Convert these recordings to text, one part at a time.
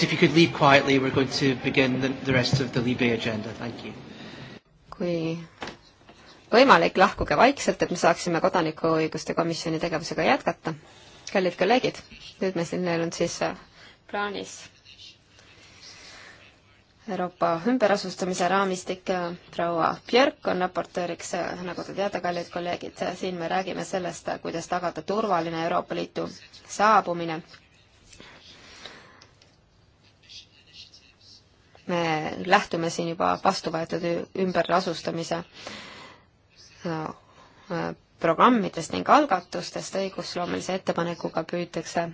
colleagues, if you could leave quietly, we're going to begin the, the rest of the Libe agenda. Thank you. kui võimalik, lahkuge vaikselt, et me saaksime Kodanikuõiguste Komisjoni tegevusega jätkata. kallid kolleegid, nüüd me siin, meil on siis äh, plaanis Euroopa ümberasustamise raamistik, proua Björk on raportööriks, äh, nagu te teate, kallid kolleegid, äh, siin me räägime sellest, kuidas tagada turvaline Euroopa Liitu saabumine me lähtume siin juba vastu võetud ümberasustamise äh, programmidest ning algatustest õigusloomelise ettepanekuga püütakse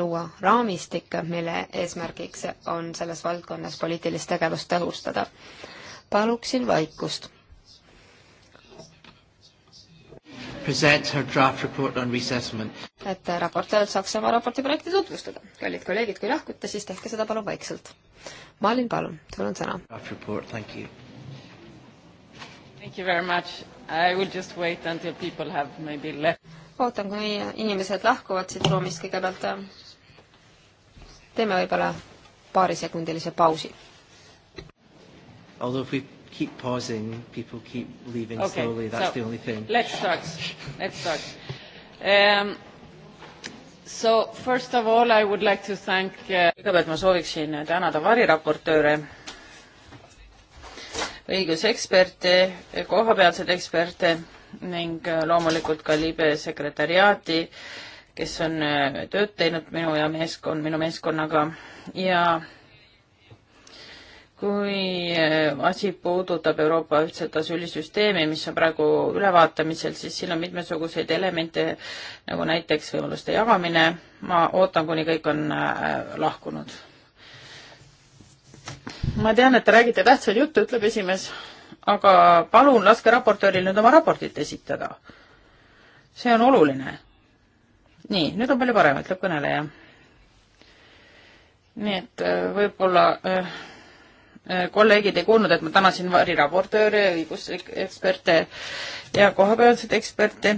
luua raamistik, mille eesmärgiks on selles valdkonnas poliitilist tegevust tõhustada. paluksin vaikust presents her draft report on resettlement. et raportöör saaks oma raporti projekti tutvustada. kallid kolleegid, kui lahkute, siis tehke seda palun vaikselt. Malin, palun, sul on sõna. Draft report, thank you. Thank you very much. I will just wait until people have maybe left. ootan, kui inimesed lahkuvad siit ruumist kõigepealt. Äh, teeme võib-olla paarisekundilise pausi. Although if we keep pausing. People keep leaving okay, slowly. That's so the only thing. Let's start. Let's start. Um, so first of all I would like to thank uh... kõigepealt ma sooviksin tänada variraportööre, õiguseksperte, kohapealseid eksperte ning äh, loomulikult ka libe sekretäriaati, kes on äh, tööd teinud minu ja meeskond, minu meeskonnaga ja kui äh, asi puudutab Euroopa ühtset asüülisüsteemi, mis on praegu ülevaatamisel, siis siin on mitmesuguseid elemente, nagu näiteks võimaluste jagamine. ma ootan, kuni kõik on äh, lahkunud. ma tean, et te räägite tähtsaid jutte, ütleb esimees, aga palun laske raportööril nüüd oma raportit esitada. see on oluline. nii, nüüd on palju parem, ütleb kõneleja. nii et äh, võib-olla äh, Äh, kolleegid ei kuulnud, et ma tänasin variraportööre, õiguseksperte ja kohapealseid eksperte,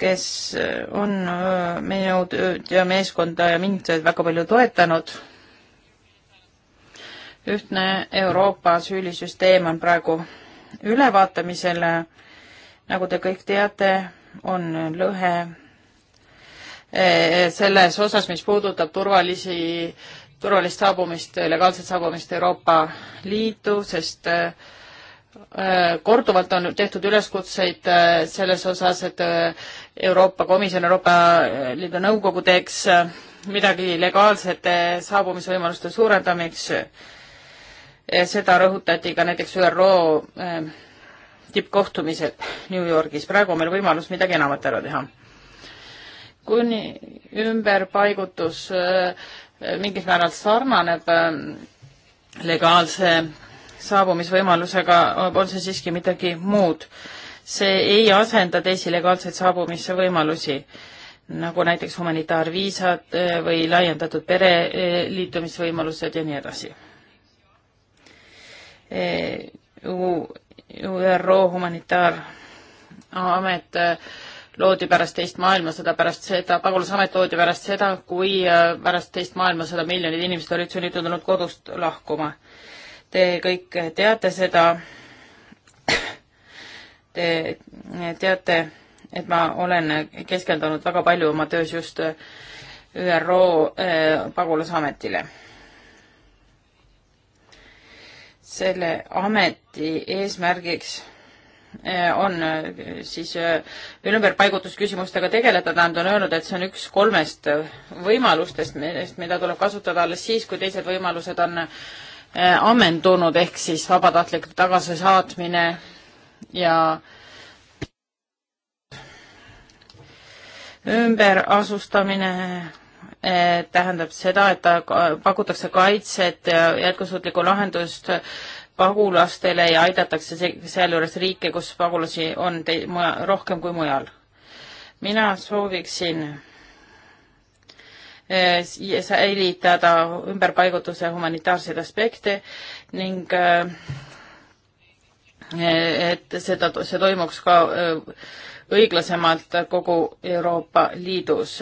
kes äh, on äh, minu tööd ja meeskonda ja mind väga palju toetanud. ühtne Euroopa süülisüsteem on praegu ülevaatamisel. nagu te kõik teate, on lõhe selles osas, mis puudutab turvalisi turvalist saabumist, legaalset saabumist Euroopa Liitu, sest äh, korduvalt on tehtud üleskutseid äh, selles osas, et äh, Euroopa Komisjon, Euroopa Liidu Nõukogu teeks midagi legaalsete saabumisvõimaluste suurendamiseks. seda rõhutati ka näiteks ÜRO tippkohtumisel New Yorgis. praegu on meil võimalus midagi enamat ära teha. kuni ümberpaigutus mingil määral sarnaneb äh, legaalse saabumisvõimalusega, on see siiski midagi muud. see ei asenda teisi legaalseid saabumise võimalusi, nagu näiteks humanitaarviisad äh, või laiendatud pereliitumisvõimalused ja nii edasi. ÜRO äh, humanitaaramet äh, loodi pärast teist maailmasõda, pärast seda, pagulasamet loodi pärast seda, kui äh, pärast teist maailmasõda miljonid inimesed olid sunnitud olnud kodust lahkuma. Te kõik teate seda. Te teate, et ma olen keskendunud väga palju oma töös just äh, ÜRO äh, pagulasametile selle ameti eesmärgiks Eh, on eh, siis eh, ümberpaigutusküsimustega tegeleda, tähendab, on öelnud, et see on üks kolmest võimalustest, mida tuleb kasutada alles siis, kui teised võimalused on ammendunud, ehk siis vabatahtlik tagasisaatmine ja ümberasustamine tähendab seda, et ta pakutakse kaitset ja jätkusuutlikku lahendust pagulastele ja aidatakse sealjuures riike, kus pagulasi on te-, muja, rohkem kui mujal. mina sooviksin eh, säilitada ümberpaigutuse humanitaarseid aspekte ning eh, eh, et seda, see toimuks ka õiglasemalt kogu Euroopa Liidus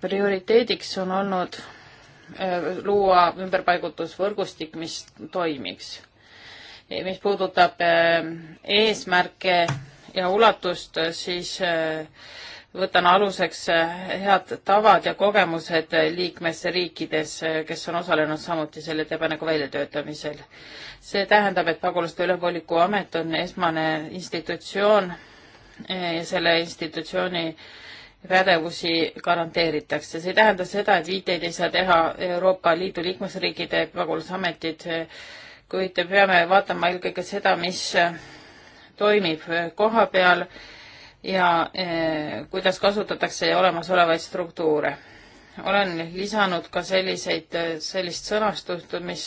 prioriteediks on olnud äh, luua ümberpaigutusvõrgustik, mis toimiks. mis puudutab äh, eesmärke ja ulatust, siis äh, võtan aluseks head tavad ja kogemused liikmesriikides, kes on osalenud samuti selle ettepaneku väljatöötamisel. see tähendab, et pagulaste ülemvolikogu amet on esmane institutsioon ja selle institutsiooni äh, pädevusi garanteeritakse. see ei tähenda seda, et viiteid ei saa teha Euroopa Liidu liikmesriikide pagulasametid, kuid peame vaatama eelkõige seda, mis toimib koha peal ja eh, kuidas kasutatakse olemasolevaid struktuure. olen lisanud ka selliseid, sellist sõnastust, mis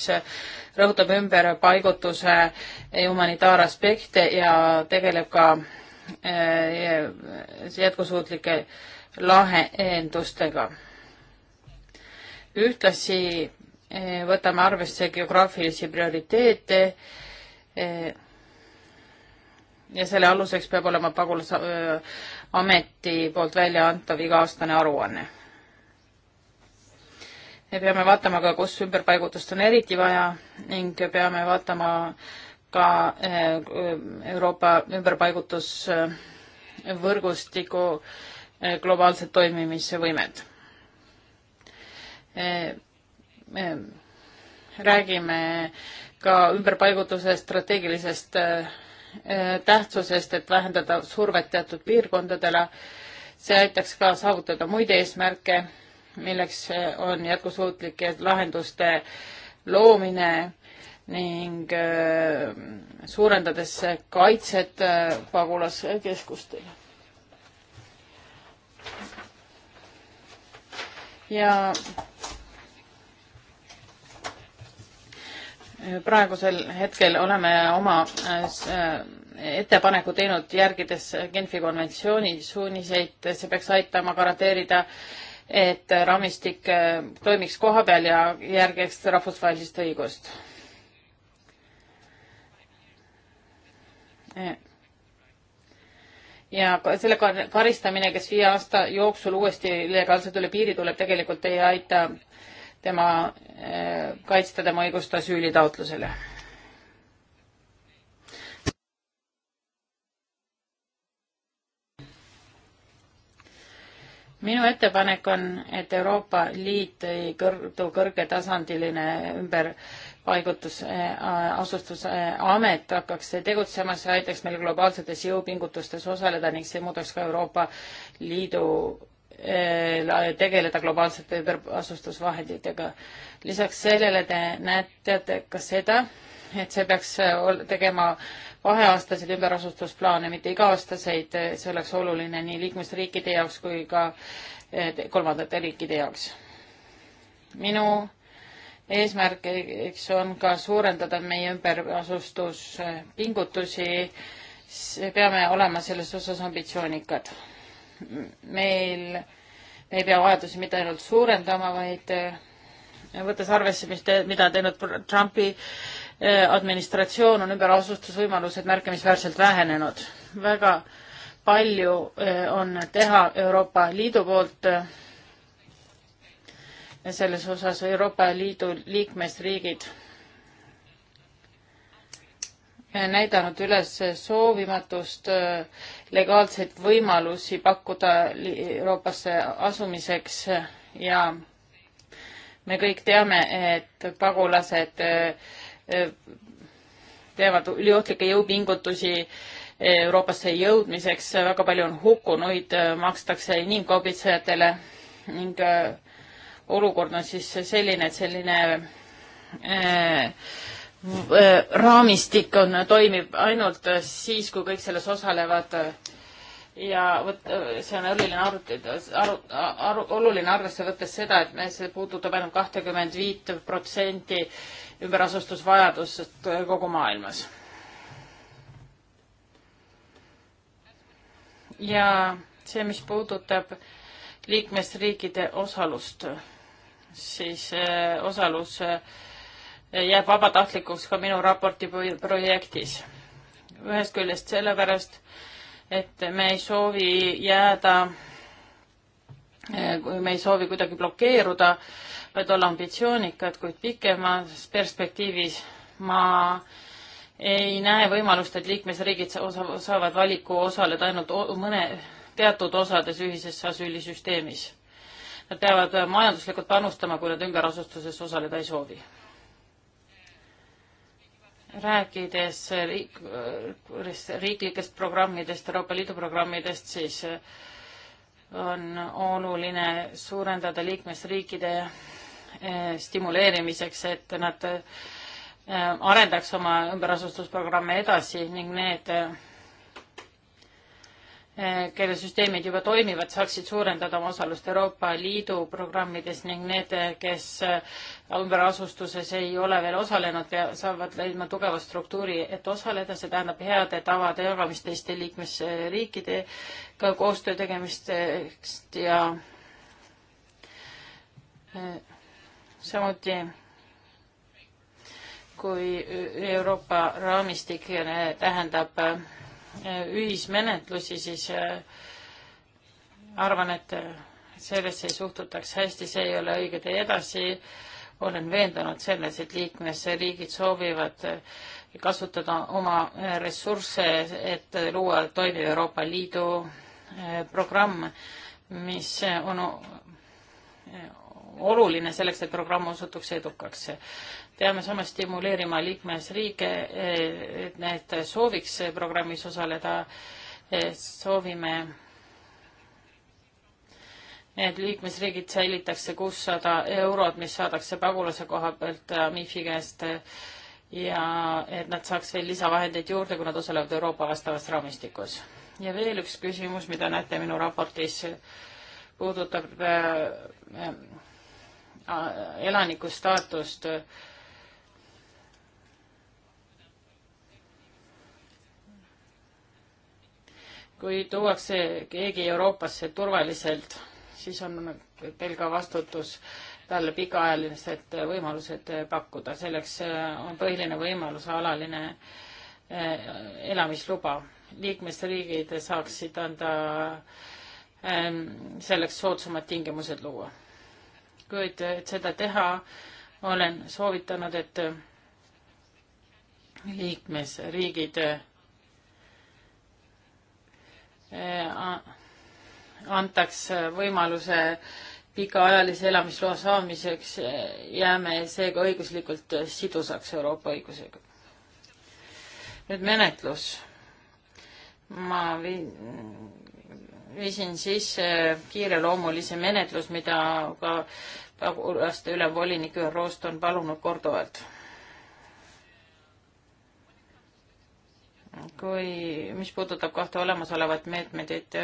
rõhutab ümber paigutuse humanitaaraspekte ja tegeleb ka Äh, jätkusuutlike lahendustega. ühtlasi äh, võtame arvesse geograafilisi prioriteete äh, ja selle aluseks peab olema pagulasameti poolt välja antav iga-aastane aruanne. me peame vaatama ka, kus ümberpaigutust on eriti vaja ning peame vaatama äh, ka eh, Euroopa ümberpaigutusvõrgustiku eh, globaalset toimimisvõimet. Eh, räägime ka ümberpaigutuse strateegilisest tähtsusest, et vähendada survet teatud piirkondadele. see aitaks ka saavutada muid eesmärke, milleks on jätkusuutlike lahenduste loomine ning äh, suurendades kaitset äh, pagulaskeskustel. ja praegusel hetkel oleme oma äh, ettepaneku teinud, järgides Genfi konventsiooni suuniseid, see peaks aitama garanteerida, et raamistik toimiks kohapeal ja järgiks rahvusvahelist õigust ja selle karistamine, kes viie aasta jooksul uuesti illegaalselt üle piiri tuleb, tegelikult ei aita tema äh, kaitsta tema õigust asüülitaotlusele. minu ettepanek on, et Euroopa Liit ei kõrdu kõrgetasandiline ümber äh, paigutusasustusamet eh, eh, hakkaks tegutsema, see aitaks meil globaalsetes jõupingutustes osaleda ning see muudaks ka Euroopa Liidu eh, tegeleda globaalsete ümberasustusvahenditega. lisaks sellele te näete, teate ka seda, et see peaks tegema vaheaastaseid ümberasustusplaane, mitte iga-aastaseid, see oleks oluline nii liikmesriikide jaoks kui ka kolmandate riikide jaoks. minu eesmärgiks on ka suurendada meie ümberasustuspingutusi. peame olema selles osas ambitsioonikad. meil, me ei pea vajadusi mitte ainult suurendama, vaid eh, võttes arvesse, mis te, mida teinud Trumpi eh, administratsioon, on ümberasustusvõimalused märkimisväärselt vähenenud. väga palju eh, on teha Euroopa Liidu poolt selles osas Euroopa Liidu liikmesriigid näidanud üles soovimatust äh, legaalseid võimalusi pakkuda Euroopasse asumiseks ja me kõik teame, et pagulased äh, äh, teevad üliohtlikke jõupingutusi Euroopasse jõudmiseks, väga palju on hukkunuid, makstakse inimkaubitsejatele ning äh, olukord on siis selline, et selline äh, äh, raamistik on, toimib ainult siis, kui kõik selles osalevad ja vot see on oluline arutleda, aru, aru, oluline arvesse võttes seda, et me, see puudutab ainult kahtekümmend viit protsenti ümberasustusvajadusest kogu maailmas. ja see, mis puudutab liikmesriikide osalust siis äh, osalus äh, jääb vabatahtlikuks ka minu raporti projektis. ühest küljest sellepärast, et me ei soovi jääda, äh, me ei soovi kuidagi blokeeruda, vaid olla ambitsioonikad, kuid pikemas perspektiivis ma ei näe võimalust, et liikmesriigid osa, saavad valiku osaleda ainult mõne teatud osades ühises asüülisüsteemis Nad peavad majanduslikult panustama, kui nad ümberasustuses osaleda ei soovi. rääkides riik, riiklikest programmidest, Euroopa Liidu programmidest, siis on oluline suurendada liikmesriikide eh, stimuleerimiseks, et nad eh, arendaks oma ümberasustusprogramme edasi ning need eh, Eh, kelle süsteemid juba toimivad, saaksid suurendada oma osalust Euroopa Liidu programmides ning need, kes ümberasustuses eh, ei ole veel osalenud, saavad leidma tugeva struktuuri, et osaleda, see tähendab heade tavade jagamist teiste liikmesriikidega koostöö tegemist ja eh, samuti kui Euroopa raamistik tähendab Äh, ühismenetlusi, siis äh, arvan, et äh, sellesse ei suhtutaks hästi, see ei ole õige tee edasi. olen veendunud selles, et liikmesriigid soovivad kasutada oma ressursse, et luua toimiv Euroopa Liidu programm, mis on oluline selleks, et programm osutuks edukaks. peame samas stimuleerima liikmesriike, et need sooviks programmis osaleda. soovime, et liikmesriigid säilitaks see kuussada eurot, mis saadakse pagulase koha pealt MIFi käest ja et nad saaks veel lisavahendeid juurde, kui nad osalevad Euroopa vastavas raamistikus. ja veel üks küsimus, mida näete minu raportis, puudutab äh, Äh, elaniku staatust. Äh, kui tuuakse keegi Euroopasse turvaliselt, siis on teil ka vastutus talle pikaajalised võimalused pakkuda, selleks äh, on põhiline võimalus alaline elamisluba. liikmesriigid saaksid anda ähm, selleks soodsamad tingimused luua kuid et seda teha, olen soovitanud, et liikmesriigid äh, antaks võimaluse pikaajalise elamisloa saamiseks, jääme seega õiguslikult sidusaks Euroopa õigusega. nüüd menetlus. ma viin viisin sisse kiireloomulise menetlus, mida ka pagulaste ülemvolinik ÜRO-st on palunud korduvalt. kui, mis puudutab kahte olemasolevat meetmed, et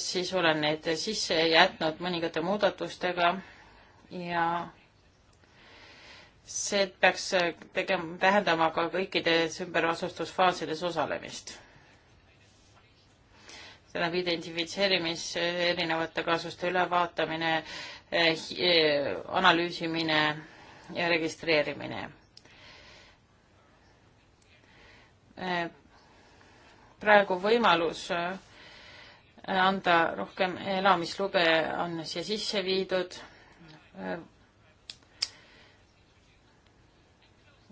siis olen need sisse jätnud mõningate muudatustega ja see peaks tegema, tähendama ka kõikides ümberasustusfaasides osalemist läbi identifitseerimis erinevate kaasuste ülevaatamine, eh, eh, analüüsimine ja registreerimine. Eh, praegu võimalus anda rohkem elamislube on siia sisse viidud.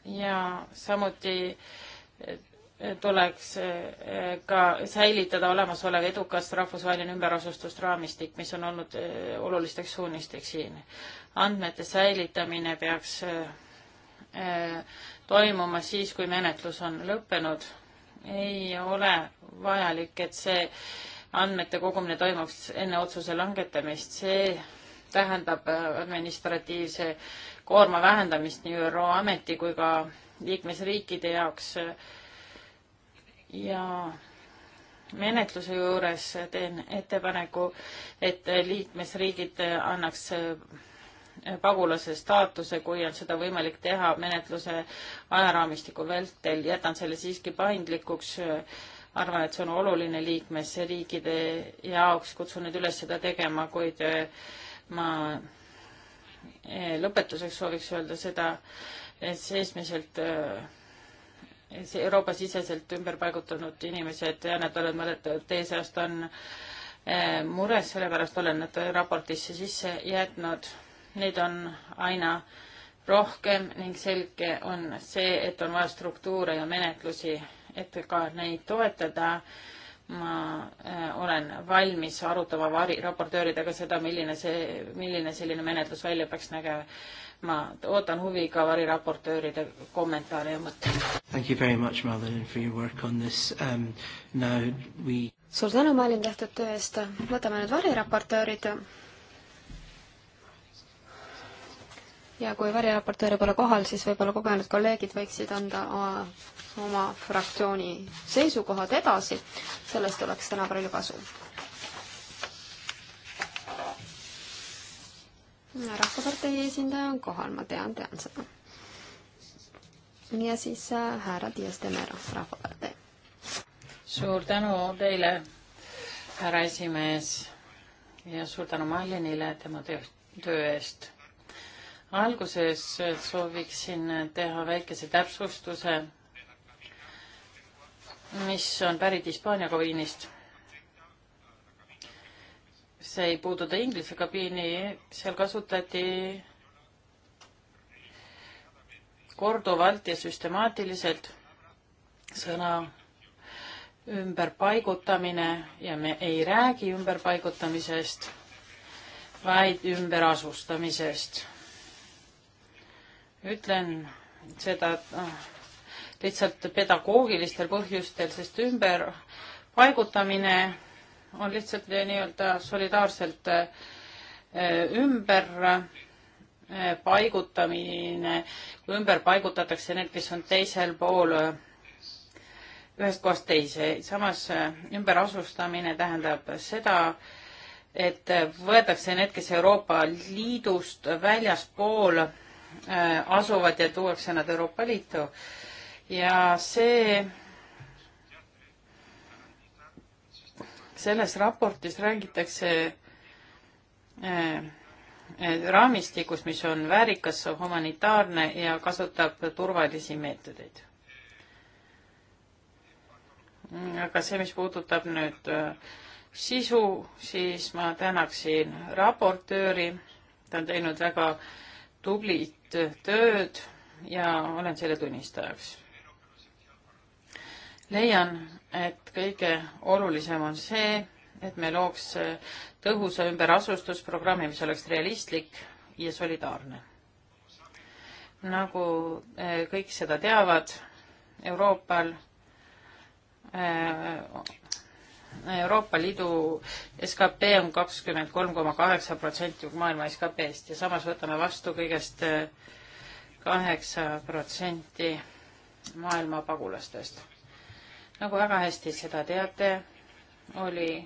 ja samuti et oleks eh, ka säilitada olemasolev edukas rahvusvaheline ümberasustusraamistik, mis on olnud eh, olulisteks suunisteks siin. andmete säilitamine peaks eh, toimuma siis, kui menetlus on lõppenud. ei ole vajalik, et see andmete kogumine toimuks enne otsuse langetamist, see tähendab administratiivse koorma vähendamist nii ÜRO ameti kui ka liikmesriikide jaoks äh, ja menetluse juures teen ettepaneku, et liikmesriigid annaks äh, pagulase staatuse, kui on seda võimalik teha menetluse ajaraamistiku vältel, jätan selle siiski paindlikuks. arvan, et see on oluline liikmesriigide jaoks, kutsun neid üles seda tegema, kuid äh, ma äh, lõpetuseks sooviks öelda seda, et seesmiselt see Euroopa-siseselt ümber paigutanud inimesed ja nad olid mõned teie seast on eh, mures, sellepärast olen nad raportisse sisse jätnud. Neid on aina rohkem ning selge on see, et on vaja struktuure ja menetlusi, et ka neid toetada. ma eh, olen valmis arutama vari-, raportööridega seda, milline see, milline selline menetlus välja peaks nägema ma ootan huviga variraportööride kommentaare ja mõtteid. Thank you very much, Marlon, for your work on this um,. Now we suur tänu, Malin, tehtud töö eest. võtame nüüd variraportöörid. ja kui variraportööre pole kohal, siis võib-olla kogenud kolleegid võiksid anda oma, oma fraktsiooni seisukohad edasi. sellest oleks täna palju kasu. rahvapartei esindaja on kohal, ma tean, tean seda. ja siis äh, härra Dias de Mera, Rahvapartei. suur tänu teile, härra esimees ja suur tänu Malinile tema töö, töö eest. alguses sooviksin teha väikese täpsustuse, mis on pärit Hispaania koviinist see ei puuduta inglise kabiini, seal kasutati korduvalt ja süstemaatiliselt sõna ümberpaigutamine ja me ei räägi ümberpaigutamisest, vaid ümberasustamisest. ütlen seda noh, lihtsalt pedagoogilistel põhjustel, sest ümberpaigutamine on lihtsalt nii-öelda solidaarselt eh, ümber eh, paigutamine, kui ümber paigutatakse need, kes on teisel pool eh, ühest kohast teise. samas ümberasustamine tähendab seda, et võetakse need, kes Euroopa Liidust väljaspool asuvad ja tuuakse nad Euroopa Liitu. ja see selles raportis räägitakse eh, eh, raamistikus, mis on väärikas, humanitaarne ja kasutab turvalisi meetodeid. aga see, mis puudutab nüüd eh, sisu, siis ma tänaksin raportööri, ta on teinud väga tublit tööd ja olen selle tunnistajaks leian, et kõige olulisem on see, et me looks tõhusa ümberasustusprogrammi, mis oleks realistlik ja solidaarne. nagu eh, kõik seda teavad, Euroopal, eh, Euroopa Liidu skp on kakskümmend kolm koma kaheksa protsenti maailma skp-st ja samas võtame vastu kõigest eh, kaheksa protsenti maailma pagulastest nagu väga hästi seda teate, oli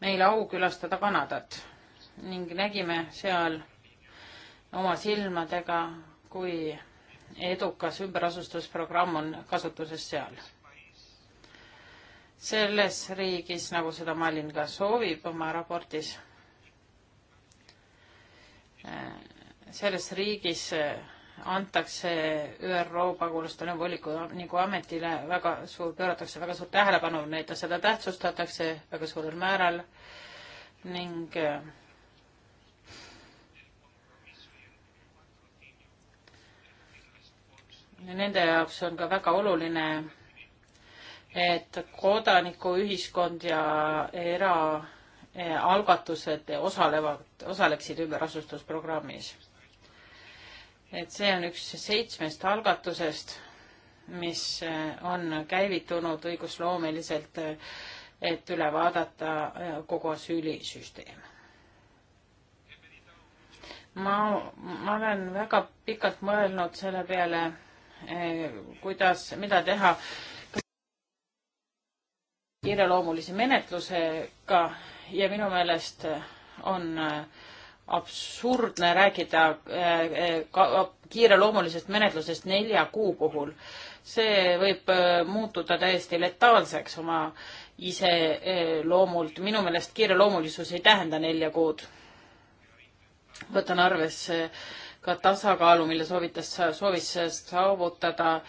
meil au külastada Kanadat ning nägime seal oma silmadega, kui edukas ümberasustusprogramm on kasutuses seal. selles riigis, nagu seda Malin ka soovib oma raportis, äh, selles riigis äh, antakse ÜRO pagulastele voliku nagu ametile väga suur, pööratakse väga suurt tähelepanu, neid seda tähtsustatakse väga suurel määral ning äh, nende jaoks on ka väga oluline, et kodanikuühiskond ja eraalgatused äh, osalevad, osaleksid ümberasustusprogrammis et see on üks seitsmest algatusest, mis eh, on käivitunud õigusloomeliselt, eh, et üle vaadata eh, kogu asüülisüsteem. ma, ma olen väga pikalt mõelnud selle peale, kuidas, mida teha kiireloomulise menetlusega ja minu meelest on äh, absurdne rääkida äh, äh, kiireloomulisest menetlusest nelja kuu puhul. see võib äh, muutuda täiesti letaalseks oma iseloomult. minu meelest kiireloomulisus ei tähenda nelja kuud. võtan arvesse ka tasakaalu, mille soovitas, soovis saavutada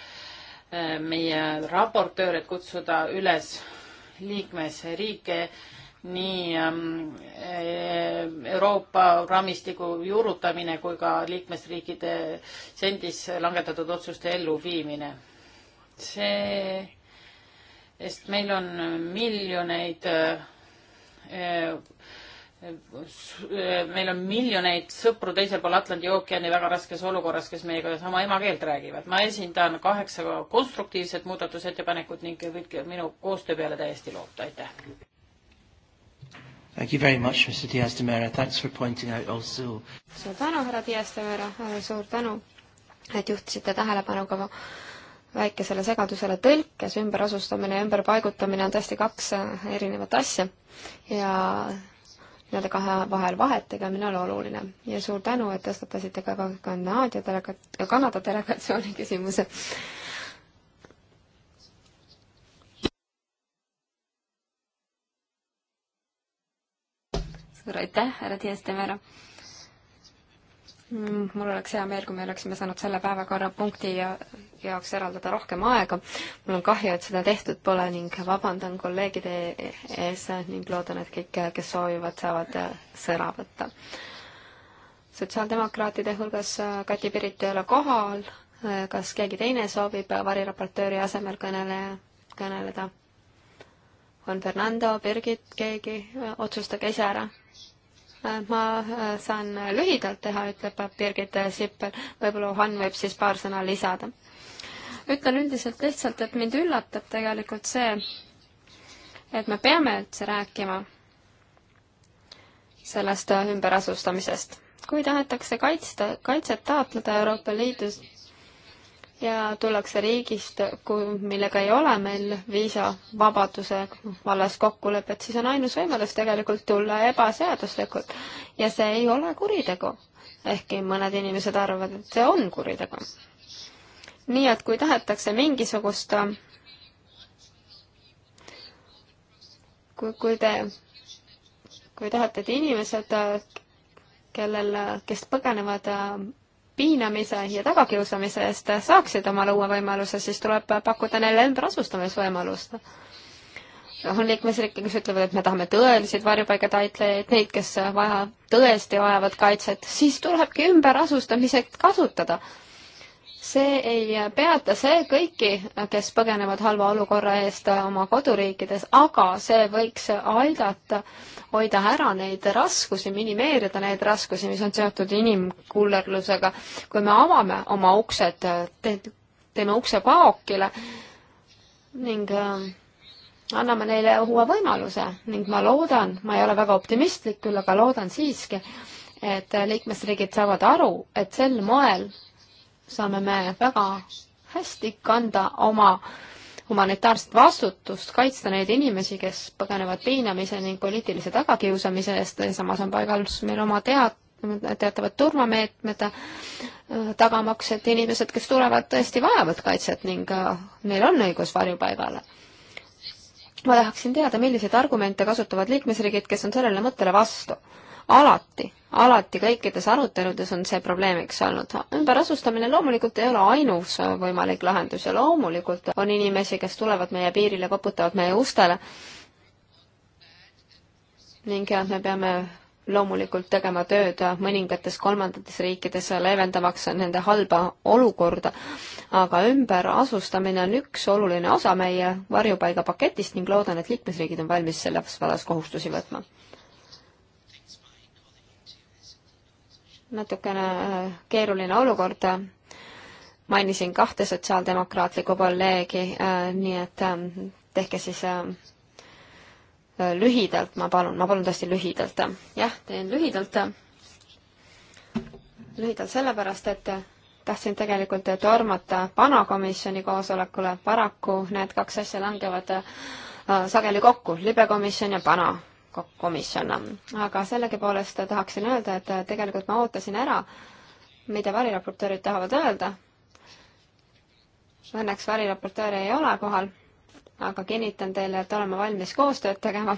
meie raportöör, et kutsuda üles liikmesriike nii ähm, äh, Euroopa raamistiku juurutamine kui ka liikmesriikide sendis langetatud otsuste elluviimine. see, sest meil on miljoneid äh, äh, meil on miljoneid sõpru teisel pool Atlandi ookeani väga raskes olukorras, kes meiega sama emakeelt räägivad. ma esindan kaheksa konstruktiivset muudatusettepanekut ning võite minu koostöö peale täiesti loota, aitäh. Thank you very much, Mr Diaz de Mera, thanks for pointing out also. suur tänu, härra Diaz de Mera, suur tänu, et juhtisite tähelepanu ka väikesele segadusele tõlkes, ümberasustamine ja ümberpaigutamine on tõesti kaks erinevat asja ja nende kahe vahel vahet tegemine on oluline. ja suur tänu, et tõstatasite ka Kanada delega-, Kanada delegatsiooni küsimuse. suur aitäh, härra Diestemera! Mm, mul oleks hea meel, kui me oleksime saanud selle päevakorrapunkti ja, jaoks eraldada rohkem aega. mul on kahju, et seda tehtud pole ning vabandan kolleegide e-, ees ning loodan, et kõik, kes soovivad, saavad äh, sõna võtta. sotsiaaldemokraatide hulgas äh, Kati Pirit ei ole kohal. Äh, kas keegi teine soovib variraportööri asemel kõneleja, kõneleda? on Fernando, Birgit, keegi, otsustage ise ära ma äh, saan lühidalt teha, ütleb Birgit äh, Sippel, võib-olla Juhan võib siis paar sõna lisada. ütlen üldiselt lihtsalt, et mind üllatab tegelikult see, et me peame üldse rääkima sellest äh, ümberasustamisest. kui tahetakse kaitsta, kaitset taotleda Euroopa Liidus ja tullakse riigist, kui, millega ei ole meil viisavabaduse vallas kokkulepet, siis on ainus võimalus tegelikult tulla ebaseaduslikult. ja see ei ole kuritegu. ehkki mõned inimesed arvavad, et see on kuritegu. nii et kui tahetakse mingisugust kui, kui te, kui tahate, et inimesed, kellel, kes põgenevad piinamise ja tagakiusamise eest saaksid omale uue võimaluse, siis tuleb pakkuda neile enda asustamisvõimalust. on liikmesriike, kes ütlevad, et me tahame tõeliseid varjupaigataitlejaid, neid, kes vaja, tõesti vajavad kaitset, siis tulebki ümberasustamiseks kasutada see ei peata see kõiki, kes põgenevad halva olukorra eest oma koduriikides, aga see võiks aidata hoida ära neid raskusi, minimeerida neid raskusi, mis on seotud inimkullerlusega. kui me avame oma uksed te, teeme ukse paokile ning äh, anname neile uue võimaluse ning ma loodan, ma ei ole väga optimistlik küll, aga loodan siiski, et liikmesriigid saavad aru, et sel moel saame me väga hästi kanda oma humanitaarset vastutust, kaitsta neid inimesi, kes põgenevad piinamise ning poliitilise tagakiusamise eest, samas on paigas meil oma tead-, teatavad turvameetmed, äh, tagamaks, et inimesed, kes tulevad, tõesti vajavad kaitset ning äh, neil on õigus varjupaigale. ma tahaksin teada, milliseid argumente kasutavad liikmesriigid, kes on sellele mõttele vastu alati, alati kõikides aruteludes on see probleemiks olnud. ümberasustamine loomulikult ei ole ainus võimalik lahendus ja loomulikult on inimesi, kes tulevad meie piirile, koputavad meie ustele ning me peame loomulikult tegema tööd mõningates kolmandates riikides, leevendamaks nende halba olukorda. aga ümberasustamine on üks oluline osa meie varjupaigapaketist ning loodan, et liikmesriigid on valmis selles vallas kohustusi võtma. natukene äh, keeruline olukord. mainisin kahte sotsiaaldemokraatlikku kolleegi, äh, nii et ähm, tehke siis äh, lühidalt, ma palun, ma palun tõesti lühidalt. jah, teen lühidalt. lühidalt sellepärast, et tahtsin tegelikult tormata PANA komisjoni koosolekule, paraku need kaks asja langevad sageli kokku, libekomisjon ja PANA komisjon. aga sellegipoolest tahaksin öelda, et tegelikult ma ootasin ära, mida variraportöörid tahavad öelda. Õnneks variraportööri ei ole kohal, aga kinnitan teile, et oleme valmis koostööd tegema.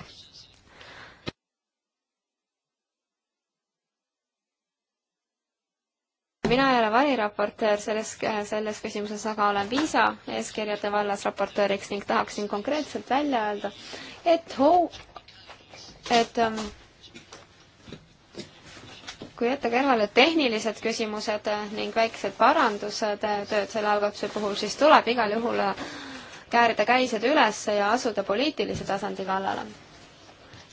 mina ei ole variraportöör selles, selles küsimuses, aga olen viisa eeskirjade vallas raportööriks ning tahaksin konkreetselt välja öelda, et hoo et ähm, kui jätta kõrvale tehnilised küsimused äh, ning väiksed parandused äh, tööd selle algatuse puhul, siis tuleb igal juhul äh, käärida käised üles ja asuda poliitilise tasandi kallale.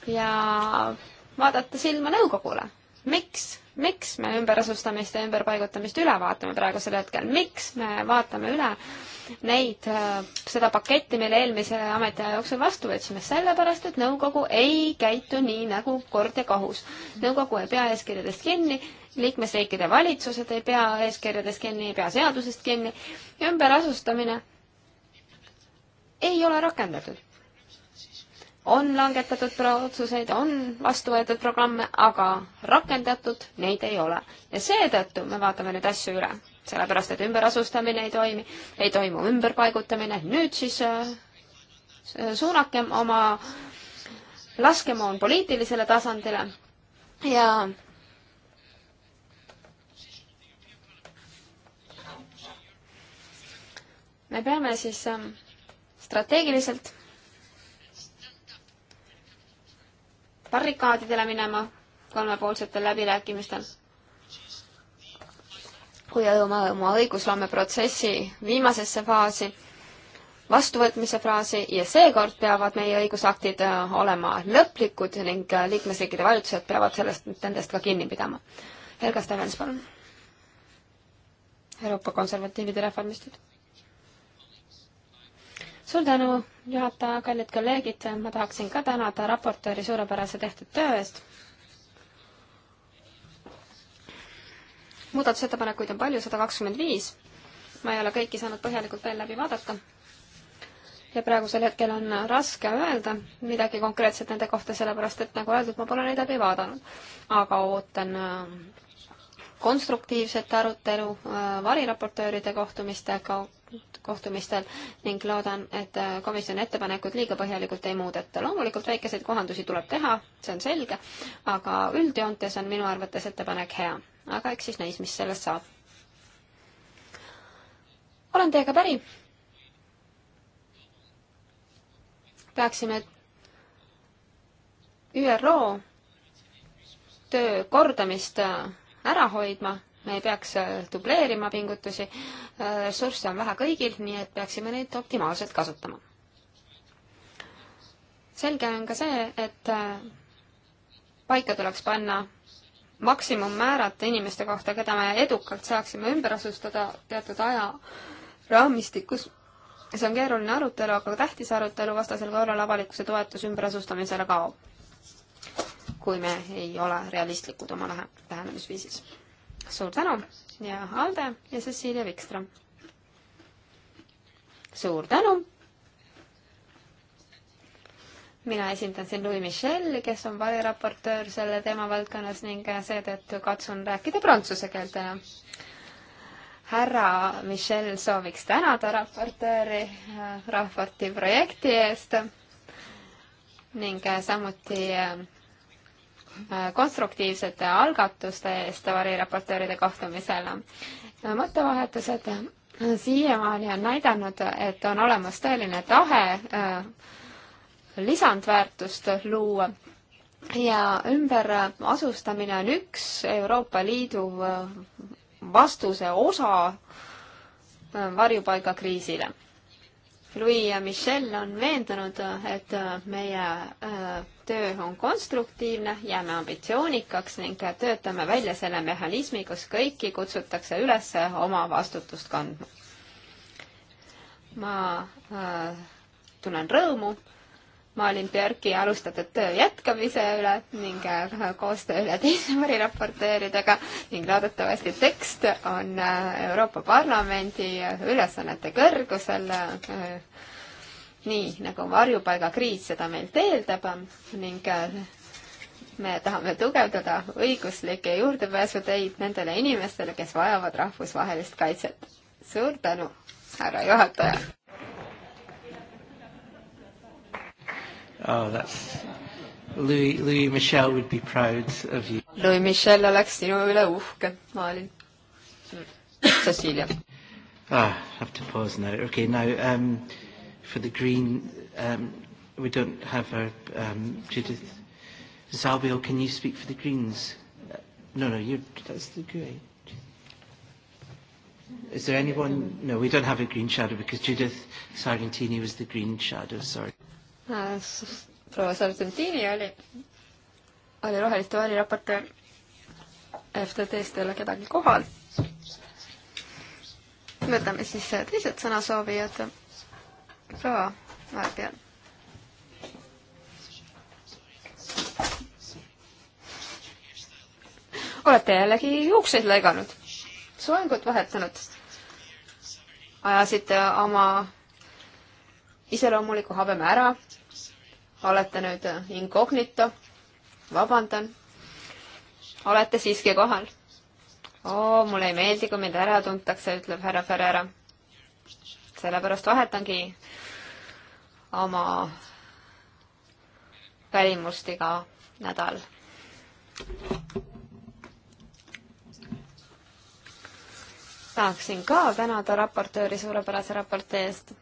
ja vaadata silma nõukogule. miks, miks me ümberasustamist ja ümberpaigutamist üle vaatame praegusel hetkel, miks me vaatame üle äh, neid, äh, seda paketti, mille eelmise ametiaja jooksul vastu võtsime, sellepärast et nõukogu ei käitu nii nagu kord ja kohus. nõukogu ei pea eeskirjadest kinni, liikmesriikide valitsused ei pea eeskirjadest kinni, ei pea seadusest kinni ja ümberasustamine ei ole rakendatud. on langetatud otsuseid, on vastu võetud programme, aga rakendatud neid ei ole. ja seetõttu me vaatame nüüd asju üle sellepärast et ümberasustamine ei toimi, ei toimu ümberpaigutamine, nüüd siis äh, suunakem oma laskemoon poliitilisele tasandile ja me peame siis äh, strateegiliselt barrikaadidele minema kolmepoolsetel läbirääkimistel kui jõuame oma õigusloomeprotsessi viimasesse faasi, vastuvõtmise faasi ja seekord peavad meie õigusaktid äh, olema lõplikud ning äh, liikmesriikide valitsused peavad sellest, nendest ka kinni pidama. Helga Stevens, palun. Euroopa konservatiivide reformistid. suur tänu, juhataja, kallid kolleegid, ma tahaksin ka tänada raportööri suurepärase tehtud töö eest muudatusettepanekuid on palju, sada kakskümmend viis. ma ei ole kõiki saanud põhjalikult veel läbi vaadata. ja praegusel hetkel on raske öelda midagi konkreetset nende kohta, sellepärast et nagu öeldud, ma pole neid läbi vaadanud. aga ootan äh, konstruktiivset arutelu äh, variraportööride kohtumistega, kohtumistel ning loodan, et äh, komisjoni ettepanekud liiga põhjalikult ei muudeta. loomulikult väikeseid kohandusi tuleb teha, see on selge, aga üldjoontes on minu arvates ettepanek hea aga eks siis näis, mis sellest saab. olen teiega päri. peaksime ÜRO töö kordamist äh, ära hoidma, me ei peaks äh, dubleerima pingutusi, äh, ressursse on vähe kõigil, nii et peaksime neid optimaalselt kasutama. selge on ka see, et paika tuleks panna maksimummäärad inimeste kohta, keda me edukalt saaksime ümber asustada teatud ajaraamistikus. see on keeruline arutelu, aga tähtis arutelu, vastasel korral avalikkuse toetus ümberasustamisele kaob. kui me ei ole realistlikud oma lähe-, lähenemisviisis. suur tänu ja Alde ja Cecilia Wikström. suur tänu mina esindan siin Louis Michel'i, kes on variraportöör selle teemavaldkonnas ning seetõttu katsun rääkida prantsuse keelt enam. härra Michel sooviks tänada raportööri äh, raporti projekti eest ning äh, samuti äh, konstruktiivsete algatuste eest variraportööride kohtumisel. mõttevahetused siiamaani on näidanud, et on olemas tõeline tahe äh, lisandväärtust luua ja ümberasustamine on üks Euroopa Liidu vastuse osa varjupaigakriisile. Louis ja Michel on veendunud, et meie äh, töö on konstruktiivne, jääme ambitsioonikaks ning töötame välja selle mehhanismi, kus kõiki kutsutakse üles oma vastutust kandma. ma äh, tunnen rõõmu ma olin Björki alustatud töö jätkamise üle ning äh, koostöö üle teiste variraporteeridega ning loodetavasti tekst on äh, Euroopa Parlamendi äh, ülesannete kõrgusel, nii nagu varjupaigakriis seda meilt eeldab ning me tahame tugevdada õiguslikke juurdepääsuteid nendele inimestele, kes vajavad rahvusvahelist kaitset. suur tänu, härra juhataja! oh, that's... Louis, Louis Michel would be proud of you. Louis Michel oleks sinu üle uhke, ma olin. Cecilia. Ah, I have to pause now. Okay, now um, for the green, um, we don't have our um, Judith Zalbiel. Can you speak for the Greens? Uh, no, no, you're, that's the GUI. Is there anyone? No, we don't have a green shadow because Judith Sargentini was the green shadow. Sorry. Äh, proua Sargentini oli, oli roheliste valiraportöör. FTT-st ei ole kedagi kohal. võtame siis teised sõnasoovijad. proua Varbjan. olete jällegi juukseid lõiganud, soengut vahetanud, ajasite oma iseloomuliku habeme ära, olete nüüd incognito, vabandan, olete siiski kohal? oo, mulle ei meeldi, kui mind ära tuntakse, ütleb härra Ferrera. sellepärast vahetangi oma välimust iga nädal. tahaksin ka tänada raportööri suurepärase raporti eest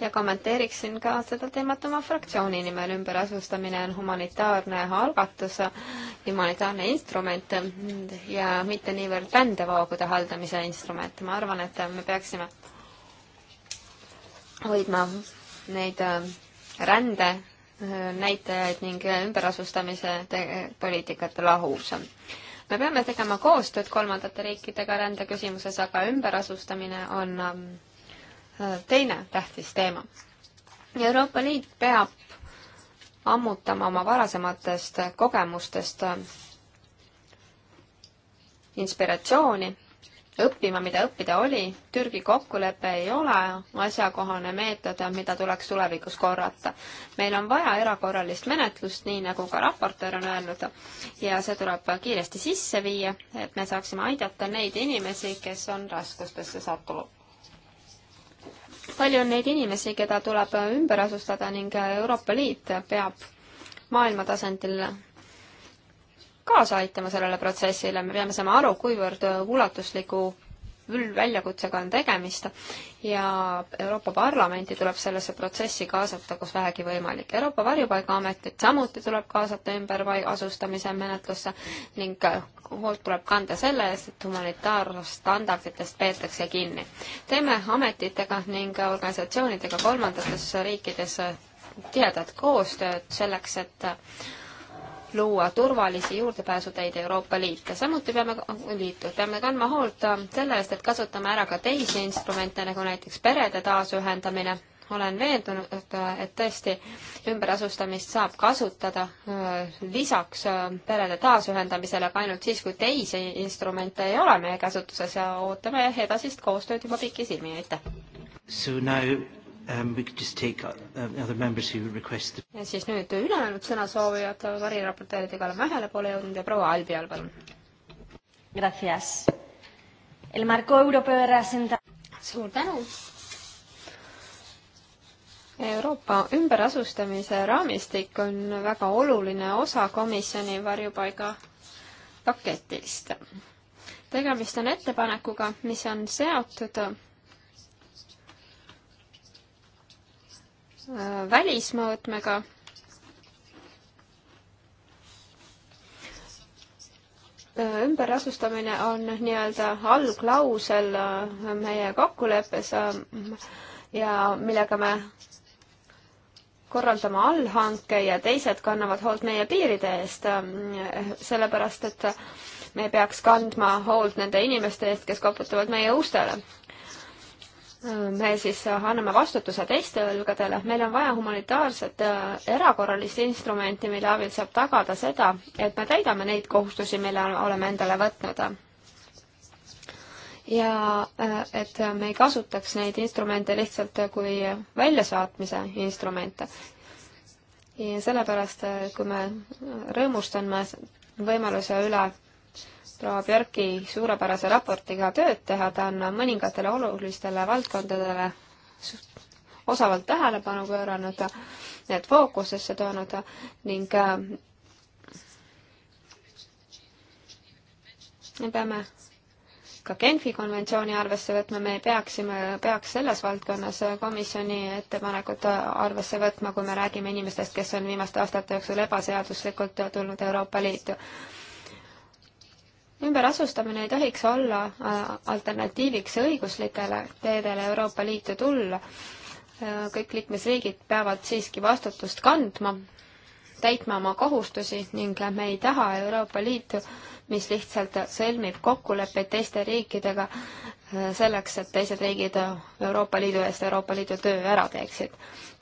ja kommenteeriksin ka seda teemat oma fraktsiooni nimel. ümberasustamine on humanitaarne algatus, humanitaarne instrument ja mitte niivõrd rändevoogude haldamise instrument. ma arvan, et me peaksime hoidma neid äh, rände äh, näitajaid ning ümberasustamise poliitikat lahus. me peame tegema koostööd kolmandate riikidega rändeküsimuses, aga ümberasustamine on ähm, Äh, teine tähtis teema. Euroopa Liit peab ammutama oma varasematest kogemustest äh, inspiratsiooni, õppima, mida õppida oli, Türgi kokkulepe ei ole asjakohane meetod, mida tuleks tulevikus korrata. meil on vaja erakorralist menetlust, nii nagu ka raportöör on öelnud, ja see tuleb kiiresti sisse viia, et me saaksime aidata neid inimesi, kes on raskustesse sattunud palju on neid inimesi, keda tuleb ümber asustada ning Euroopa Liit peab maailma tasandil kaasa aitama sellele protsessile, me peame saama aru, kuivõrd ulatusliku küll väljakutsega on tegemist ja Euroopa Parlamenti tuleb sellesse protsessi kaasata, kus vähegi võimalik. Euroopa Varjupaigaametit samuti tuleb kaasata ümberasustamise menetlusse ning hoolt tuleb kanda selle eest, et humanitaarstandarditest peetakse kinni. teeme ametitega ning organisatsioonidega kolmandates riikides tihedat koostööd selleks, et luua turvalisi juurdepääsuteid Euroopa Liite. samuti peame, liitu, peame kandma hoolt äh, selle eest, et kasutame ära ka teisi instrumente, nagu näiteks perede taasühendamine. olen veendunud, et äh, tõesti ümberasustamist saab kasutada äh, lisaks perede taasühendamisele, aga ainult siis, kui teisi instrumente ei ole meie käsutuses ja ootame edasist koostööd juba pikisilmi, aitäh! So now Um, we could just take uh, um, other members who request the... ja siis nüüd ülejäänud sõnasoovijad, variraportööridega oleme ühele poole jõudnud ja proua Albial, palun. Gracias. El marco europeo de reasenda-. suur tänu. Euroopa ümberasustamise raamistik on väga oluline osa komisjoni varjupaiga paketist. tegemist on ettepanekuga, mis on seotud Äh, välismõõtmega. Äh, ümberasustamine on nii-öelda allklausel äh, meie kokkuleppes ja millega me korraldama allhanke ja teised kannavad hoolt meie piiride eest, sellepärast et me peaks kandma hoolt nende inimeste eest, kes koputavad meie ustele me siis anname vastutuse teiste õlgadele, meil on vaja humanitaarset äh, erakorralist instrumenti, mille abil saab tagada seda, et me täidame neid kohustusi, mille oleme endale võtnud. ja äh, et me ei kasutaks neid instrumente lihtsalt kui väljasaatmise instrumente. ja sellepärast, äh, kui me rõõmustame võimaluse üle proua Björki suurepärase raportiga tööd teha, ta on mõningatele olulistele valdkondadele osavalt tähelepanu pööranud, need fookusesse toonud ning äh, me peame ka Genfi konventsiooni arvesse võtma, me peaksime, peaks selles valdkonnas komisjoni ettepanekut arvesse võtma, kui me räägime inimestest, kes on viimaste aastate jooksul ebaseaduslikult tulnud Euroopa Liitu ümberasustamine ei tohiks olla äh, alternatiiviks õiguslikele teedele Euroopa Liitu tulla. Äh, kõik liikmesriigid peavad siiski vastutust kandma, täitma oma kohustusi ning me ei taha Euroopa Liitu, mis lihtsalt sõlmib kokkuleppeid teiste riikidega äh, selleks, et teised riigid Euroopa Liidu eest Euroopa Liidu töö ära teeksid.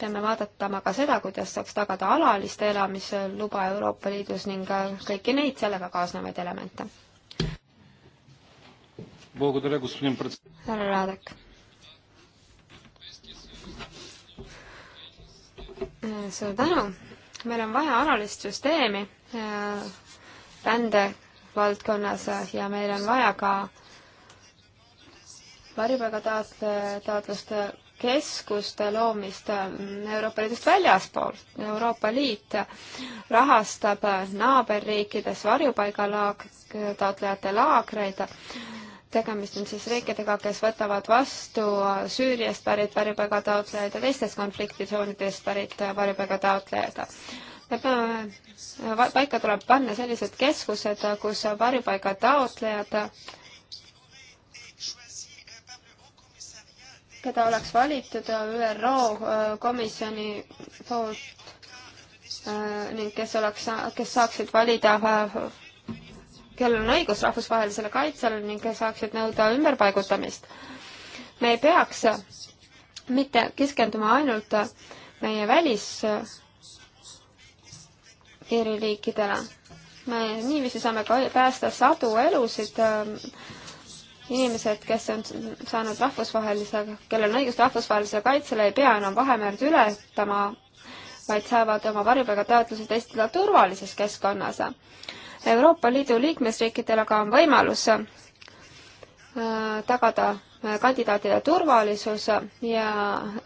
peame vaadatama ka seda, kuidas saaks tagada alaliste elamisluba Euroopa Liidus ning kõiki neid sellega kaasnevaid elemente härra Raadek. suur tänu. meil on vaja alalist süsteemi äh, rändevaldkonnas ja meil on vaja ka varjupaigataotluste keskuste loomist Euroopa Liidust väljaspool. Euroopa Liit rahastab naaberriikides varjupaigalaag, taotlejate laagreid tegemist on siis riikidega, kes võtavad vastu Süüriast pärit varjupaigataotlejaid ja teistest konfliktitsoonidest pärit varjupaigataotlejaid. me peame, paika tuleb panna sellised keskused, kus varjupaigataotlejad, keda oleks valitud ÜRO äh, komisjoni poolt äh, ning kes oleks, kes saaksid valida äh, kellel on õigus rahvusvahelisele kaitsele ning kes saaksid nõuda ümberpaigutamist. me ei peaks mitte keskenduma ainult meie välispiiririikidele. me niiviisi saame ka päästa sadu elusid ähm, inimesed, kes on saanud rahvusvahelise, kellel on õigus rahvusvahelisele kaitsele, ei pea enam Vahemerd ületama, vaid saavad oma varjupaigataotlused esitada turvalises keskkonnas. Euroopa Liidu liikmesriikidel aga on võimalus äh, tagada äh, kandidaatide turvalisus ja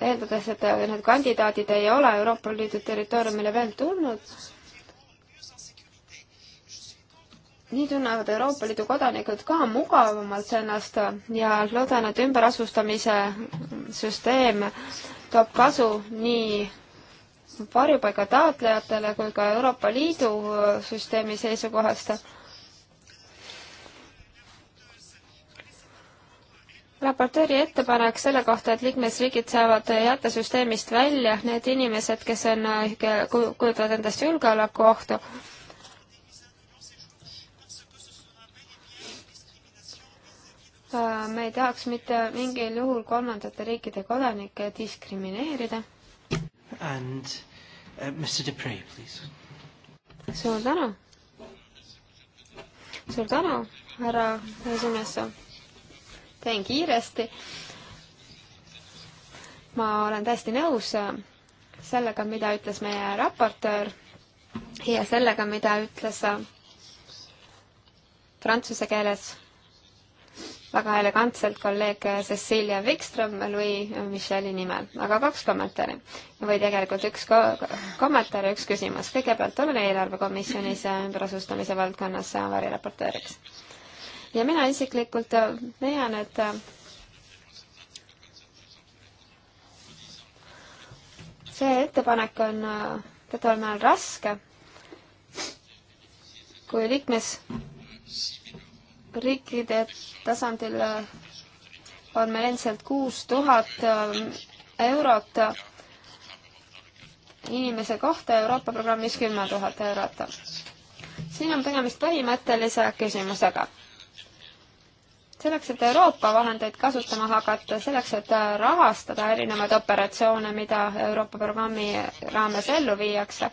eeldades, et äh, need kandidaadid ei ole Euroopa Liidu territooriumile veel tulnud, nii tunnevad Euroopa Liidu kodanikud ka mugavamalt ennast ja loodan, et ümberasustamise süsteem toob kasu nii varjupaiga taotlejatele kui ka Euroopa Liidu äh, süsteemi seisukohast. raportööri ettepanek selle kohta, et liikmesriigid saavad jätta süsteemist välja need inimesed, kes on, äh, kujutavad endast julgeolekuohtu äh, me ei tahaks mitte mingil juhul kolmandate riikide kodanikke diskrimineerida and uh, Mr Dupree, please. suur tänu. suur tänu, härra esimees. teen kiiresti. ma olen täiesti nõus sellega, mida ütles meie raportöör ja sellega, mida ütles äh, prantsuse keeles väga elegantselt kolleeg Cecilia Wikström Louis Michel'i nimel, aga kaks kommentaari või tegelikult üks ko kommentaar ja üks küsimus. kõigepealt olen eelarvekomisjonis ümberasustamise valdkonnas variraportööriks. ja mina isiklikult leian, et see ettepanek on teataval määral raske, kui liikmes riikide tasandil on meil endiselt kuus tuhat äh, eurot inimese kohta, Euroopa programmis kümme tuhat eurot. siin on tegemist põhimõttelise küsimusega. selleks, et Euroopa vahendeid kasutama hakata, selleks, et rahastada erinevaid operatsioone, mida Euroopa programmi raames ellu viiakse,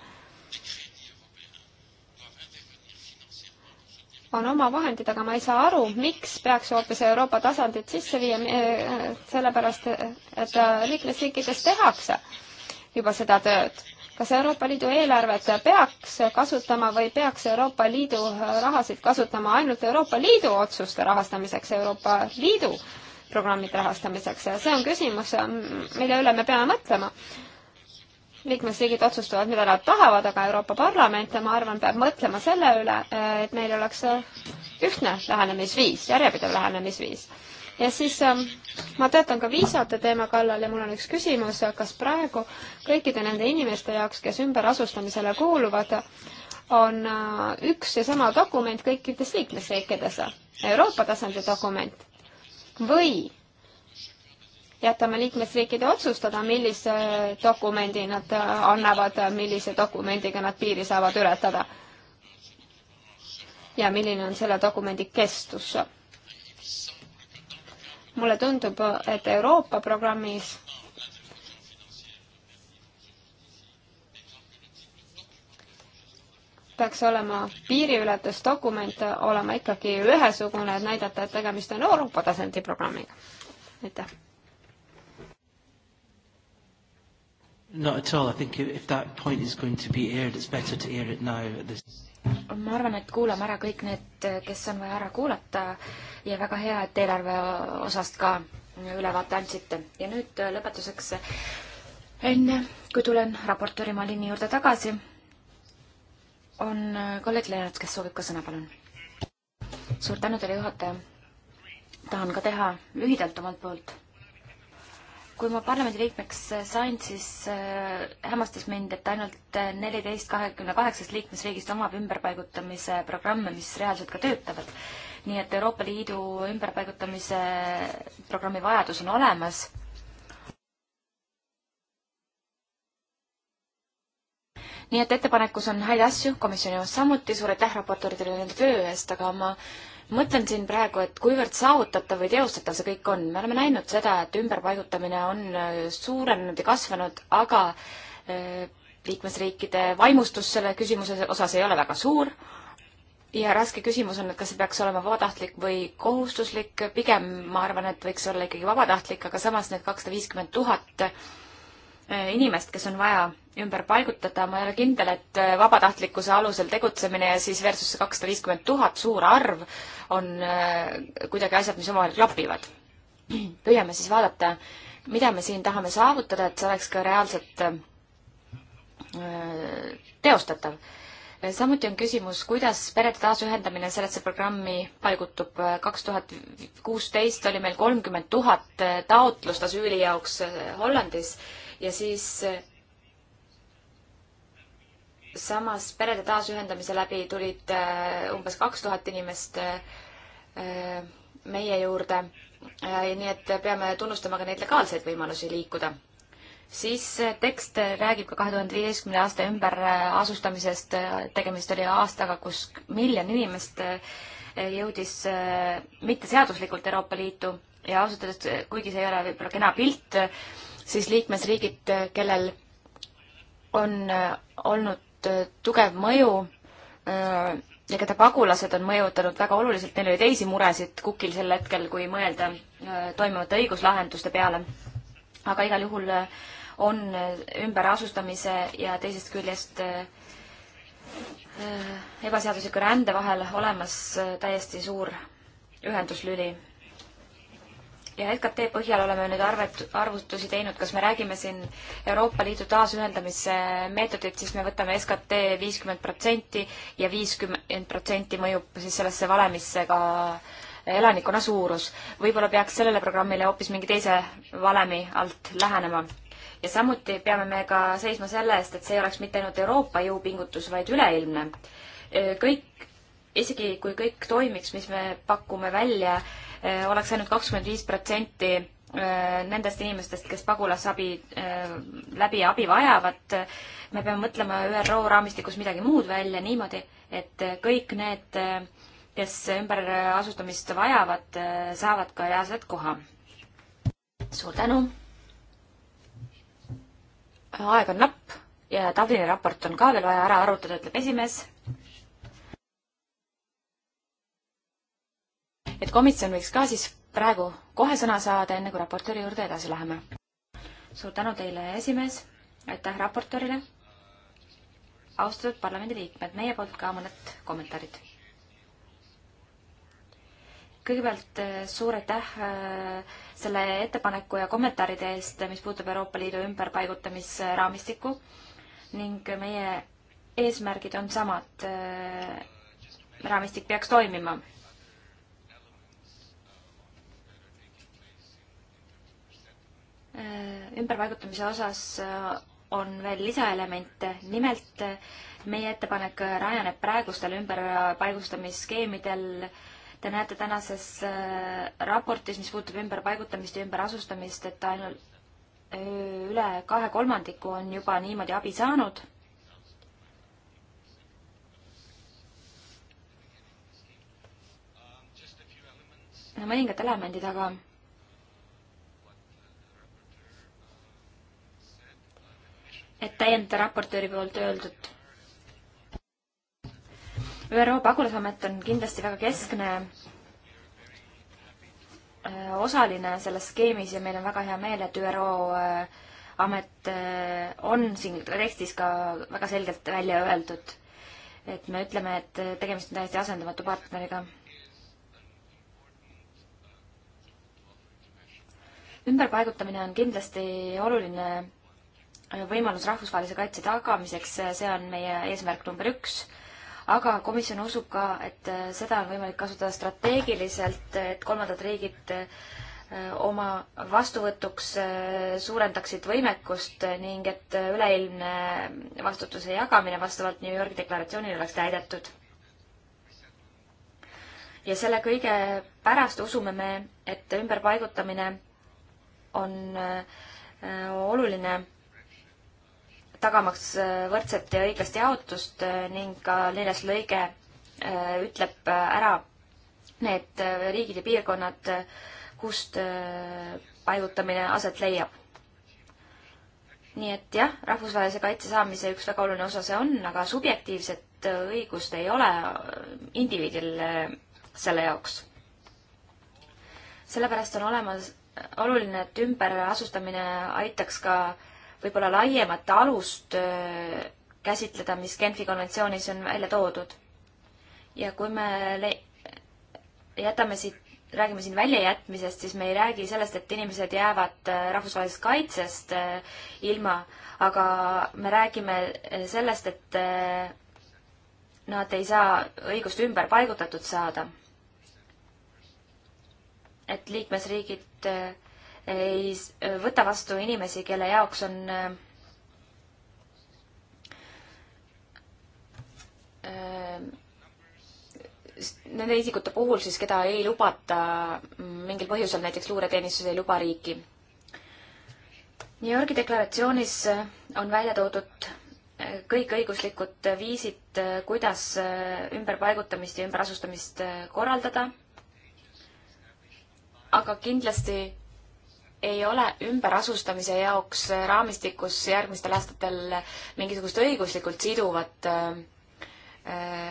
on oma vahendid, aga ma ei saa aru, miks peaks hoopis Euroopa tasandit sisse viia, eh, sellepärast et eh, liikmesriikides tehakse juba seda tööd. kas Euroopa Liidu eelarvet peaks kasutama või peaks Euroopa Liidu eh, rahasid kasutama ainult Euroopa Liidu otsuste rahastamiseks, Euroopa Liidu programmide rahastamiseks ja see on küsimus, mm, mille üle me peame mõtlema liikmesriigid otsustavad, mida nad tahavad, aga Euroopa Parlament, ma arvan, peab mõtlema selle üle, et meil oleks ühtne lähenemisviis, järjepidev lähenemisviis. ja siis ähm, ma töötan ka viisade teema kallal ja mul on üks küsimus, kas praegu kõikide nende inimeste jaoks, kes ümberasustamisele kuuluvad, on äh, üks ja sama dokument kõikides liikmesriikides, Euroopa tasandi dokument või jätame liikmesriikide otsustada, millise dokumendi nad äh, annavad, äh, millise dokumendiga nad piiri saavad ületada. ja milline on selle dokumendi kestus. mulle tundub, et Euroopa programmis peaks olema piiriületusdokument olema ikkagi ühesugune, et näidata, et tegemist on Euroopa tasandi programmiga. aitäh! Not at all. I think if that point is going to be aired, it's better to air it now at this ma arvan, et kuulame ära kõik need, kes on vaja ära kuulata ja väga hea, et eelarve osast ka ülevaate andsite. ja nüüd lõpetuseks, enne kui tulen raportööri Malini juurde tagasi, on kolleeg Lennart, kes soovib ka sõna, palun. suur tänu teile, juhataja. tahan ka teha lühidalt omalt poolt kui ma parlamendiliikmeks sain, siis äh, hämmastas mind, et ainult neliteist kahekümne kaheksast liikmesriigist omab ümberpaigutamise programme, mis reaalselt ka töötavad. nii et Euroopa Liidu ümberpaigutamise programmi vajadus on olemas nii et ettepanekus on häid asju, komisjoni osas samuti, suur aitäh raportööridele nende töö eest, aga ma mõtlen siin praegu, et kuivõrd saavutatav või teostatav see kõik on. me oleme näinud seda, et ümberpaigutamine on äh, suurenenud ja kasvanud, aga äh, liikmesriikide vaimustus selle küsimuse osas ei ole väga suur ja raske küsimus on, et kas see peaks olema vabatahtlik või kohustuslik, pigem ma arvan, et võiks olla ikkagi vabatahtlik, aga samas need kakssada viiskümmend tuhat Eh, inimest, kes on vaja ümber paigutada, ma ei ole kindel, et eh, vabatahtlikkuse alusel tegutsemine ja siis versus see kakssada viiskümmend tuhat, suur arv, on eh, kuidagi asjad, mis omavahel klapivad. püüame siis vaadata, mida me siin tahame saavutada, et see oleks ka reaalselt teostatav. samuti on küsimus, kuidas perede taasühendamine sellesse programmi paigutub. kaks tuhat kuusteist oli meil kolmkümmend tuhat taotlust asüüli jaoks Hollandis ja siis eh, samas perede taasühendamise läbi tulid eh, umbes kaks tuhat inimest eh, meie juurde. nii et peame tunnustama ka neid legaalseid võimalusi liikuda. siis tekst räägib ka kahe tuhande viieteistkümne aasta ümberasustamisest. tegemist oli aastaga, kus miljon inimest jõudis mitteseaduslikult Euroopa Liitu ja ausalt öeldes, kuigi see ei ole võib-olla kena pilt, siis liikmesriigid, kellel on äh, olnud äh, tugev mõju äh, ja keda pagulased on mõjutanud väga oluliselt, neil oli teisi muresid kukil sel hetkel, kui mõelda toimuvate õiguslahenduste peale. aga igal juhul on ümberasustamise ja teisest küljest ebaseadusliku rände vahel olemas täiesti suur ühenduslüli ja LKT põhjal oleme nüüd arvet, arvutusi teinud, kas me räägime siin Euroopa Liidu taasühendamise meetodit, siis me võtame SKT viiskümmend protsenti ja viiskümmend protsenti mõjub siis sellesse valemisse ka elanikkonna suurus. võib-olla peaks sellele programmile hoopis mingi teise valemi alt lähenema. ja samuti peame me ka seisma selle eest, et see ei oleks mitte ainult Euroopa jõupingutus, vaid üleilmne. kõik isegi kui kõik toimiks, mis me pakume välja, Eh, oleks ainult kakskümmend viis protsenti eh, nendest inimestest, kes pagulasabi eh, läbi abi vajavad. me peame mõtlema ÜRO raamistikus midagi muud välja niimoodi, et kõik need, kes ümberasustamist vajavad, saavad ka reaalselt koha. suur tänu. aeg on napp ja Dublini raport on ka veel vaja ära arutada, ütleb esimees et komisjon võiks ka siis praegu kohe sõna saada, enne kui raportööri juurde edasi läheme. suur tänu teile, esimees, aitäh raportöörile. austatud parlamendiliikmed, meie poolt ka mõned kommentaarid. kõigepealt eh, suur aitäh eh, selle ettepaneku ja kommentaaride eest, mis puudutab Euroopa Liidu ümberpaigutamisraamistikku ning meie eesmärgid on samad. Eh, raamistik peaks toimima Äh, ümberpaigutamise osas äh, on veel lisaelemente, nimelt äh, meie ettepanek rajaneb praegustel ümberpaigustamisskeemidel. Te näete tänases raportis, mis puudutab ümberpaigutamist ja ümberasustamist, et ainult üle kahe kolmandiku on juba niimoodi abi saanud mõningad elemendid, aga et täiendada raportööri poolt öeldut. ÜRO pagulasamet on kindlasti väga keskne äh, osaline selles skeemis ja meil on väga hea meel, et ÜRO äh, amet äh, on siin tekstis ka väga selgelt välja öeldud. et me ütleme, et tegemist on täiesti asendamatu partneriga. ümberpaigutamine on kindlasti oluline võimalus rahvusvahelise kaitse tagamiseks, see on meie eesmärk number üks, aga komisjon usub ka, et äh, seda on võimalik kasutada strateegiliselt, et kolmandad riigid äh, oma vastuvõtuks äh, suurendaksid võimekust ning et üleilmne vastutuse jagamine vastavalt New Yorgi deklaratsioonile oleks täidetud. ja selle kõige pärast usume me, et ümberpaigutamine on oluline tagamaks äh, võrdset ja õiglast jaotust äh, ning ka neljas lõige äh, ütleb ära need riigid ja piirkonnad, kust paigutamine aset leiab. nii et jah, rahvusvahelise kaitse saamise üks väga oluline osa see on, aga subjektiivset õigust ei ole indiviidil selle jaoks. sellepärast on olemas oluline, et ümberasustamine aitaks ka äh, võib-olla laiemat alust äh, käsitleda, mis Genfi konventsioonis on välja toodud. ja kui me le-, jätame siit, räägime siin väljajätmisest, siis me ei räägi sellest, et inimesed jäävad äh, rahvusvahelisest kaitsest äh, ilma, aga me räägime sellest, et nad ei saa õigust ümber paigutatud saada. et liikmesriigid ei võta vastu inimesi, kelle jaoks on äh, nende isikute puhul siis, keda ei lubata mingil põhjusel, näiteks luureteenistus ei luba riiki. New Yorgi deklaratsioonis on välja toodud äh, kõik õiguslikud viisid, äh, kuidas ümberpaigutamist ja ümberasustamist korraldada. aga kindlasti ei ole ümberasustamise jaoks raamistikus järgmistel aastatel mingisugust õiguslikult siduvat äh,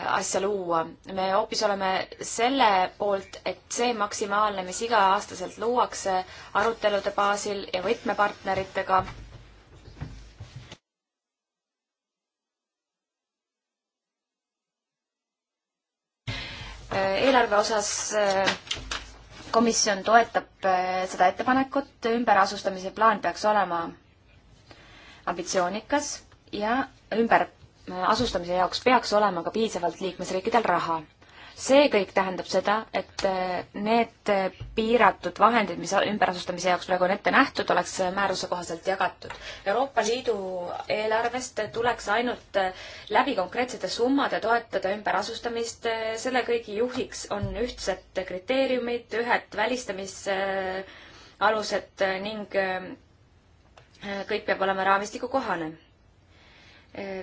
asja luua. me hoopis oleme selle poolt, et see maksimaalne, mis iga-aastaselt luuakse arutelude baasil ja võtmepartneritega, äh, eelarve osas äh, komisjon toetab äh, seda ettepanekut, ümberasustamise plaan peaks olema ambitsioonikas ja ümberasustamise äh, jaoks peaks olema ka piisavalt liikmesriikidel raha see kõik tähendab seda, et eh, need eh, piiratud vahendid, mis ümberasustamise jaoks praegu on ette nähtud, oleks eh, määruse kohaselt jagatud. Euroopa Liidu eelarvest tuleks ainult läbi konkreetsete summade toetada ümberasustamist, selle kõigi juhiks on ühtsed kriteeriumid, ühed välistamisalused ning kõik peab olema raamistiku kohane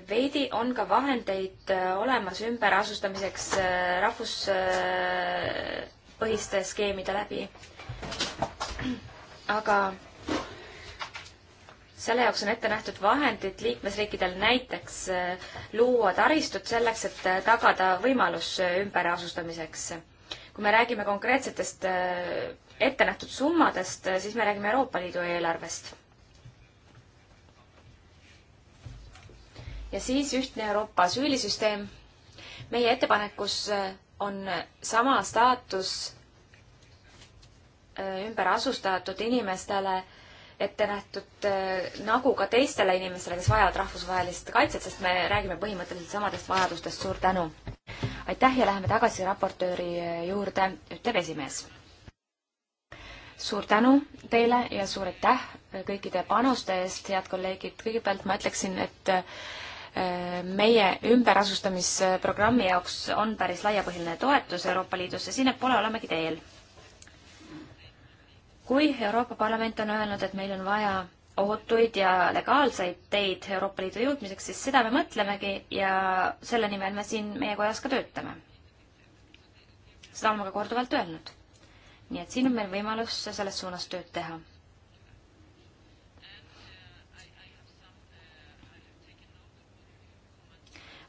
veidi on ka vahendeid äh, olemas ümberasustamiseks äh, rahvuspõhiste äh, skeemide läbi. aga selle jaoks on ette nähtud vahendid liikmesriikidel näiteks luua taristut selleks, et tagada võimalus ümberasustamiseks. kui me räägime konkreetsetest ettenähtud summadest, siis me räägime Euroopa Liidu eelarvest ja siis ühtne Euroopa asüülisüsteem. meie ettepanekus äh, on sama staatus äh, ümberasustatud inimestele ette nähtud äh, nagu ka teistele inimestele, kes vajavad rahvusvahelist kaitset, sest me räägime põhimõtteliselt samadest vajadustest. suur tänu! aitäh ja läheme tagasi raportööri juurde, ütleb esimees. suur tänu teile ja suur aitäh kõikide panuste eest, head kolleegid. kõigepealt ma ütleksin, et meie ümberasustamisprogrammi jaoks on päris laiapõhjaline toetus Euroopa Liidus ja sinnapoole olemegi teel. kui Euroopa Parlament on öelnud, et meil on vaja ohutuid ja legaalseid teid Euroopa Liidu jõudmiseks, siis seda me mõtlemegi ja selle nimel me siin meie kojas ka töötame. seda oleme ka korduvalt öelnud. nii et siin on meil võimalus selles suunas tööd teha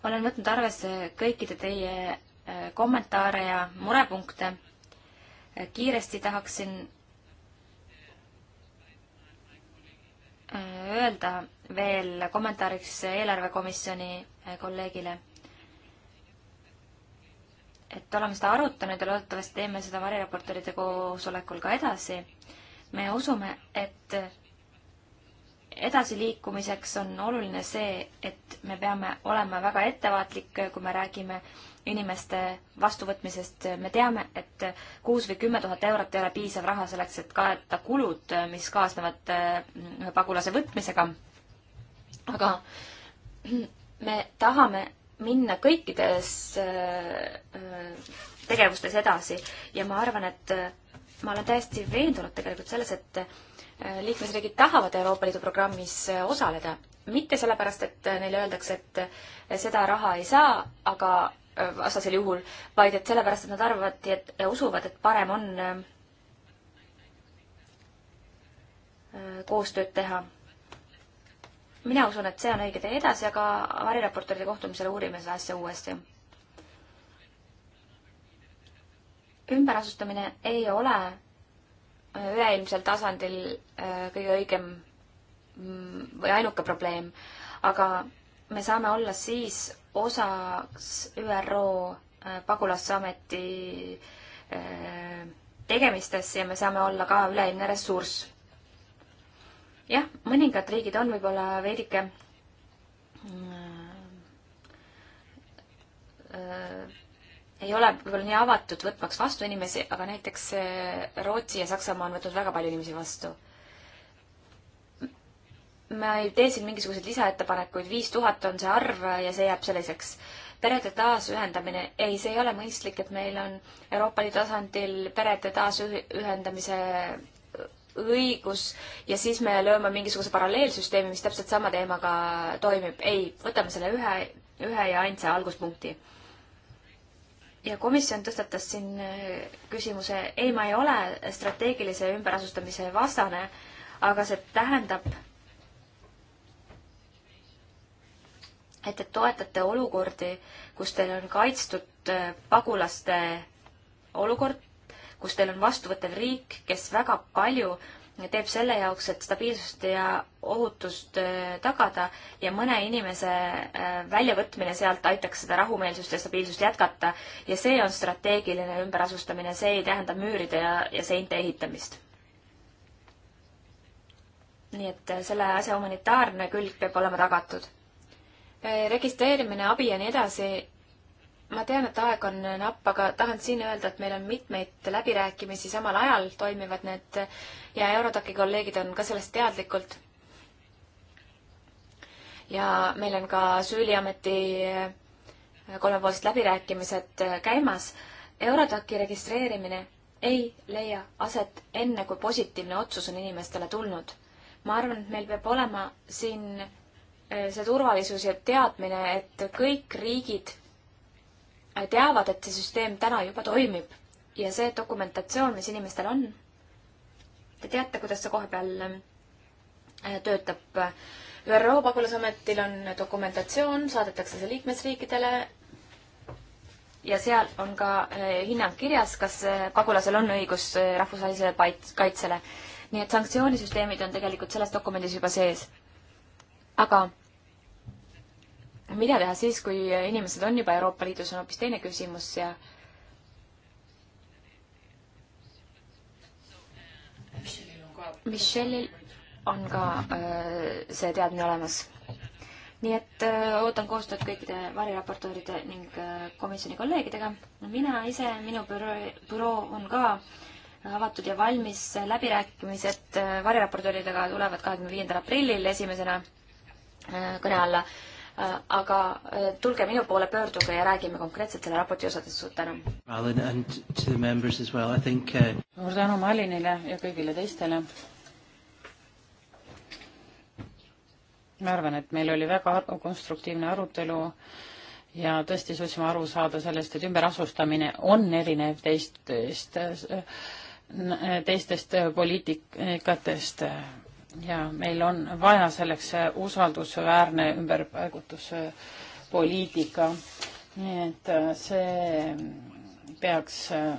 olen võtnud arvesse kõikide teie äh, kommentaare ja murepunkte. Äh, kiiresti tahaksin äh, öelda veel kommentaariks eelarvekomisjoni kolleegile, et oleme seda arutanud ja loodetavasti teeme seda variraportorite koosolekul ka edasi. me usume, et edasiliikumiseks on oluline see, et me peame olema väga ettevaatlik, kui me räägime inimeste vastuvõtmisest. me teame, et kuus või kümme tuhat eurot ei ole piisav raha selleks, et kaeta kulud, mis kaasnevad äh, ühe pagulase võtmisega. aga me tahame minna kõikides äh, äh, tegevustes edasi ja ma arvan, et ma olen täiesti veendunud tegelikult selles, et Äh, liikmesriigid tahavad Euroopa Liidu programmis äh, osaleda. mitte sellepärast, et äh, neile öeldakse, et seda raha ei saa, aga vastasel juhul, vaid et sellepärast, et nad arvavad et, ja usuvad, et parem on ähm, koostööd teha. mina usun, et see on õige tee edasi, aga variraportorite kohtumisel uurime seda asja uuesti. ümberasustamine ei ole üleilmsel tasandil äh, kõige õigem mm, või ainuke probleem, aga me saame olla siis osaks ÜRO äh, pagulasameti äh, tegemistesse ja me saame olla ka üleilmne ressurss. jah, mõningad riigid on võib-olla veidike mm, ei ole võib-olla nii avatud võtmaks vastu inimesi, aga näiteks eh, Rootsi ja Saksamaa on võtnud väga palju inimesi vastu. ma ei tee siin mingisuguseid lisaettepanekuid, viis tuhat on see arv ja see jääb selliseks. perede taasühendamine, ei, see ei ole mõistlik, et meil on Euroopa Liidu tasandil perede taasühendamise õigus ja siis me lööme mingisuguse paralleelsüsteemi, mis täpselt sama teemaga toimib. ei, võtame selle ühe, ühe ja ainsa alguspunkti ja komisjon tõstatas siin äh, küsimuse, ei, ma ei ole strateegilise ümberasustamise vastane, aga see tähendab, et te toetate olukordi, kus teil on kaitstud äh, pagulaste olukord, kus teil on vastuvõttev riik, kes väga palju äh, teeb selle jaoks, et stabiilsust ja ohutust äh, tagada ja mõne inimese äh, väljavõtmine sealt aitaks seda rahumeelsust ja stabiilsust jätkata. ja see on strateegiline ümberasustamine, see ei tähenda müüride ja, ja seinte ehitamist. nii et äh, selle asja humanitaarne külg peab olema tagatud. registreerimine, abi ja nii edasi ma tean, et aeg on napp, aga tahan siin öelda, et meil on mitmeid läbirääkimisi, samal ajal toimivad need ja Eurodaki kolleegid on ka sellest teadlikult. ja meil on ka Süüliameti kolmepoolsed läbirääkimised käimas. Eurodaki registreerimine ei leia aset enne, kui positiivne otsus on inimestele tulnud. ma arvan, et meil peab olema siin äh, see turvalisus ja teadmine, et kõik riigid teavad, et see süsteem täna juba toimib ja see dokumentatsioon, mis inimestel on, te teate, kuidas see kohapeal äh, töötab. ÜRO pagulasametil on dokumentatsioon, saadetakse see liikmesriikidele ja seal on ka äh, hinnang kirjas, kas äh, pagulasel on õigus rahvusvahelisele kaitsele. nii et sanktsioonisüsteemid on tegelikult selles dokumendis juba sees. aga mida teha siis, kui inimesed on juba Euroopa Liidus, on hoopis teine küsimus ja Michelle'il on ka öö, äh, see teadmine olemas. nii et öö, äh, ootan koostööd kõikide variraportööride ning öö, äh, komisjoni kolleegidega. mina ise, minu büroo, büroo on ka avatud ja valmis läbirääkimised variraportööridega tulevad kahekümne viiendal aprillil esimesena kõne alla Äh, aga äh, tulge minu poole, pöörduge ja räägime konkreetselt selle raporti osadest, suur tänu. Uh, suur tänu Malinile ja kõigile teistele. ma arvan, et meil oli väga konstruktiivne arutelu ja tõesti suutsime aru saada sellest, et ümberasustamine on erinev teistest, teistest poliitikatest ja meil on vaja selleks usaldusväärne ümberpaigutuspoliitika. nii et äh, see peaks äh,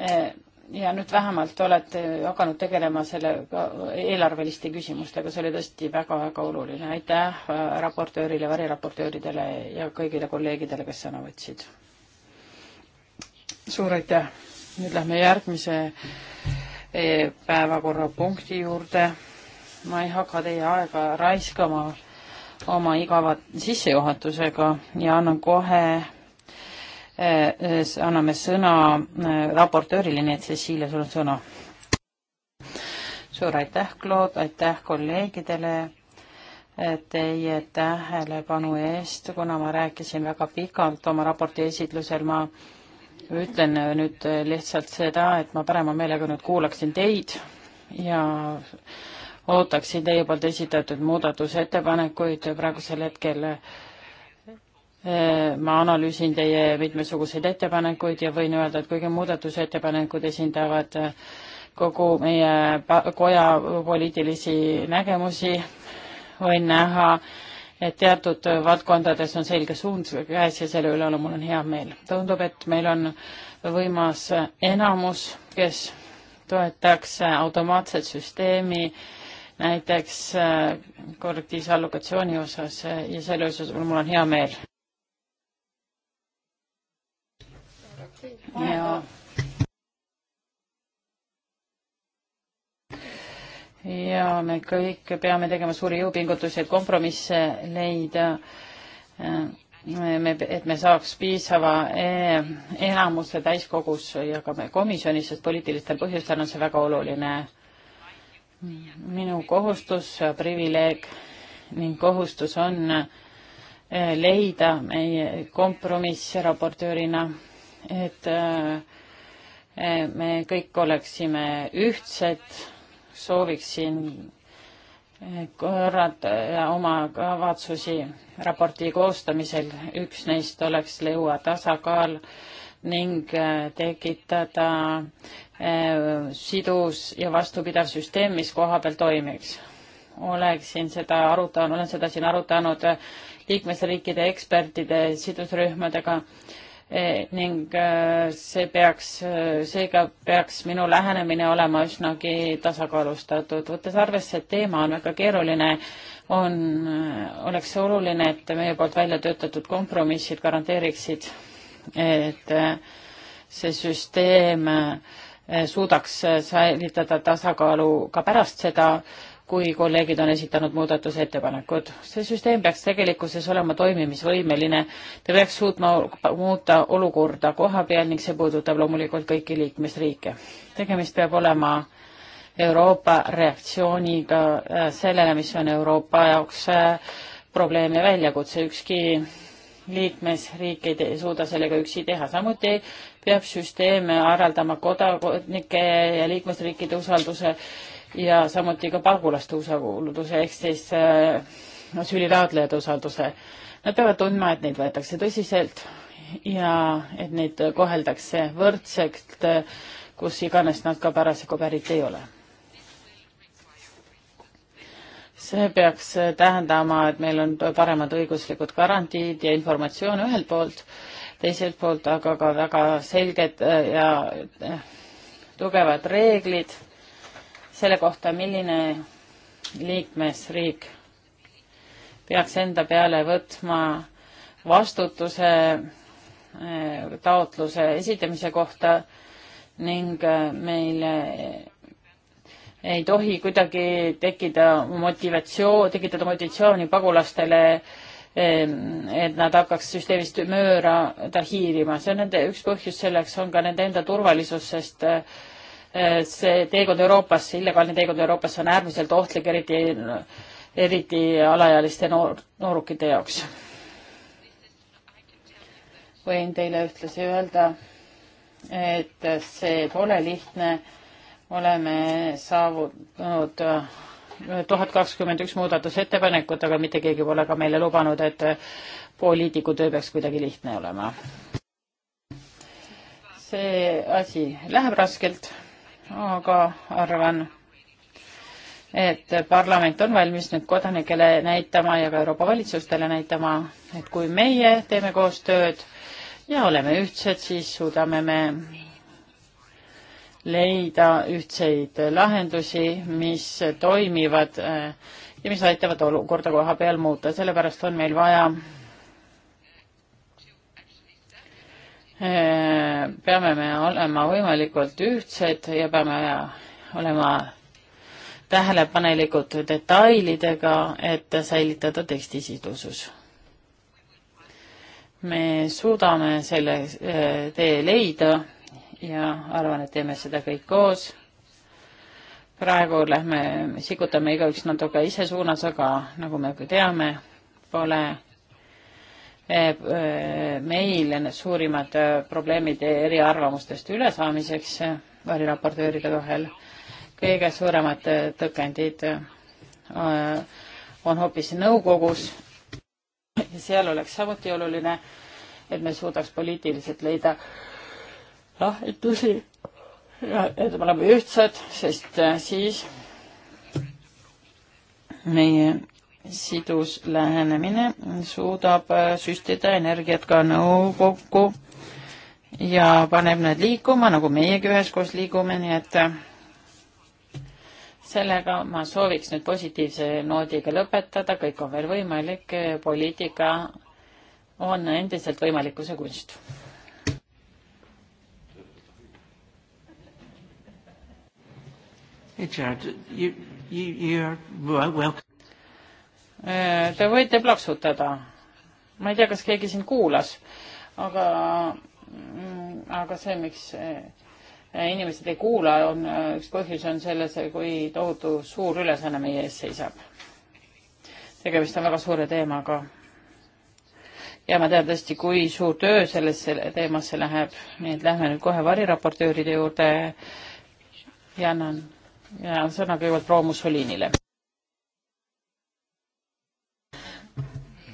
äh, ja nüüd vähemalt olete hakanud tegelema sellega eelarveliste küsimustega, see oli tõesti väga-väga oluline. aitäh raportöörile, variraportööridele ja kõigile kolleegidele, kes sõna võtsid. suur aitäh. nüüd lähme järgmise päevakorrapunkti juurde. ma ei hakka teie aega raiskama oma igava sissejuhatusega ja annan kohe, eh, anname sõna eh, raportöörile, nii et Cecilia, sul on sõna. suur aitäh, Claude, aitäh kolleegidele eh, teie tähelepanu eest, kuna ma rääkisin väga pikalt oma raporti esitlusel, ma ütlen äh, nüüd äh, lihtsalt seda, et ma parema meelega nüüd kuulaksin teid ja ootaksin teie poolt esitatud muudatusettepanekuid praegusel hetkel. Äh, ma analüüsin teie mitmesuguseid ettepanekuid ja võin öelda, et kõige muudatusettepanekud esindavad kogu meie koja poliitilisi nägemusi, võin näha, et teatud valdkondades on selge suund käes ja selle üle mul on hea meel. tundub, et meil on võimas enamus, kes toetaks automaatset süsteemi näiteks äh, korrektiivse allokatsiooni osas äh, ja selle osas mul on hea meel. ja ja me kõik peame tegema suuri jõupingutusi, et kompromisse leida, et me saaks piisava eh, enamuse täiskogus ja ka komisjonis, sest poliitilistel põhjustel on see väga oluline. minu kohustus, privileeg ning kohustus on eh, leida meie kompromiss raportöörina, et eh, me kõik oleksime ühtsed sooviksin korrata oma kavatsusi raporti koostamisel. üks neist oleks leua tasakaal ning äh, tekitada äh, sidus ja vastupidav süsteem, mis koha peal toimiks. oleksin seda arutanud, olen seda siin arutanud äh, liikmesriikide ekspertide sidusrühmadega äh, E, ning e, see peaks, e, seega peaks minu lähenemine olema üsnagi tasakaalustatud. võttes arvesse, et teema on väga keeruline, on, oleks oluline, et meie poolt välja töötatud kompromissid garanteeriksid, et see süsteem suudaks säilitada tasakaalu ka pärast seda, kui kolleegid on esitanud muudatusettepanekud. see süsteem peaks tegelikkuses olema toimimisvõimeline, ta peaks suutma muuta olukorda koha peal ning see puudutab loomulikult kõiki liikmesriike. tegemist peab olema Euroopa reaktsiooniga äh, sellele, mis on Euroopa jaoks äh, probleem ja väljakutse, ükski liikmesriik ei suuda sellega üksi teha, samuti peab süsteem arendama kodanike ja liikmesriikide usalduse äh, ja samuti ka pagulaste usalduse ehk siis asüülitaotlejate äh, usalduse. Nad peavad tundma, et neid võetakse tõsiselt ja et neid koheldakse võrdselt, kus iganes nad ka parasjagu pärit ei ole. see peaks tähendama, et meil on paremad õiguslikud garantiid ja informatsioon ühelt poolt, teiselt poolt aga ka väga selged äh, ja äh, tugevad reeglid selle kohta, milline liikmesriik peaks enda peale võtma vastutuse eh, taotluse esitamise kohta ning eh, meil ei tohi kuidagi tekkida motivatsioon, tekitada motivatsiooni pagulastele, eh, et nad hakkaks süsteemist mööda hiilima. see on nende, üks põhjus selleks on ka nende enda turvalisus, sest äh, Äh, see teekond Euroopasse, illegaalne teekond Euroopasse on äärmiselt ohtlik, eriti, eriti alaealiste noor, noorukite jaoks. võin teile ühtlasi öelda, et see pole lihtne. oleme saavutanud äh, tuhat kakskümmend üks muudatusettepanekut, aga mitte keegi pole ka meile lubanud, et poliitiku töö peaks kuidagi lihtne olema. see asi läheb raskelt aga arvan, et parlament on valmis nüüd kodanikele näitama ja ka Euroopa valitsustele näitama, et kui meie teeme koostööd ja oleme ühtsed, siis suudame me leida ühtseid lahendusi, mis toimivad äh, ja mis aitavad olukorda koha peal muuta, sellepärast on meil vaja Äh, peame me olema võimalikult ühtsed ja peame olema tähelepanelikud detailidega, et säilitada teksti sidusus. me suudame selle äh, tee leida ja arvan, et teeme seda kõik koos. praegu lähme, sikutame igaüks natuke ise suunas, aga nagu me teame, pole meil suurimad probleemid eriarvamustest ülesaamiseks variraportööride vahel. kõige suuremad tõkendid on hoopis nõukogus ja seal oleks samuti oluline, et me suudaks poliitiliselt leida lahendusi ja et me oleme ühtsed, sest siis meie sidus lähenemine suudab äh, süstida energiat ka nõukokku ja paneb nad liikuma, nagu meiegi üheskoos liigume, nii et äh, sellega ma sooviks nüüd positiivse noodiga lõpetada, kõik on veel võimalik, poliitika on endiselt võimalikkuse kunst. Hey Jared, you, you, you're welcome. Eh, te võite plaksutada. ma ei tea, kas keegi sind kuulas, aga, mm, aga see, miks eh, inimesed ei kuula, on eh, üks põhjus on selles, kui tohutu suur ülesanne meie ees seisab. tegemist on väga suure teemaga. ja ma tean tõesti, kui suur töö sellesse teemasse läheb, nii et lähme nüüd kohe variraportööride juurde ja annan ja sõna kõigepealt proua Mussolinile.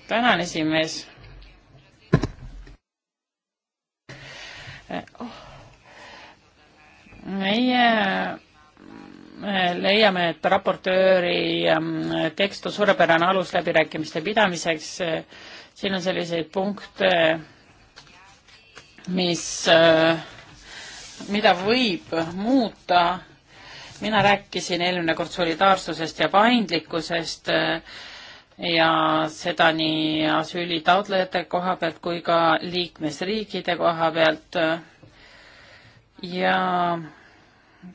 tänan, esimees oh.. meie leiame, et raportööri ähm, tekst on suurepärane alus läbirääkimiste pidamiseks. siin on selliseid punkte, mis, äh, mida võib muuta. mina rääkisin eelmine kord solidaarsusest ja paindlikkusest ja seda nii asüülitaotlejate koha pealt kui ka liikmesriikide koha pealt. ja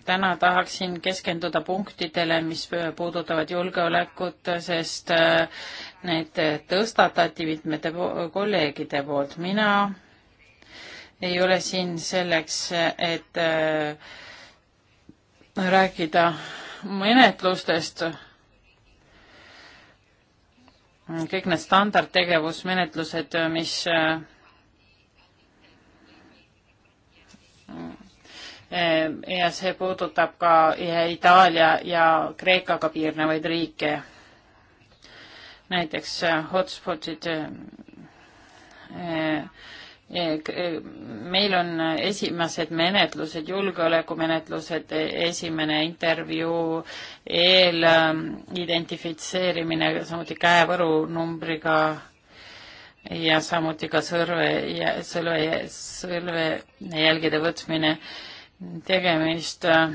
täna tahaksin keskenduda punktidele, mis puudutavad julgeolekut, sest äh, need tõstatati mitmete kolleegide poolt. mina ei ole siin selleks, et äh, rääkida menetlustest Mm, kõik need standardtegevusmenetlused, äh, mis äh, mm, ja see puudutab ka Itaalia ja Kreekaga piirnevaid riike. näiteks äh, hotspotid meil on esimesed menetlused, julgeolekumenetlused, esimene intervjuu, eelidentifitseerimine, samuti käevõru numbriga ja samuti ka sõrve, sõlve, sõlvejälgede võtmine. tegemist äh,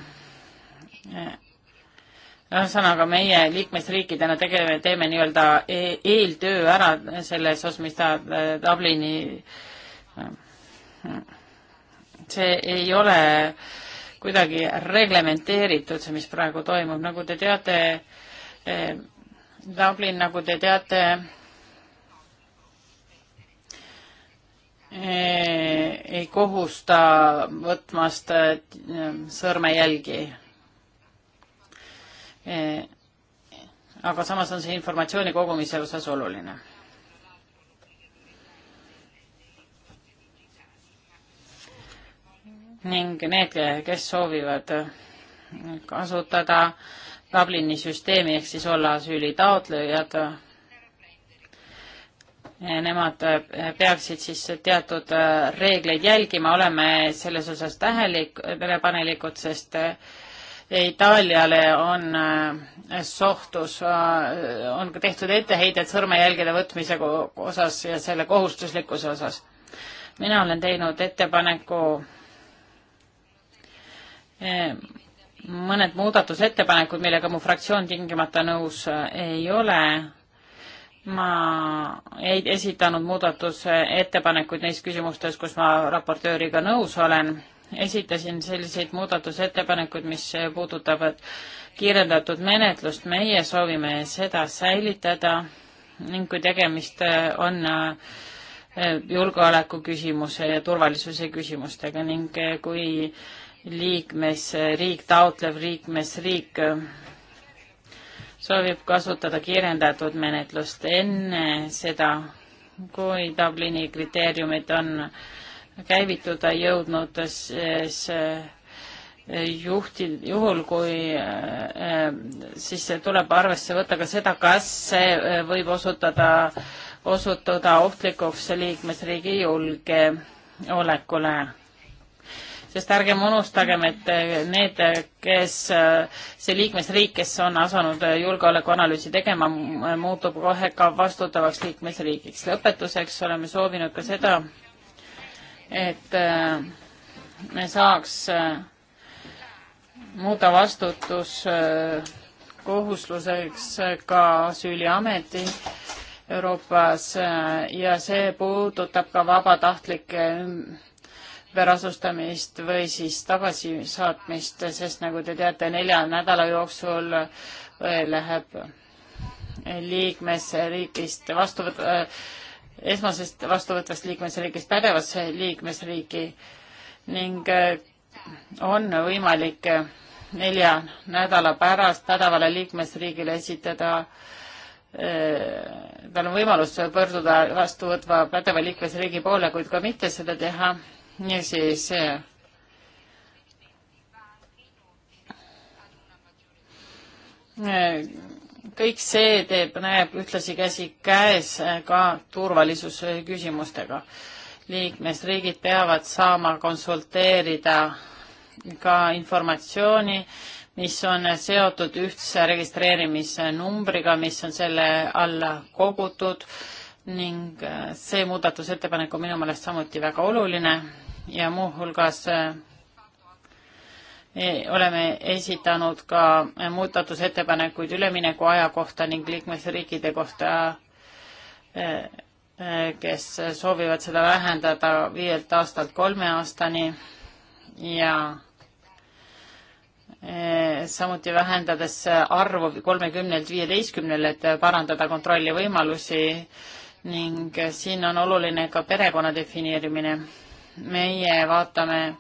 ühesõnaga meie liikmesriikidena tegeme, teeme nii-öelda e-, eeltöö ära selles osas, mis ta äh, Dublini äh, see ei ole kuidagi reglementeeritud, see, mis praegu toimub, nagu te teate, eh, Dublin, nagu te teate, eh, ei kohusta võtmast eh, sõrmejälgi. aga samas on see informatsiooni kogumise osas oluline ning need, kes soovivad kasutada Dublini süsteemi ehk siis olla asüülitaotlejad, nemad peaksid siis teatud reegleid jälgima, oleme selles osas tähelik-, tähelepanelikud, sest Itaaliale on äh, sohtus, äh, on ka tehtud etteheided sõrmejälgede võtmise osas ja selle kohustuslikkuse osas. mina olen teinud ettepaneku Eh, mõned muudatusettepanekud, millega mu fraktsioon tingimata nõus eh, ei ole. ma ei esitanud muudatusettepanekuid neis küsimustes, kus ma raportööriga nõus olen. esitasin selliseid muudatusettepanekuid, mis puudutavad kiirendatud menetlust, meie soovime seda säilitada ning kui tegemist on eh, julgeoleku küsimuse ja turvalisuse küsimustega ning kui äh, liikmesriik, taotlev liikmesriik soovib kasutada kiirendatud menetlust enne seda, kui Dublini kriteeriumid on käivituda jõudnud, siis eh, juhti, juhul kui eh, siis tuleb arvesse võtta ka seda, kas see eh, võib osutada, osutuda ohtlikuks liikmesriigi julgeolekule sest ärgem unustagem, et eh, need, kes, eh, see liikmesriik, kes on asunud eh, julgeolekuanalüüsi tegema, muutub kohe ka vastutavaks liikmesriigiks. lõpetuseks oleme soovinud ka seda, et me saaks muuta vastutus kohustuseks ka süüliameti Euroopas ja see puudutab ka vabatahtlike ümberasustamist või siis tagasisaatmist, sest nagu te teate, nelja nädala jooksul äh, läheb liikmesriigist vastuvõt- äh,, esmasest vastuvõtvast liikmesriigist pädevasse liikmesriiki ning äh, on võimalik äh, nelja nädala pärast pädevale liikmesriigile esitada tal on võimalus pöörduda vastuvõtva pädeva liikmesriigi poole, kuid ka mitte seda teha niisiis kõik see teeb, näeb ühtlasi käsi käes ka turvalisuse küsimustega. liikmesriigid peavad saama konsulteerida ka informatsiooni, mis on seotud ühtse registreerimisnumbriga, mis on selle alla kogutud ning äh, see muudatusettepanek on minu meelest samuti väga oluline ja muuhulgas äh, e, oleme esitanud ka äh, muudatusettepanekuid ülemineku aja kohta ning liikmesriikide kohta, kes soovivad seda vähendada viielt aastalt kolme aastani ja samuti vähendades arvu kolmekümnelt viieteistkümnele, et parandada kontrolli võimalusi ning siin on oluline ka perekonna defineerimine. meie vaatame,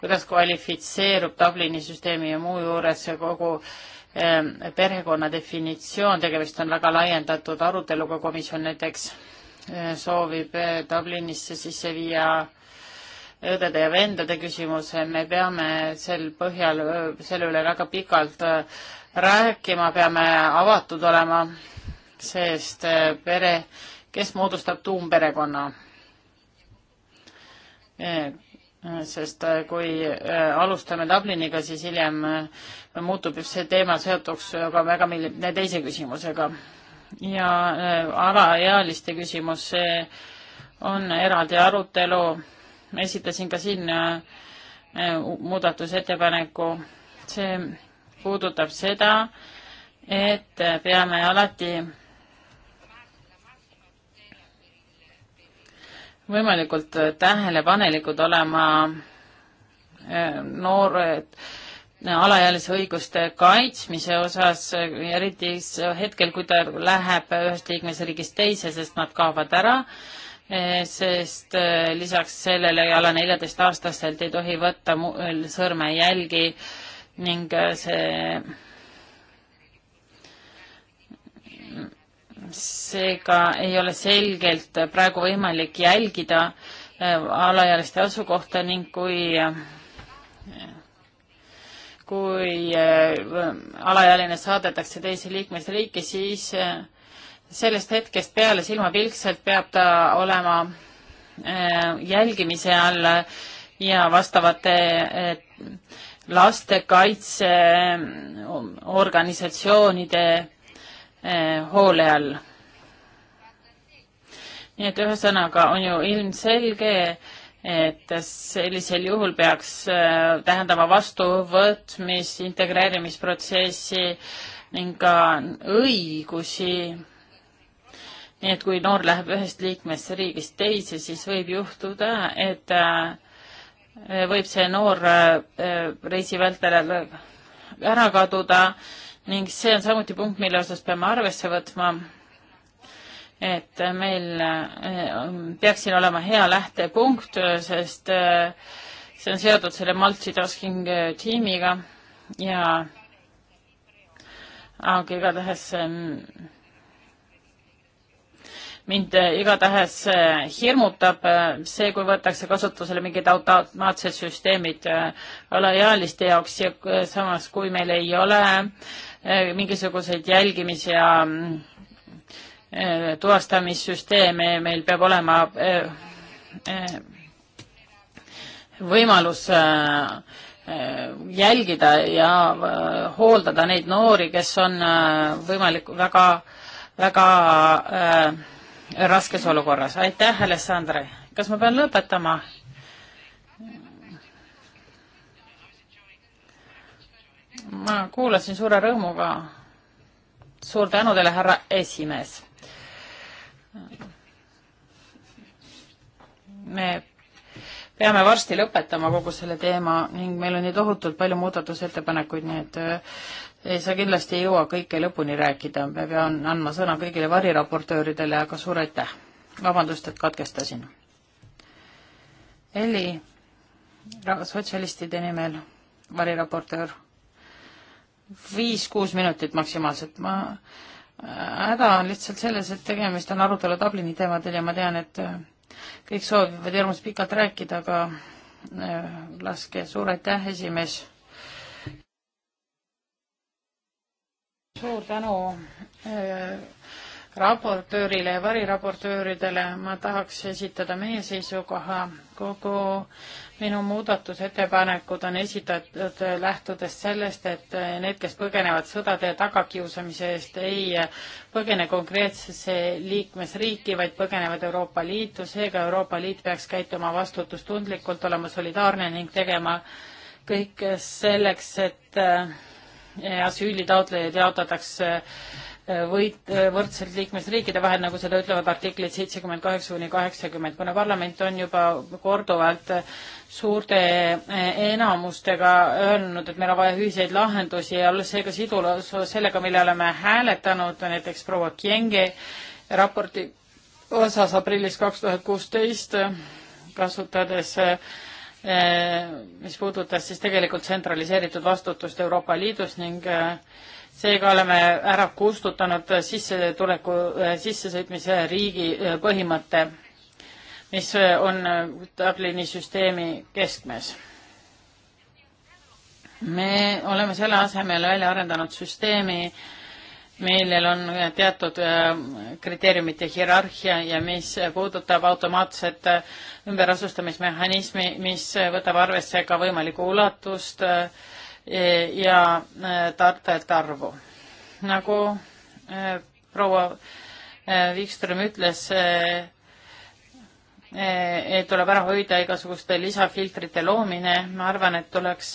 kuidas kvalifitseerub Dublini süsteemi ja muu juures kogu ehm, perekonna definitsioon, tegemist on väga laiendatud aruteluga, komisjon näiteks ehm, soovib eh, Dublinisse sisse viia õdede ja vendade küsimuse, me peame sel põhjal, eh, selle üle väga pikalt eh, rääkima, peame avatud olema, sest pere kes moodustab tuumperekonna. sest äh, kui äh, alustame Dubliniga, siis hiljem äh, muutub see teema seotuks ka väga mille teise küsimusega. ja alaealiste küsimus, see on eraldi arutelu. ma esitasin ka siin muudatusettepaneku, see puudutab seda, et peame alati võimalikult äh, tähelepanelikud olema äh, noored äh, alaealise õiguste kaitsmise osas, eriti hetkel, kui ta läheb ühest liikmesriigist teise, sest nad kaovad ära, sest lisaks sellele alla neljateistaastaselt ei tohi võtta sõrmejälgi ning see seega ei ole selgelt praegu võimalik jälgida äh, alaealiste asukohta ning kui äh, kui äh, alaealine saadetakse teise liikmesriiki, siis sellest hetkest peale silmapilkselt peab ta olema jälgimise all ja vastavate lastekaitseorganisatsioonide Eh, hoole all. nii et ühesõnaga on ju ilmselge, et sellisel juhul peaks eh, tähendama vastuvõtmis, integreerimisprotsessi ning ka õigusi. nii et kui noor läheb ühest liikmesriigist teise, siis võib juhtuda, et eh, võib see noor reisi vältel ära kaduda ning see on samuti punkt, mille osas peame arvesse võtma, et meil eh, peaks siin olema hea lähtepunkt, sest eh, see on seotud selle multitasking eh, tiimiga ja aga igatahes mind igatahes hirmutab see, kui võetakse kasutusele mingid automaatsed süsteemid alaealiste jaoks ja samas, kui meil ei ole äh, Äh, mingisuguseid jälgimis- ja äh, tuvastamissüsteeme, meil peab olema äh, võimalus jälgida ja hooldada neid noori, kes on võimalik väga, väga raskes olukorras. aitäh, Alessandre. kas ma pean lõpetama? ma kuulasin suure rõõmuga. suur tänu teile, härra esimees. me peame varsti lõpetama kogu selle teema ning meil on nii tohutult palju muudatusettepanekuid, nii et äh, ei, sa kindlasti ei jõua kõike lõpuni rääkida, ma pean andma sõna kõigile variraportööridele, aga suur aitäh. vabandust, et katkestasin. Elli, sotsialistide nimel variraportöör viis-kuus minutit maksimaalselt, ma, äh, häda on lihtsalt selles, et tegemist on arutelu Dublini teemadel ja ma tean, et äh, kõik soovivad hirmus pikalt rääkida, aga äh, laske, suur aitäh, esimees. suur tänu raportöörile ja variraportööridele ma tahaks esitada meie seisukoha. kogu minu muudatusettepanekud on esitatud lähtudes sellest, et need, kes põgenevad sõdade ja tagakiusamise eest, ei põgene konkreetsesse liikmesriiki, vaid põgenevad Euroopa Liitu, seega Euroopa Liit peaks käituma vastutustundlikult, olema solidaarne ning tegema kõik selleks, et asüülitaotlejaid jaotatakse võit, võrdselt liikmesriikide vahel, nagu seda ütlevad artiklid seitsekümmend kaheksa kuni kaheksakümmend, kuna parlament on juba korduvalt suurte eh, enamustega öelnud, et meil on vaja ühiseid lahendusi ja seega sidulus sellega, mille oleme hääletanud, näiteks proua Kienge raporti osas aprillis kaks tuhat kuusteist, kasutades eh, mis puudutas siis tegelikult tsentraliseeritud vastutust Euroopa Liidus ning eh, seega oleme ära kustutanud sissetuleku, sissesõitmise riigi põhimõtte, mis on Dublini süsteemi keskmes. me oleme selle asemel välja arendanud süsteemi, millel on teatud äh, kriteeriumite hierarhia ja mis puudutab automaatset äh, ümberasustamismehhanismi, mis võtab arvesse ka võimalikku ulatust äh, ja e, tartajate arvu. nagu e, proua e, Wikström ütles, tuleb ära hoida igasuguste lisafiltrite loomine, ma arvan, et tuleks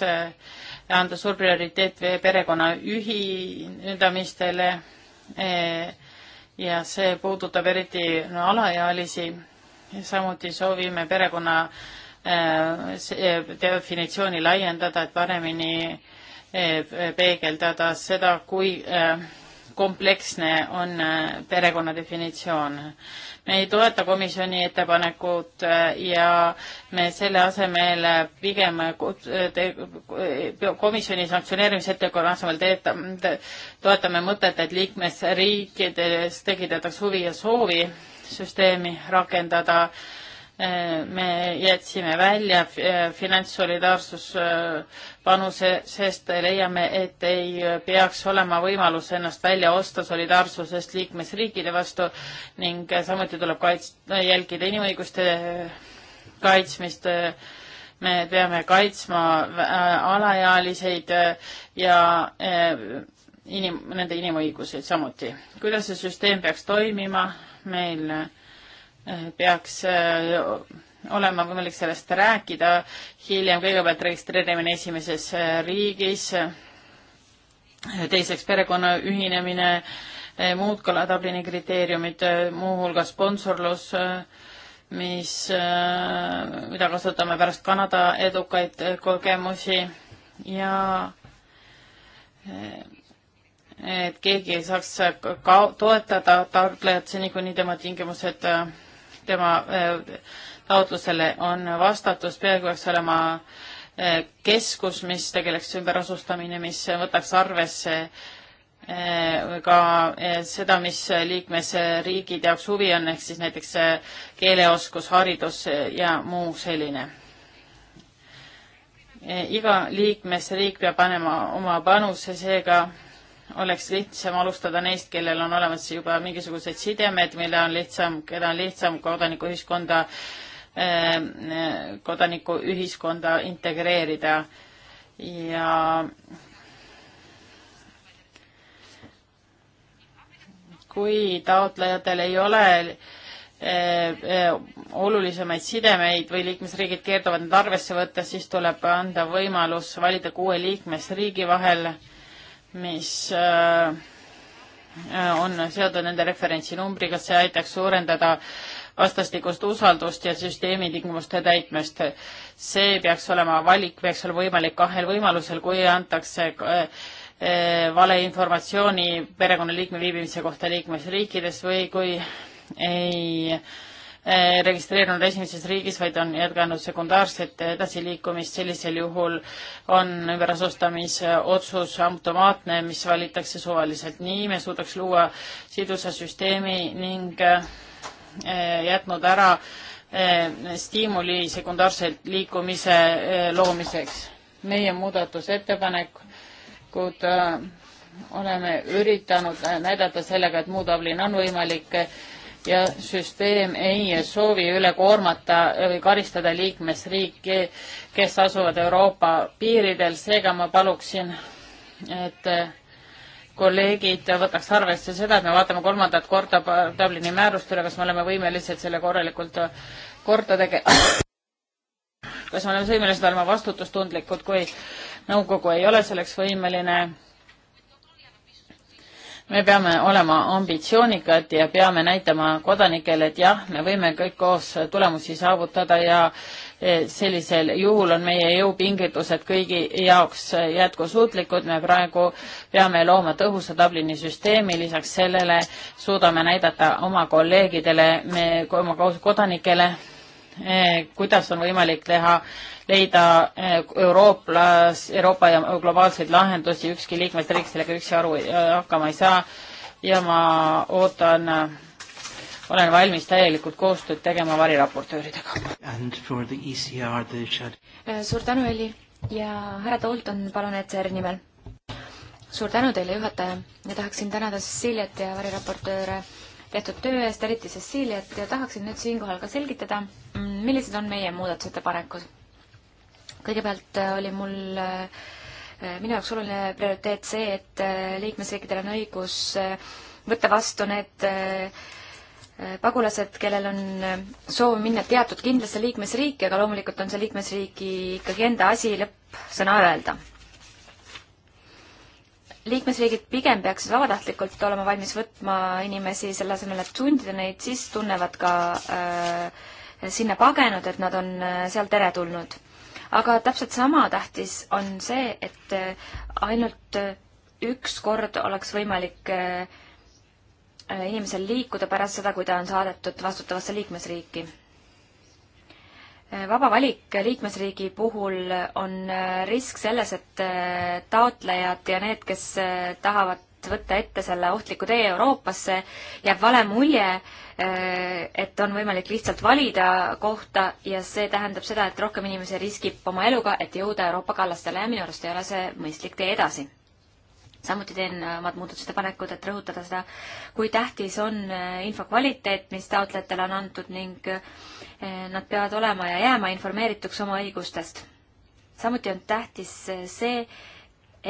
anda suur prioriteet perekonna ühendamistele ja see puudutab eriti no, alaealisi. samuti soovime perekonna Äh, äh, definitsiooni laiendada, et paremini äh, peegeldada seda, kui kompleksne on perekonna definitsioon. me ei toeta komisjoni ettepanekut ja me selle asemel pigem komisjoni sanktsioneerimise ettekorra asemel teeta, toetame mõtet, et liikmesriikides tekitatakse huvi ja soovi süsteemi rakendada äh, me jätsime välja eh, finantssolidaarsus eh, panuse, sest leiame, et ei peaks olema võimalus ennast välja osta solidaarsusest liikmesriikide vastu ning samuti tuleb kaits-, jälgida inimõiguste eh, kaitsmist. me peame kaitsma alaealiseid ja inim-, nende inimõiguseid samuti. kuidas see süsteem peaks toimima meil? peaks äh, olema võimalik sellest rääkida hiljem, kõigepealt registreerimine esimeses äh, riigis, teiseks perekonna ühinemine, äh, muud ka Dublini kriteeriumid, muuhulgas sponsorlus, mis, mida kasutame pärast Kanada edukaid kogemusi ja et keegi ei saaks ka toetada tarbijat seni, kuni tema tingimused tema äh, taotlusele on vastatud, peaaegu peaks olema äh, keskus, mis tegeleks ümberasustamine, mis võtaks arvesse äh, ka seda, mis liikmesriigid jaoks huvi on, ehk siis näiteks keeleoskus, haridus ja muu selline. iga liikmesriik peab panema oma panuse, seega oleks lihtsam alustada neist, kellel on olemas juba mingisugused sidemed, mille on lihtsam, keda on lihtsam kodanikuühiskonda, äh, kodanikuühiskonda integreerida ja kui taotlejatel ei ole äh, äh, olulisemaid sidemeid või liikmesriigid keelduvad need arvesse võtta, siis tuleb anda võimalus valida kuue liikmesriigi vahel äh, mis äh, äh, on seotud nende referentsinumbriga, see aitaks suurendada vastastikust usaldust ja süsteemi tingimuste täitmist. see peaks olema valik, peaks olema võimalik kahel võimalusel, kui antakse äh, valeinformatsiooni perekonnaliikme viibimise kohta liikmesriikides või kui ei äh, Eh, registreerunud esimeses riigis, vaid on jätkanud sekundaarset edasiliikumist, sellisel juhul on ümberasustamise otsus automaatne, mis valitakse suvaliselt. nii me suudaks luua sidusa süsteemi ning eh, jätnud ära eh, stiimuli sekundaarselt liikumise loomiseks. meie muudatusettepanekud oleme üritanud näidata sellega, et muu Dublin on võimalik ja süsteem ei soovi üle koormata või karistada liikmesriiki, kes asuvad Euroopa piiridel, seega ma paluksin, et kolleegid võtaks arvesse seda, et me vaatame kolmandat korda Dublini määrust üle, kas me oleme võimelised selle korralikult korda tegema. kas me oleme võimelised olema vastutustundlikud, kui nõukogu ei ole selleks võimeline me peame olema ambitsioonikad ja peame näitama kodanikele, et jah, me võime kõik koos tulemusi saavutada ja e, sellisel juhul on meie jõupingutused kõigi jaoks jätkusuutlikud, me praegu peame looma tõhusa Dublini süsteemi, lisaks sellele suudame näidata oma kolleegidele, me, oma kodanikele, Eh, kuidas on võimalik teha, leida eh, eurooplas, Euroopa ja globaalseid lahendusi, ükski liikmesriik sellega üksi aru eh, hakkama ei saa ja ma ootan, olen valmis täielikult koostööd tegema variraportööridega. E suur tänu, Heli ja härra Tolton, palun ECR nimel. suur tänu teile, juhataja ja tahaksin tänada Ceciliat ja variraportööre tehtud töö eest, eriti Ceciliat ja tahaksin nüüd siinkohal ka selgitada, mm, millised on meie muudatusettepanekud. kõigepealt äh, oli mul äh, minu jaoks oluline prioriteet see, et äh, liikmesriikidel on õigus võtta vastu need pagulased, kellel on soov minna teatud kindlasse liikmesriiki, aga loomulikult on see liikmesriigi ikkagi enda asi lõppsõna öelda liikmesriigid pigem peaksid vabatahtlikult olema valmis võtma inimesi, selle asemel, et sundida neid, siis tunnevad ka äh, sinna pagenud, et nad on äh, seal teretulnud. aga täpselt sama tähtis on see, et äh, ainult äh, üks kord oleks võimalik äh, inimesel liikuda pärast seda, kui ta on saadetud vastutavasse liikmesriiki vaba valik liikmesriigi puhul on äh, risk selles, et äh, taotlejad ja need, kes äh, tahavad võtta ette selle ohtliku tee Euroopasse, jääb vale mulje, et on võimalik lihtsalt valida kohta ja see tähendab seda, et rohkem inimesi riskib oma eluga, et jõuda Euroopa kallastele ja minu arust ei ole see mõistlik tee edasi samuti teen omad muudatusettepanekud, et rõhutada seda, kui tähtis on äh, info kvaliteet, mis taotlejatele on antud ning äh, nad peavad olema ja jääma informeerituks oma õigustest. samuti on tähtis äh, see,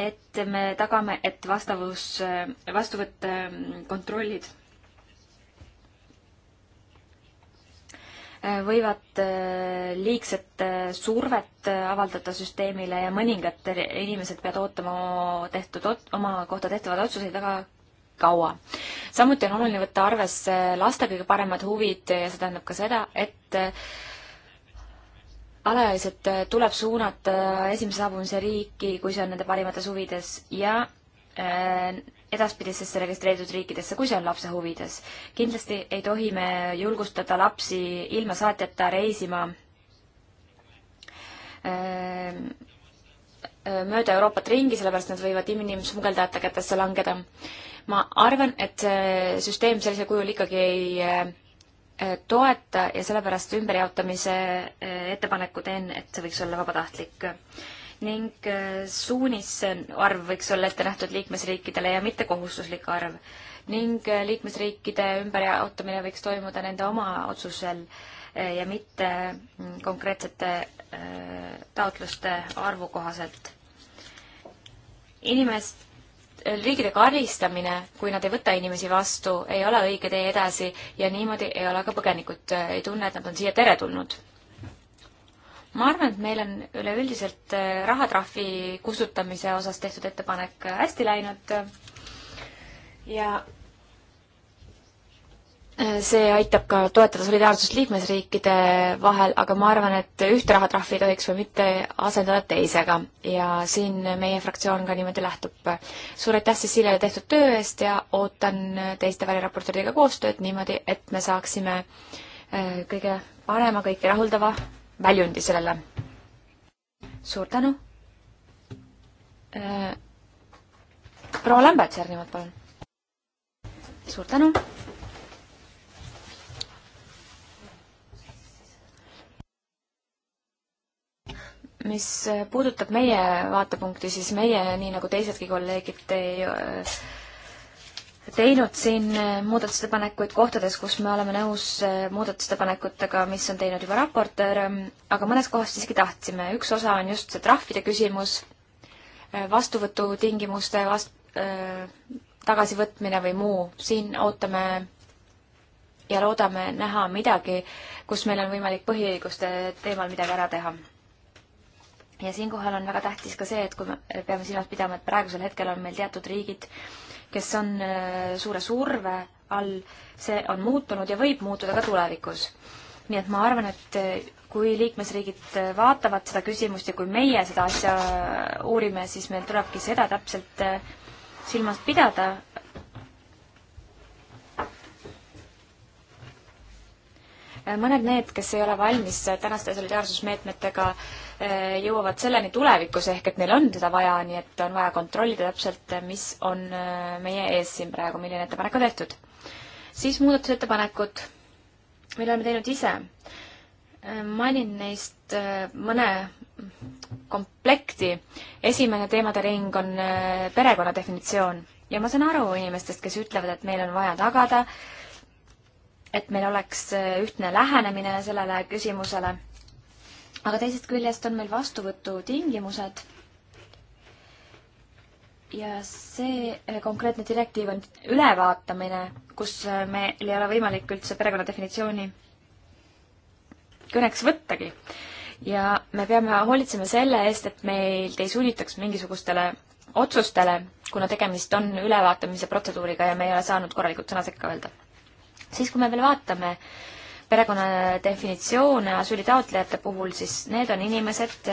et me tagame, et vastavus, vastuvõtt kontrollid võivad äh, liigset äh, survet äh, avaldada süsteemile ja mõningad inimesed peavad ootama tehtud, oma kohta tehtavad otsuseid väga kaua. samuti on oluline võtta arvesse laste kõige paremad huvid ja see tähendab ka seda, et alaealised tuleb suunata esimese saabumise riiki, kui see on nende parimates huvides ja edaspidisesse registreeritud riikidesse, kui see on lapse huvides. kindlasti ei tohi me julgustada lapsi ilma saatjata reisima ähm, äh, mööda Euroopat ringi, sellepärast nad võivad inimsmugeldajate kätesse langeda. ma arvan, et see süsteem sellisel kujul ikkagi ei äh, toeta ja sellepärast ümberjaotamise äh, ettepaneku teen, et see võiks olla vabatahtlik ning äh, suunis arv võiks olla ette nähtud liikmesriikidele ja mitte kohustuslik arv. ning äh, liikmesriikide ümberjaotamine võiks toimuda nende oma otsusel äh, ja mitte mm, konkreetsete taotluste arvu kohaselt. inimest, riigide karistamine, kui nad ei võta inimesi vastu, ei ole õige tee edasi ja niimoodi ei ole ka põgenikud, ei tunne, et nad on siia teretulnud ma arvan, et meil on üleüldiselt äh, rahatrahvi kustutamise osas tehtud ettepanek hästi läinud ja äh, see aitab ka toetada solidaarsust liikmesriikide vahel, aga ma arvan, et ühte rahatrahvi ei tohiks või mitte asendada teisega ja siin meie fraktsioon ka niimoodi lähtub. suur aitäh Ceciliale tehtud töö eest ja ootan teiste väliraportööridega koostööd niimoodi, et me saaksime äh, kõige parema, kõiki rahuldava väljundi sellele. suur tänu. Äh, proua Lämbets järgnevalt, palun. suur tänu. mis puudutab meie vaatepunkti, siis meie, nii nagu teisedki kolleegid, ei äh, teinud siin äh, muudatusettepanekuid kohtades, kus me oleme nõus äh, muudatusettepanekutega, mis on teinud juba raportöör, ähm, aga mõnes kohas siiski tahtsime. üks osa on just see trahvide küsimus, äh, vastuvõtutingimuste vast- äh,, tagasivõtmine või muu. siin ootame ja loodame näha midagi, kus meil on võimalik põhiõiguste teemal midagi ära teha ja siinkohal on väga tähtis ka see, et kui me peame silmas pidama, et praegusel hetkel on meil teatud riigid, kes on äh, suure surve all, see on muutunud ja võib muutuda ka tulevikus. nii et ma arvan, et äh, kui liikmesriigid äh, vaatavad seda küsimust ja kui meie seda asja uurime, siis meil tulebki seda täpselt silmas pidada, mõned need, kes ei ole valmis tänaste solidaarsusmeetmetega, eh, jõuavad selleni tulevikus, ehk et neil on seda vaja, nii et on vaja kontrollida täpselt, eh, mis on eh, meie ees siin praegu, milline ettepanek on tehtud. siis muudatusettepanekud, mille oleme teinud ise. mainin neist mõne komplekti. esimene teemade ring on perekonna definitsioon ja ma saan aru inimestest, kes ütlevad, et meil on vaja tagada äh, et meil oleks äh, ühtne lähenemine sellele küsimusele. aga teisest küljest on meil vastuvõtutingimused. ja see äh, konkreetne direktiiv on ülevaatamine, kus äh, meil ei ole võimalik üldse perekonna definitsiooni kõneks võttagi. ja me peame hoolitsema selle eest, et meid ei sunnitaks mingisugustele otsustele, kuna tegemist on ülevaatamise protseduuriga ja me ei ole saanud korralikult sõna sekka öelda siis, kui me veel vaatame perekonna definitsioone asüülitaotlejate puhul, siis need on inimesed,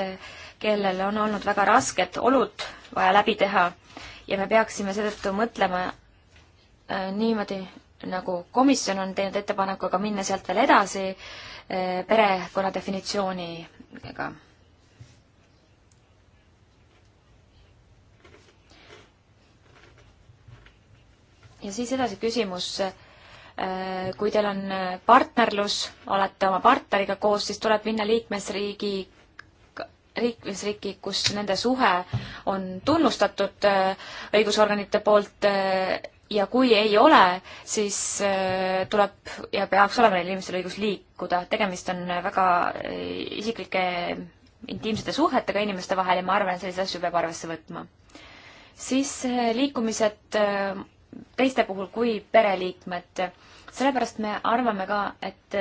kellel on olnud väga rasked olud vaja läbi teha ja me peaksime seetõttu mõtlema äh, niimoodi, nagu komisjon on teinud ettepaneku, aga minna sealt veel edasi äh, perekonna definitsiooniga. ja siis edasi küsimus äh, Äh, kui teil on äh, partnerlus, olete oma partneriga koos, siis tuleb minna liikmesriigi liikmesriiki, kus nende suhe on tunnustatud äh, õigusorganite poolt ja kui ei ole, siis tuleb ja peaks olema neil inimestel õigus liikuda. tegemist on väga isiklike intiimsete suhetega inimeste vahel ja ma arvan, et selliseid asju peab arvesse võtma. siis liikumised teiste puhul kui pereliikmed. sellepärast me arvame ka, et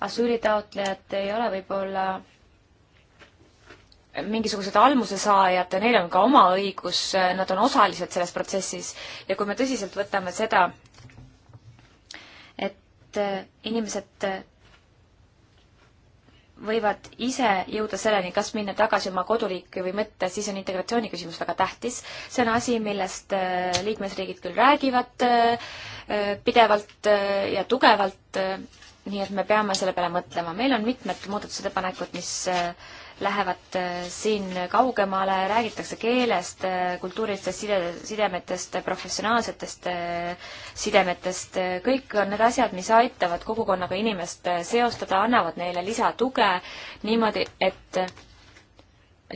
asüülitaotlejad ei ole võib-olla mingisugused almusesaajad, neil on ka oma õigus, nad on osalised selles protsessis ja kui me tõsiselt võtame seda, et inimesed võivad ise jõuda selleni, kas minna tagasi oma koduriiki või mitte, siis on integratsiooni küsimus väga tähtis. see on asi, millest äh, liikmesriigid küll räägivad äh, äh, pidevalt ja tugevalt, nii et me peame selle peale mõtlema. meil on mitmed muudatusettepanekud, mis lähevad äh, siin kaugemale, räägitakse keelest, äh, kultuurilistest side, sidemetest, professionaalsetest äh, sidemetest, kõik on need asjad, mis aitavad kogukonnaga inimest seostada, annavad neile lisatuge niimoodi, et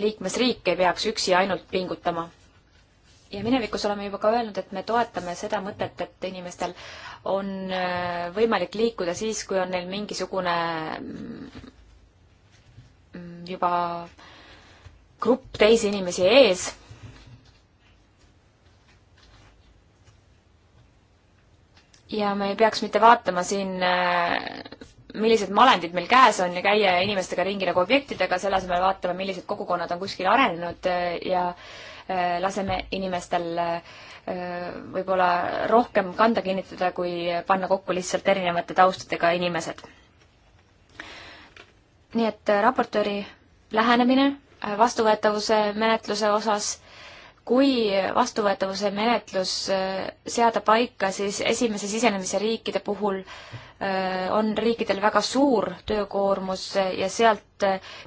liikmesriik ei peaks üksi ainult pingutama. ja minevikus oleme juba ka öelnud, et me toetame seda mõtet, et inimestel on võimalik liikuda siis, kui on neil mingisugune mm, Mm, juba grupp teisi inimesi ees. ja me ei peaks mitte vaatama siin, äh, millised malendid meil käes on ja käia inimestega ringi nagu objektidega, selle asemel vaatame, millised kogukonnad on kuskil arenenud äh, ja äh, laseme inimestel võib-olla rohkem kanda kinnitada, kui panna kokku lihtsalt erinevate taustadega inimesed nii et äh, raportööri lähenemine äh, vastuvõetavuse menetluse osas, kui vastuvõetavuse menetlus äh, seada paika, siis esimese sisenemise riikide puhul on riikidel väga suur töökoormus ja sealt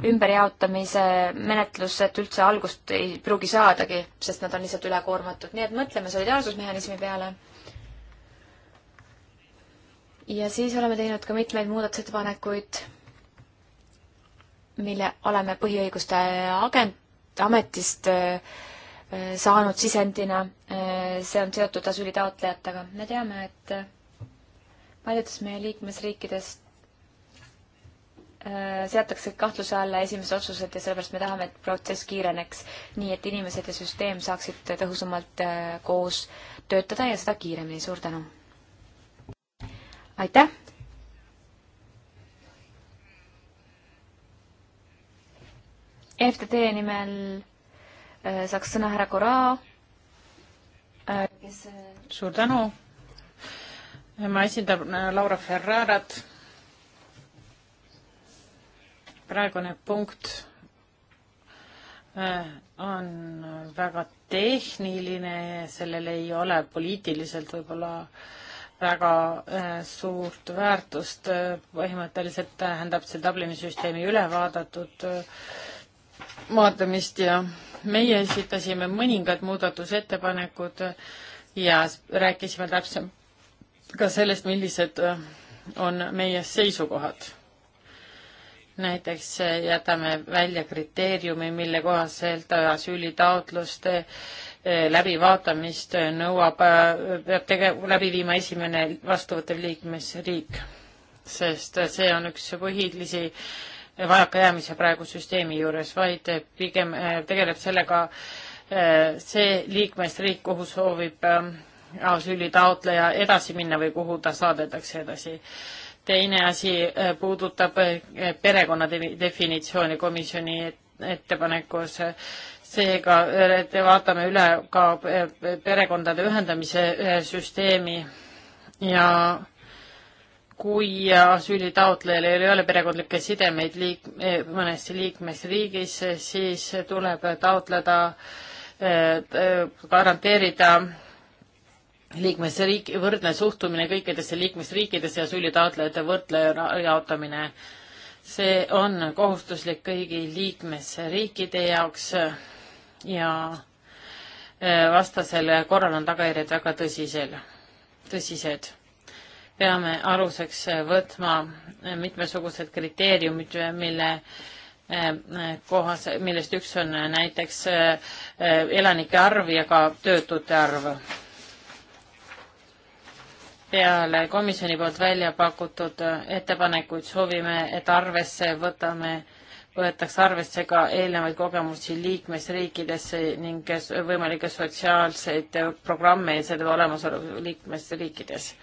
ümberjaotamise menetlused üldse algust ei pruugi saadagi, sest nad on lihtsalt ülekoormatud, nii et mõtleme solidaarsusmehhanismi peale ja siis oleme teinud ka mitmeid muudatusettepanekuid mille oleme põhiõiguste agent, ametist äh, saanud sisendina, äh, see on seotud asüülitaotlejatega. me teame, et äh, paljudes meie liikmesriikides seatakse kahtluse alla esimesed otsused ja sellepärast me tahame, et protsess kiireneks, nii et inimesed ja süsteem saaksid tõhusamalt koos töötada ja seda kiiremini. suur tänu! aitäh, FTD nimel äh, saaks sõna härra Koraa, äh, kes äh, suur tänu, ma esindan Laura Ferrarat. praegune punkt on väga tehniline, sellel ei ole poliitiliselt võib-olla väga suurt väärtust, põhimõtteliselt tähendab see Dublini süsteemi üle vaadatud äh, vaatamist ja meie esitasime mõningad muudatusettepanekud ja rääkisime täpsemalt ka sellest, millised äh, on meie seisukohad. näiteks äh, jätame välja kriteeriumi, mille kohaselt äh, asüülitaotluste läbivaatamist nõuab, peab tege-, läbi viima esimene vastuvõttev liikmesriik, sest see on üks põhilisi vajakajäämise praegu süsteemi juures, vaid pigem äh, tegeleb sellega äh, see liikmesriik, kuhu soovib äh, asüülitaotleja edasi minna või kuhu ta saadetakse edasi. teine asi puudutab perekonna definitsiooni komisjoni ettepanekus. seega vaatame üle ka perekondade ühendamise süsteemi ja kui asüülitaotlejal ei ole perekondlikke sidemeid liik-, eh, mõnes liikmesriigis, siis tuleb taotleda, eh, eh, garanteerida liikmesriik, võrdne suhtumine kõikidesse liikmesriikidesse ja asüülitaotlejate võrdle jaotamine. see on kohustuslik kõigi liikmesriikide jaoks ja vastasel korral on tagajärjed väga tõsisel, tõsised peame aluseks võtma mitmesugused kriteeriumid, mille eh, kohas, millest üks on näiteks eh, elanike arv ja ka töötute arv. peale komisjoni poolt välja pakutud ettepanekuid soovime, et arvesse võtame, võetakse arvesse ka eelnevaid kogemusi liikmesriikidesse ning võimalikke sotsiaalseid programme ja selle olemasolu liikmesriikides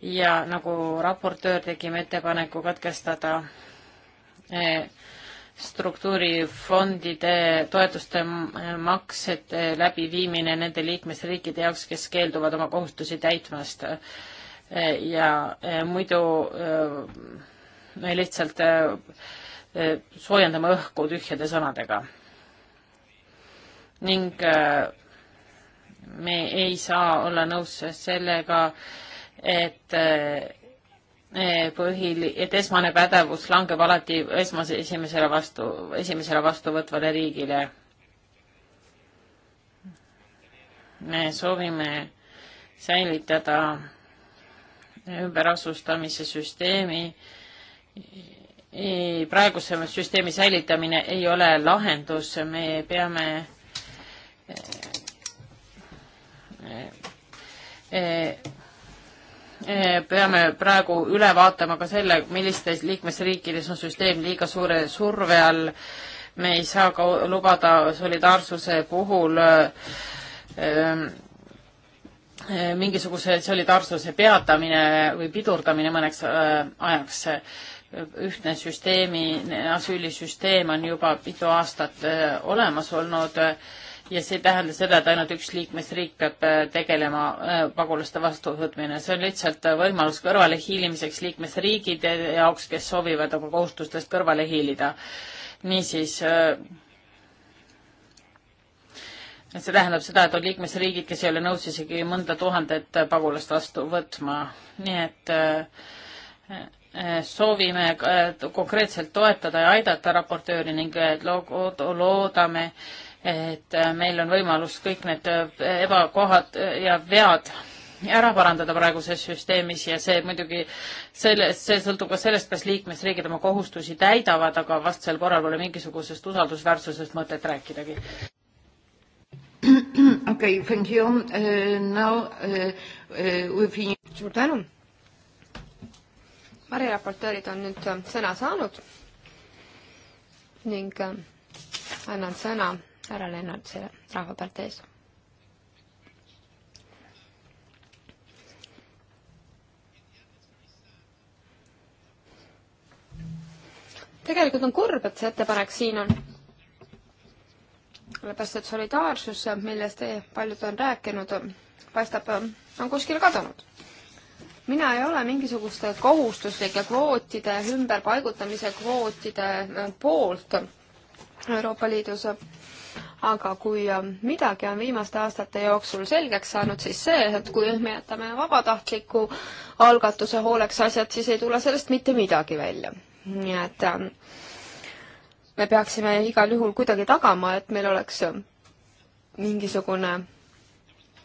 ja nagu raportöör tegime ettepaneku katkestada eh, struktuurifondide toetuste maksete läbiviimine nende liikmesriikide jaoks, kes keelduvad oma kohustusi täitmast. Eh, ja eh, muidu me lihtsalt soojendame õhku tühjade sõnadega. ning me ei saa olla nõus sellega, et eh, eh, põhil-, et esmane pädevus langeb alati esmase, esimesele vastu, esimesele vastuvõtvale riigile. me soovime säilitada ümberasustamise süsteemi. E, praeguse süsteemi säilitamine ei ole lahendus, me peame e, e, Eh, peame praegu üle vaatama ka selle, millistes liikmesriikides on süsteem liiga suure surve all. me ei saa ka lubada solidaarsuse puhul ehm, eh, mingisuguse solidaarsuse peatamine või pidurdamine mõneks eh, ajaks. ühtne süsteemi, asüülisüsteem on juba mitu aastat olemas olnud ja see ei tähenda seda, et ainult üks liikmesriik peab äh, tegelema äh, pagulaste vastuvõtmine, see on lihtsalt äh, võimalus kõrvale hiilimiseks liikmesriigide jaoks, kes soovivad oma kohustustest kõrvale hiilida. niisiis, see tähendab seda, et on liikmesriigid, kes ei ole nõus isegi mõnda tuhandet pagulast vastu võtma, nii et soovime konkreetselt toetada ja aidata raportööri ning loodame, et äh, meil on võimalus kõik need äh, ebakohad äh, ja vead ära parandada praeguses süsteemis ja see muidugi, selle, see sõltub ka sellest, kas liikmesriigid oma kohustusi täidavad, aga vastasel korral pole mingisugusest usaldusväärsusest mõtet rääkidagi. okei, thank you uh,. Now uh, uh, we finish. suur tänu. variraportöörid on nüüd sõna saanud ning annan sõna ollakse ära lennanud selle rahvaparteis. tegelikult on kurb, et see ettepanek siin on. sellepärast, et solidaarsus, millest paljud on rääkinud, paistab, on kuskile kadunud mina ei ole mingisuguste kohustuslike kvootide, ümberpaigutamise kvootide poolt Euroopa Liidus aga kui ähm, midagi on viimaste aastate jooksul selgeks saanud, siis see, et kui me jätame vabatahtliku algatuse hooleks asjad, siis ei tule sellest mitte midagi välja. nii et ähm, me peaksime igal juhul kuidagi tagama, et meil oleks ähm, mingisugune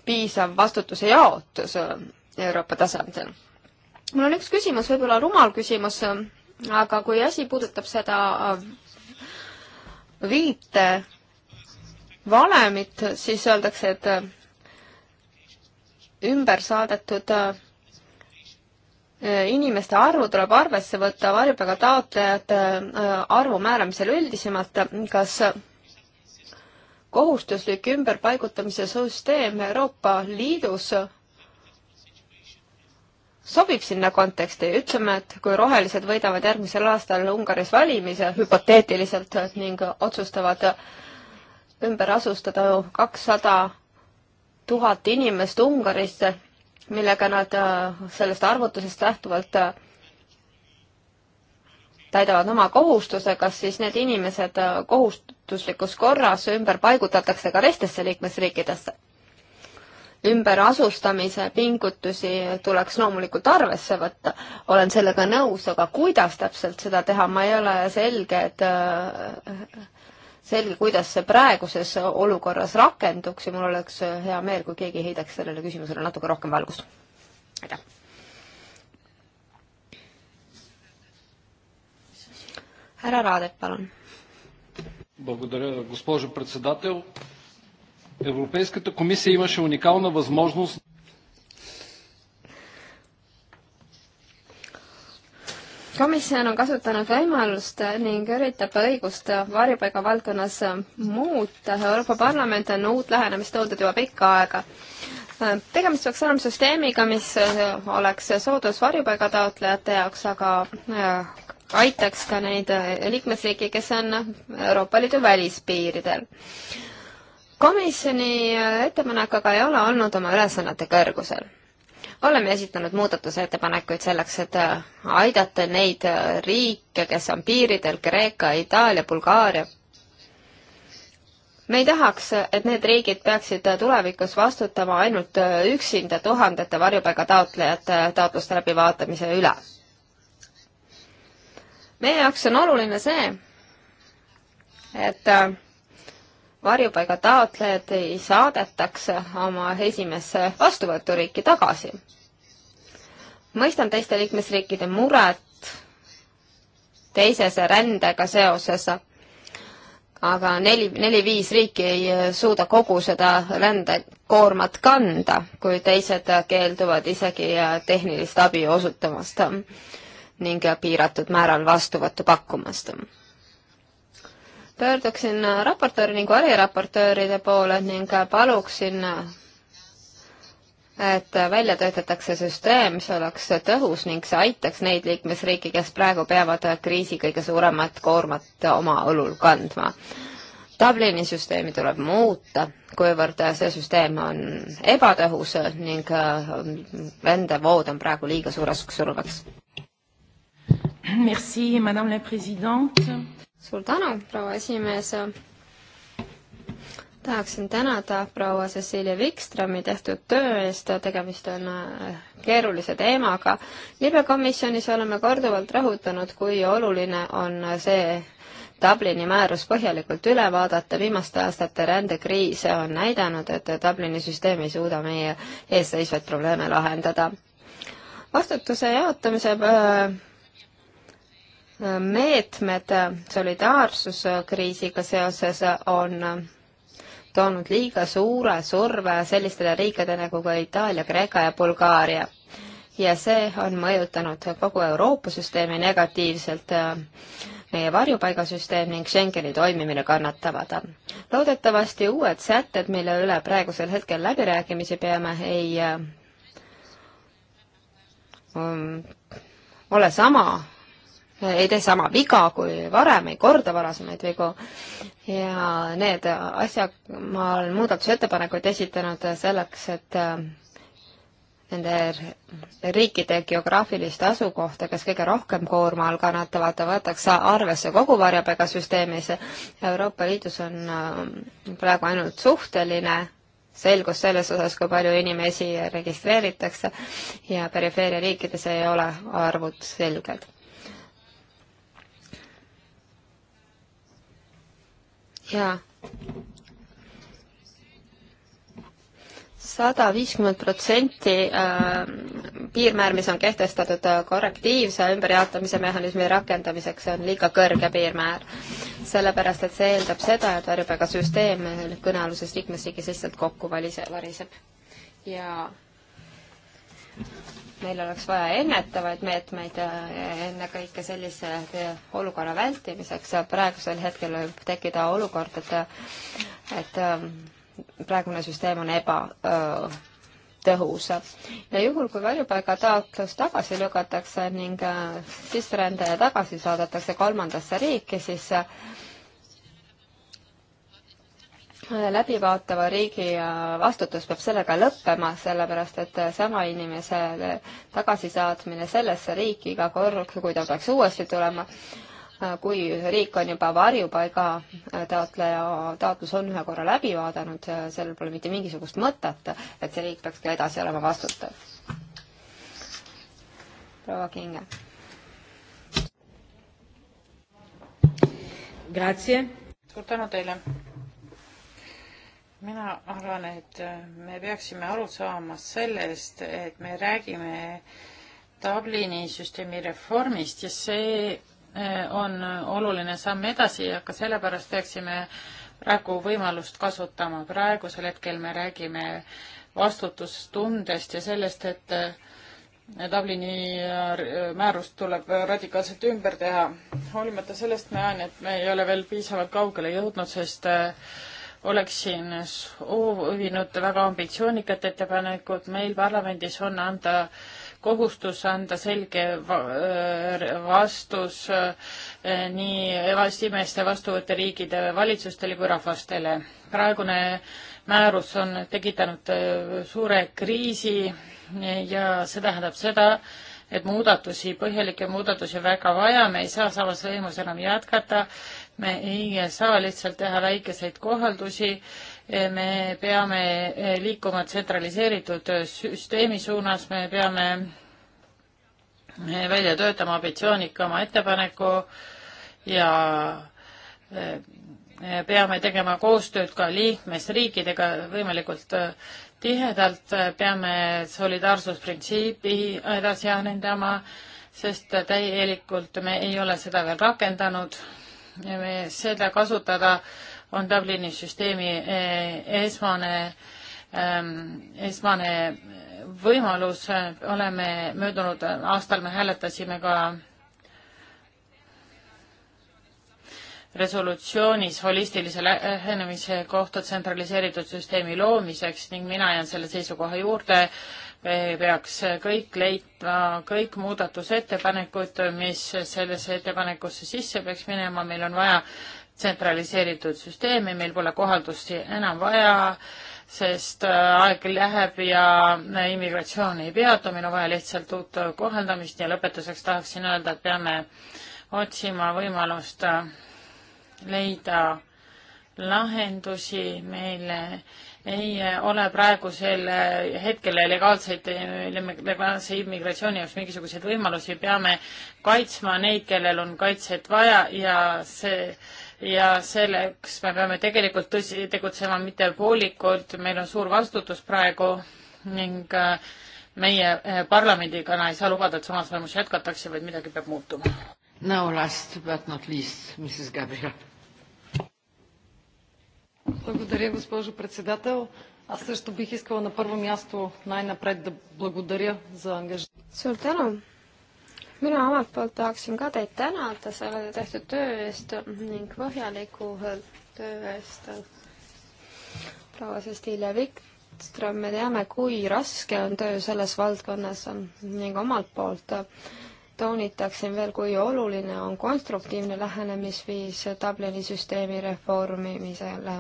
piisav vastutuse jaotus Euroopa tasandil. mul on üks küsimus, võib-olla rumal küsimus, aga kui asi puudutab seda viite valemit, siis öeldakse, et äh, ümber saadetud äh, inimeste arvu tuleb arvesse võtta varjupaiga taotlejate äh, arvu määramisel üldisemalt, kas kohustuslik ümberpaigutamise süsteem Euroopa Liidus sobib sinna konteksti, ütleme, et kui rohelised võidavad järgmisel aastal Ungaris valimise hüpoteetiliselt ning otsustavad äh, ümber asustada kakssada tuhat inimest Ungarisse, millega nad äh, sellest arvutusest lähtuvalt äh, täidavad oma kohustuse, kas siis need inimesed äh, kohustuslikus korras ümber paigutatakse ka teistesse liikmesriikidesse? ümberasustamise pingutusi tuleks loomulikult arvesse võtta, olen sellega nõus, aga kuidas täpselt seda teha, ma ei ole selge, et selge, kuidas see praeguses olukorras rakenduks ja mul oleks hea meel, kui keegi heidaks sellele küsimusele natuke rohkem valgust. aitäh! härra Raadep, palun. Благодаря, госпожо председател. Европейската комисия имаше уникална възможност komisjon on kasutanud võimalust ning üritab õigust varjupaiga valdkonnas muuta. Euroopa Parlament on uut lähenemist oodanud juba pikka aega. tegemist peaks olema süsteemiga, mis oleks soodus varjupaiga taotlejate jaoks, aga äh, aitaks ka neid liikmesriike, kes on Euroopa Liidu välispiiridel. komisjoni ettepanekuga ei ole olnud oma ülesannete kõrgusel oleme esitanud muudatusettepanekuid selleks, et äh, aidata neid äh, riike, kes on piiridel, Kreeka, Itaalia, Bulgaaria. me ei tahaks, et need riigid peaksid äh, tulevikus vastutama ainult üksinda tuhandete varjupaigataotlejate taotluste läbivaatamise üle. meie jaoks on oluline see, et varjupaiga taotlejad saadetakse oma esimesse vastuvõturiiki tagasi. mõistan teiste liikmesriikide muret teisese rändega seoses, aga neli, neli-viis riiki ei suuda kogu seda rändekoormat kanda, kui teised keelduvad isegi tehnilist abi osutamast ning piiratud määral vastuvõttu pakkumast pöörduksin raportööri ning variraportööride poole ning paluksin, et välja töötatakse süsteem, mis oleks tõhus ning see aitaks neid liikmesriike, kes praegu peavad kriisi kõige suuremat koormat oma õlul kandma. Dublini süsteemi tuleb muuta, kuivõrd see süsteem on ebatõhus ning äh, rändevood on praegu liiga suureks surveks. Merci, madame la présidente suur tänu, proua esimees. tahaksin tänada proua Cecilia Wikströmi tehtud töö eest, tegemist on äh, keerulise teemaga. libekomisjonis oleme korduvalt rõhutanud, kui oluline on see Dublini määrus põhjalikult üle vaadata, viimaste aastate rändekriis on näidanud, et Dublini süsteem ei suuda meie eesseisvaid probleeme lahendada. vastutuse jaotamise äh, meetmed solidaarsuskriisiga seoses on toonud liiga suure surve sellistele riikidele nagu ka Itaalia, Kreeka ja Bulgaaria. ja see on mõjutanud kogu Euroopa süsteemi negatiivselt, meie varjupaigasüsteem ning Schengeni toimimine kannatavad. loodetavasti uued sätted, mille üle praegusel hetkel läbirääkimisi peame, ei um, ole sama ei tee sama viga kui varem, ei korda varasemaid vigu. ja need asja, ma olen muudatusettepanekuid esitanud selleks, et äh, nende riikide geograafilist asukohta, kes kõige rohkem koorma all kannatavad, võetakse arvesse kogu varjupaiga süsteemis. Euroopa Liidus on äh, praegu ainult suhteline selgus selles osas, kui palju inimesi registreeritakse ja perifeeria riikides ei ole arvud selged ja sada viiskümmend protsenti ähm, piirmäär, mis on kehtestatud äh, korrektiivse ümberjaotamise mehhanismi rakendamiseks, on liiga kõrge piirmäär. sellepärast, et see eeldab seda, et varjupaigasüsteem äh, kõnealuses liikmesriigis lihtsalt kokku valise, variseb. ja meil oleks vaja ennetavaid meetmeid äh, ennekõike sellise äh, olukorra vältimiseks. praegusel hetkel võib tekkida olukord, et, äh, et praegune süsteem on ebatõhus. ja juhul, kui varjupaigataotlus tagasi lükatakse ning sisserändaja tagasi saadetakse kolmandasse riiki, siis läbivaatava riigi äh, vastutus peab sellega lõppema, sellepärast et äh, sama inimese tagasisaatmine sellesse riiki iga kord, kui ta peaks uuesti tulema, äh, kui riik on juba varjupaiga taotleja, taotlus on ühe korra läbi vaadanud, sellel pole mitte mingisugust mõtet, et see riik peaks ka edasi olema vastutav. proua Kinge. suur tänu teile mina arvan, et äh, me peaksime aru saama sellest, et me räägime Dublini süsteemi reformist ja see äh, on oluline samm edasi ja ka sellepärast peaksime praegu võimalust kasutama. praegusel hetkel me räägime vastutustundest ja sellest, et äh, Dublini määrust tuleb radikaalselt ümber teha. hoolimata sellest ma näen, et me ei ole veel piisavalt kaugele jõudnud, sest äh, oleksin soovinud väga ambitsioonikat ettepanekut, meil parlamendis on anda kohustus anda selge vastus nii vastimeeste vastuvõtte riikide valitsustele kui rahvastele. praegune määrus on tekitanud suure kriisi ja see tähendab seda, et muudatusi, põhjalikke muudatusi väga vaja, me ei saa samas võimus enam jätkata me ei saa lihtsalt teha väikeseid kohaldusi, me peame liikuma tsentraliseeritud süsteemi suunas, me peame välja töötama ambitsioonikama ettepaneku ja eh, peame tegema koostööd ka liikmesriikidega võimalikult eh, tihedalt, peame solidaarsusprintsiipi edasi arendama, sest täielikult me ei ole seda veel rakendanud seda kasutada on Dublini süsteemi eh, esmane, ehm, esmane võimalus. oleme möödunud aastal, me hääletasime ka resolutsioonis holistilise lähenemise kohta tsentraliseeritud süsteemi loomiseks ning mina jään selle seisukoha juurde E peaks kõik leidma, kõik muudatusettepanekud, mis sellesse ettepanekusse sisse peaks minema, meil on vaja tsentraliseeritud süsteemi, meil pole kohaldusi enam vaja, sest äh, aeg läheb ja äh, immigratsioon ei peatu, meil on vaja lihtsalt uut koheldamist ja lõpetuseks tahaksin öelda, et peame otsima võimalust äh, leida lahendusi meile ei eh, ole praegusel eh, hetkel legaalseid, eh, legaalse immigratsiooni jaoks mingisuguseid võimalusi, peame kaitsma neid, kellel on kaitset vaja ja see ja selleks me peame tegelikult tõsi, tegutsema mitte poolikult, meil on suur vastutus praegu ning meie parlamendikana ei saa lubada, et samas vaimus jätkatakse, vaid midagi peab muutuma. Now last but not least, Mrs Gabriel Благодаря, госпожо председател. Аз също бих искала на първо място най-напред да благодаря за ангажимент. Suur tänu! mina omalt poolt tahaksin ka teid tänada selle tehtud töö eest ning põhjaliku töö eest. proua Cecilia Vikström, me teame, kui raske on töö selles valdkonnas ning omalt poolt äh, toonitaksin veel, kui oluline on konstruktiivne lähenemisviis Dublini süsteemi reformimisele.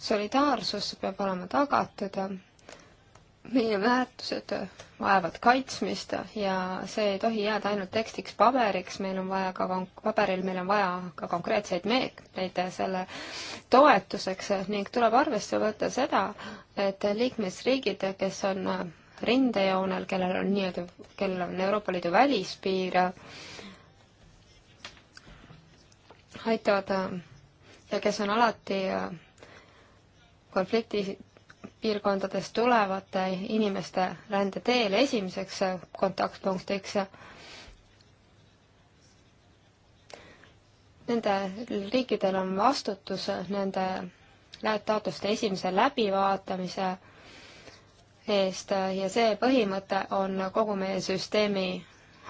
solidaarsus peab olema tagatud, meie väärtused vajavad kaitsmist ja see ei tohi jääda ainult tekstiks paberiks, meil on vaja ka paberil, meil on vaja ka konkreetseid meetmeid selle toetuseks ning tuleb arvesse võtta seda, et liikmesriigid, kes on rindejoonel, kellel on nii-öelda, kellel on Euroopa Liidu välispiir, aitavad ja kes on alati konflikti piirkondadest tulevate inimeste rände teel esimeseks kontaktpunktiks. Nendel riikidel on vastutus nende taotluste esimese läbivaatamise eest ja see põhimõte on kogu meie süsteemi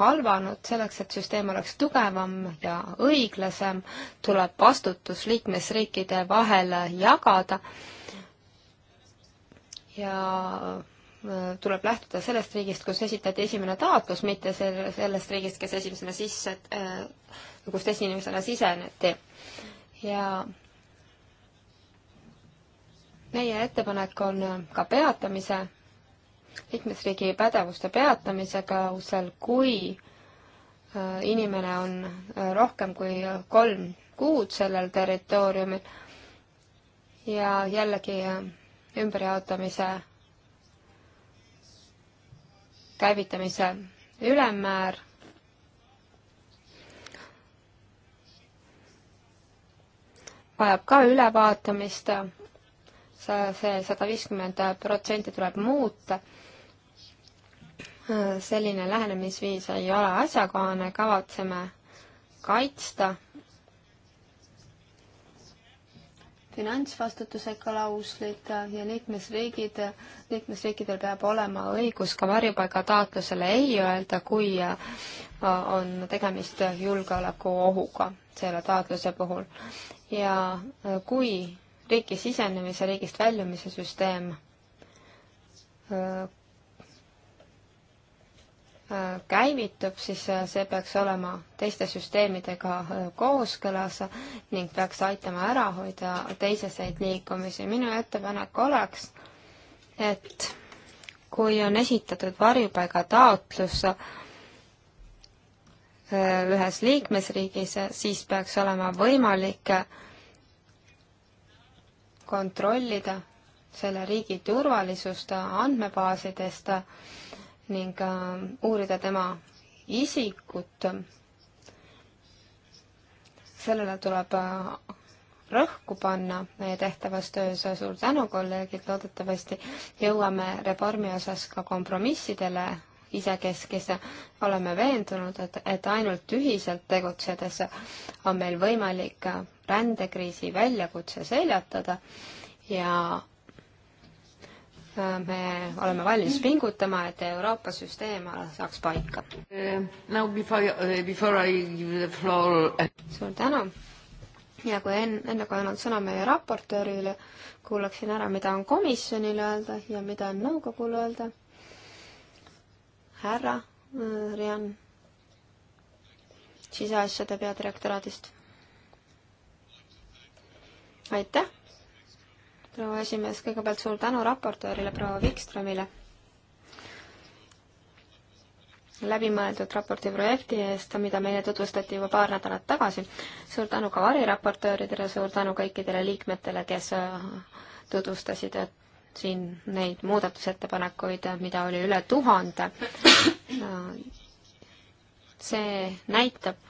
halvanud, selleks et süsteem oleks tugevam ja õiglasem, tuleb vastutus liikmesriikide vahel jagada ja äh, tuleb lähtuda sellest riigist, kus esitati esimene taotlus, mitte sellest riigist, kes esimesena sisse, äh, kust esimesena siseneti. ja meie ettepanek on ka peatamise liikmesriigi pädevuste peatamisega usel, kui äh, inimene on äh, rohkem kui kolm kuud sellel territooriumil ja jällegi äh, ümberjaotamise käivitamise ülemmäär vajab ka ülevaatamist, see sada viiskümmend protsenti tuleb muuta selline lähenemisviis ei ole asjakohane, kavatseme kaitsta finantsvastutuse klauslid ja liikmesriigid, liikmesriikidel peab olema õigus ka varjupaigataotlusele ei öelda, kui on tegemist julgeolekuohuga selle taotluse puhul. ja kui riiki sisenemise, riigist väljumise süsteem käivitub, siis äh, see peaks olema teiste süsteemidega äh, kooskõlas ning peaks aitama ära hoida teiseseid liikumisi. minu ettepanek oleks, et kui on esitatud varjupaigataotlus äh, ühes liikmesriigis, siis peaks olema võimalik kontrollida selle riigi turvalisust andmebaasidest ning äh, uurida tema isikut. sellele tuleb äh, rõhku panna meie tehtavas töös. suur tänu, kolleegid, loodetavasti jõuame reformi osas ka kompromissidele isekeskis. oleme veendunud, et, et ainult ühiselt tegutsedes on meil võimalik rändekriisi väljakutse seljatada ja me oleme valmis pingutama, et Euroopa süsteem saaks paika. Eh, now before, eh, before I give the floor. Eh. suur tänu ja kui enne, enne kui annan sõna meie raportöörile, kuulaksin ära, mida on komisjonil öelda ja mida on nõukogul öelda. härra Rian siseasjade peadirektoraadist. aitäh! proua esimees, kõigepealt suur tänu raportöörile, proua Vikströmile läbimõeldud raporti projekti eest, mida meile tutvustati juba paar nädalat tagasi. suur tänu ka variraportööridele, suur tänu kõikidele liikmetele, kes äh, tutvustasid äh, siin neid muudatusettepanekuid, mida oli üle tuhande. Äh, see näitab,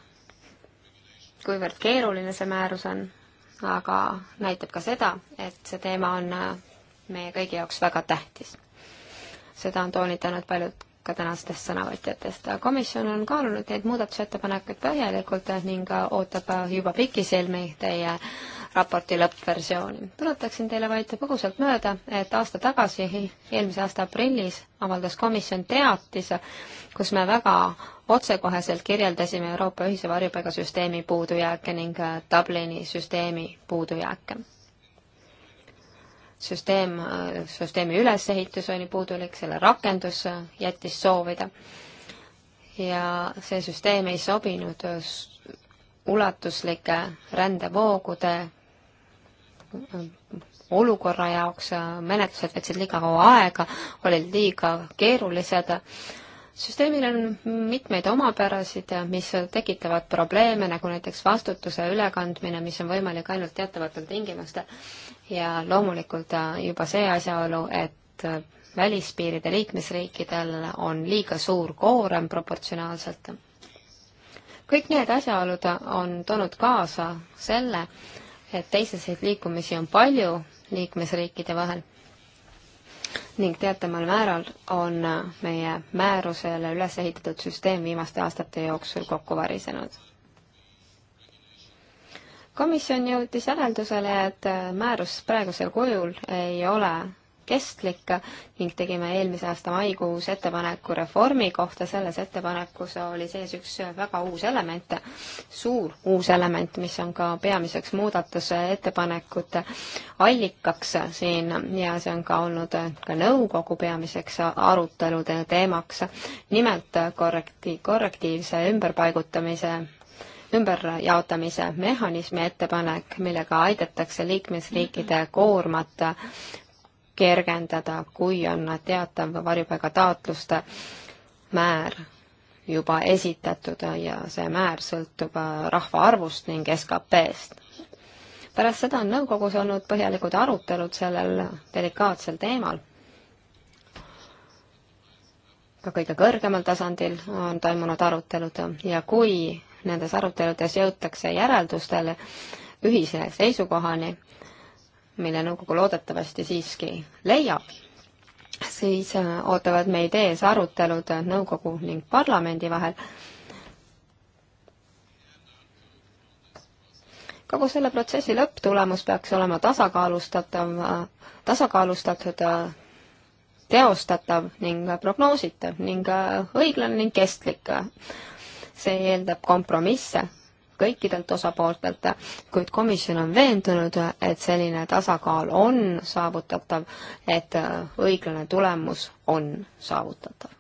kuivõrd keeruline see määrus on aga näitab ka seda, et see teema on äh, meie kõigi jaoks väga tähtis. seda on toonitanud paljud ka tänastest sõnavõtjatest. komisjon on kaalunud neid muudatusettepanekuid põhjalikult ning äh, ootab äh, juba pikisilmi teie raporti lõppversiooni. tuletaksin teile vaid põgusalt mööda, et aasta tagasi, eelmise aasta aprillis avaldas komisjon teatise, kus me väga otsekoheselt kirjeldasime Euroopa ühise varjupaigasüsteemi puudujääke ning äh, Dublini süsteemi puudujääke. süsteem, äh, süsteemi ülesehitus oli puudulik, selle rakendus äh, jättis soovida ja see süsteem ei sobinud ulatuslike rändevoogude olukorra jaoks, äh, menetlused võtsid liiga kaua aega, olid liiga keerulised. süsteemil on mitmeid omapärasid, mis tekitavad probleeme, nagu näiteks vastutuse ülekandmine, mis on võimalik ainult teatavatel tingimustel ja loomulikult äh, juba see asjaolu, et äh, välispiiride liikmesriikidel on liiga suur koorem proportsionaalselt. kõik need asjaolud on toonud kaasa selle, et teiseseid liikumisi on palju liikmesriikide vahel ning teatamal määral on meie määrusele üles ehitatud süsteem viimaste aastate jooksul kokku varisenud. komisjon jõudis järeldusele, et määrus praegusel kujul ei ole kestlik ning tegime eelmise aasta maikuus ettepaneku reformi kohta. selles ettepanekus oli sees üks väga uus element, suur uus element, mis on ka peamiseks muudatusettepanekute allikaks siin ja see on ka olnud ka nõukogu peamiseks arutelude teemaks. nimelt korrekti-, korrektiivse ümberpaigutamise ümberjaotamise mehhanismi ettepanek, millega aidatakse liikmesriikide koormat kergendada, kui on teatav varjupaigataotluste määr juba esitatud ja see määr sõltub rahvaarvust ning SKP-st. pärast seda on nõukogus olnud põhjalikud arutelud sellel delikaatsel teemal. ka kõige kõrgemal tasandil on toimunud arutelud ja kui nendes aruteludes jõutakse järeldustele, ühise seisukohani, mille nõukogu loodetavasti siiski leiab, siis äh, ootavad meid ees arutelud nõukogu ning parlamendi vahel. kogu selle protsessi lõpptulemus peaks olema tasakaalustatav, äh, tasakaalustatud, äh, teostatav ning prognoositav ning õiglane ning kestlik. see eeldab kompromisse kõikidelt osapooltelt, kuid komisjon on veendunud, et selline tasakaal on saavutatav, et äh, õiglane tulemus on saavutatav.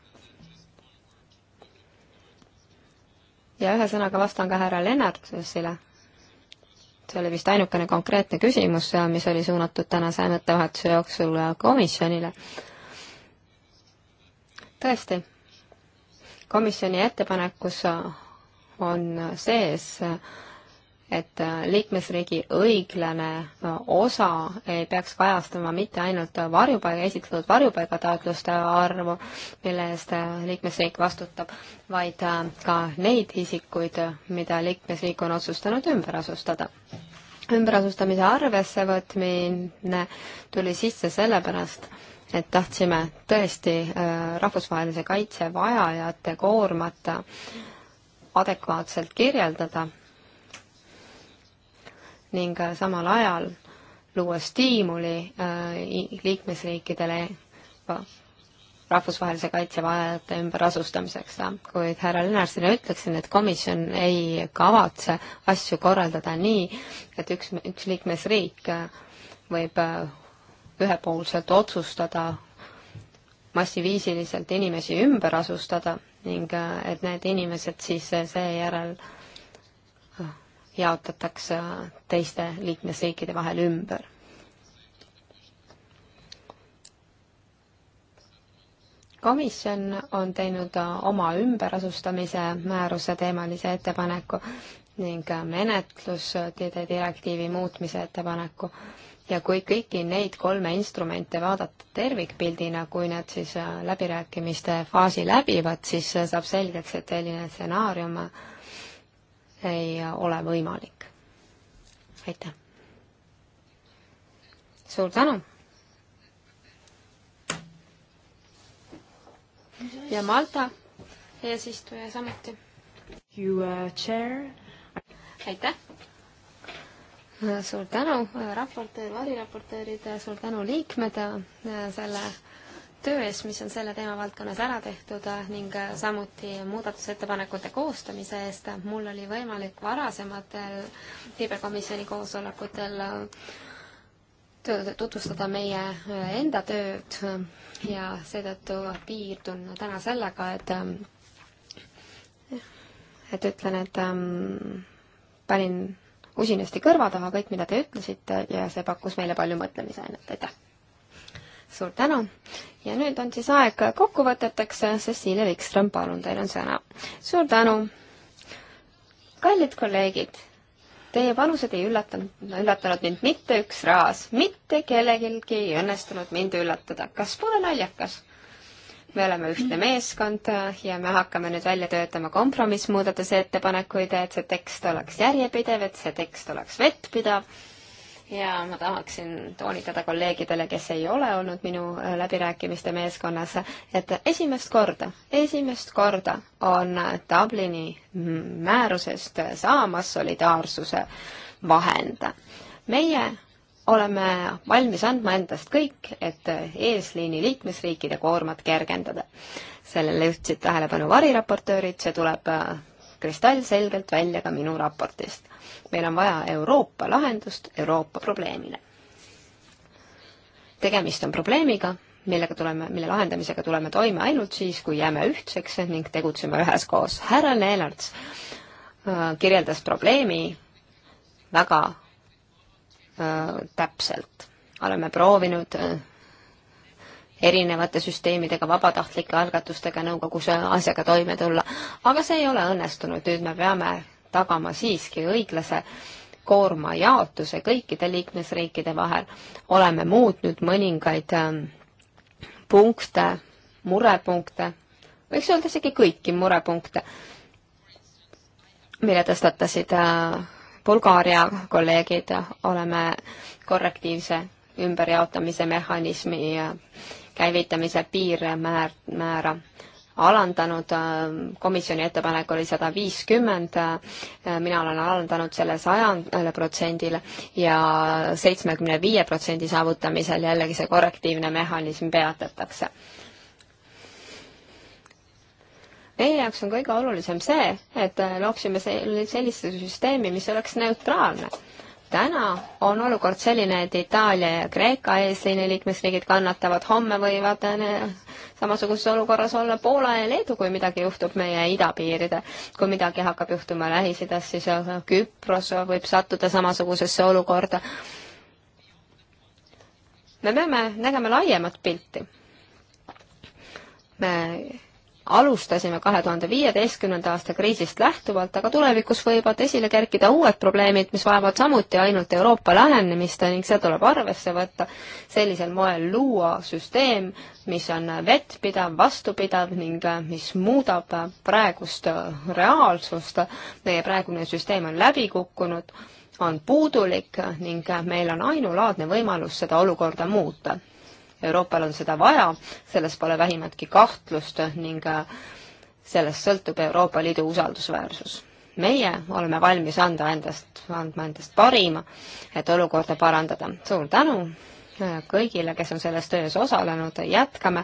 ja ühesõnaga vastan ka härra Lennartsile. see oli vist ainukene konkreetne küsimus, mis oli suunatud tänase mõttevahetuse jooksul komisjonile. tõesti komisjoni ettepanekus on sees, et liikmesriigi õiglane osa ei peaks kajastama mitte ainult varjupaiga, esitatud varjupaigataotluste arvu, mille eest liikmesriik vastutab, vaid ka neid isikuid, mida liikmesriik on otsustanud ümber asustada. ümberasustamise arvessevõtmine tuli sisse sellepärast, et tahtsime tõesti äh, rahvusvahelise kaitse vajajate koormata äh, adekvaatselt kirjeldada ning äh, samal ajal luua stiimuli äh, liikmesriikidele rahvusvahelise kaitse vajajate ümberasustamiseks. kuid härra Lennarsile ütleksin, et komisjon ei kavatse asju korraldada nii, et üks, üks liikmesriik äh, võib ühepoolselt otsustada massiviisiliselt inimesi ümber asustada ning äh, et need inimesed siis äh, seejärel äh, jaotatakse teiste liikmesriikide vahel ümber. komisjon on teinud oma ümberasustamise määruse teemalise ettepaneku ning menetlusdirektiivi muutmise ettepaneku ja kui kõiki neid kolme instrumente vaadata tervikpildina, kui nad siis äh, läbirääkimiste faasi läbivad, siis äh, saab selgeks, et selline stsenaarium äh, ei ole võimalik. aitäh! suur tänu! ja Malta eesistuja samuti. Uh, aitäh! suur tänu, äh, raportöör, variraportöörid, äh, suur tänu liikmed äh, selle töö eest, mis on selle teemavaldkonnas ära tehtud ning samuti muudatusettepanekute koostamise eest. mul oli võimalik varasematel liibekomisjoni koosolekutel tutvustada meie enda tööd ja seetõttu piirdun täna sellega, et et ütlen, et ähm, panin usinasti kõrva taha kõik, mida te ütlesite ja see pakkus meile palju mõtlemisainet, aitäh! suur tänu! ja nüüd on siis aeg kokkuvõteteks, Cecilia Wikström, palun, teil on sõna. suur tänu! kallid kolleegid, teie panused ei üllatanud, üllatanud mind mitte üks raas, mitte kellelgi ei õnnestunud mind üllatada, kas pole naljakas? me oleme ühtne meeskond ja me hakkame nüüd välja töötama kompromissmuudatuse ettepanekuid, et see tekst oleks järjepidev, et see tekst oleks vettpidav. ja ma tahaksin toonitada kolleegidele, kes ei ole olnud minu läbirääkimiste meeskonnas, et esimest korda, esimest korda on Dublini määrusest saamas solidaarsuse vahend meie oleme valmis andma endast kõik, et eesliini liikmesriikide koormat kergendada. sellele juhtisid tähelepanu variraportöörid, see tuleb äh, kristallselgelt välja ka minu raportist. meil on vaja Euroopa lahendust Euroopa probleemile. tegemist on probleemiga, millega tuleme, mille lahendamisega tuleme toime ainult siis, kui jääme ühtseks ning tegutseme üheskoos. härra Leenarts äh, kirjeldas probleemi väga Äh, täpselt. oleme proovinud äh, erinevate süsteemidega, vabatahtlike algatustega nõukogus äh, asjaga toime tulla, aga see ei ole õnnestunud, nüüd me peame tagama siiski õiglase koorma jaotuse kõikide liikmesriikide vahel, oleme muutnud mõningaid ähm, punkte, murepunkte, võiks öelda isegi kõiki murepunkte, mille tõstatasid äh, Bulgaaria kolleegid oleme korrektiivse ümberjaotamise mehhanismi käivitamise piirmäär, määra alandanud, komisjoni ettepanek oli sada viiskümmend, mina olen alandanud selle sajandale protsendile ja seitsmekümne viie protsendi saavutamisel jällegi see korrektiivne mehhanism peatatakse meie jaoks on kõige olulisem see, et äh, looksime sellise süsteemi, mis oleks neutraalne täna on olukord selline, et Itaalia ja Kreeka eesliini liikmesriigid kannatavad, homme võivad äh, samasuguses olukorras olla Poola ja Leedu, kui midagi juhtub meie idapiiride. kui midagi hakkab juhtuma Lähis-Idas, siis äh, Küpros võib sattuda samasugusesse olukorda. me peame nägema laiemat pilti. me alustasime kahe tuhande viieteistkümnenda aasta kriisist lähtuvalt, aga tulevikus võivad esile kerkida uued probleemid, mis vajavad samuti ainult Euroopa lähenemist ning see tuleb arvesse võtta. sellisel moel luua süsteem, mis on vettpidav, vastupidav ning äh, mis muudab äh, praegust äh, reaalsust. meie praegune süsteem on läbi kukkunud, on puudulik ning meil on ainulaadne võimalus seda olukorda muuta Euroopal on seda vaja, selles pole vähimatki kahtlust ning äh, sellest sõltub Euroopa Liidu usaldusväärsus. meie oleme valmis anda endast, andma endast parima, et olukorda parandada. suur tänu äh, kõigile, kes on selles töös osalenud, jätkame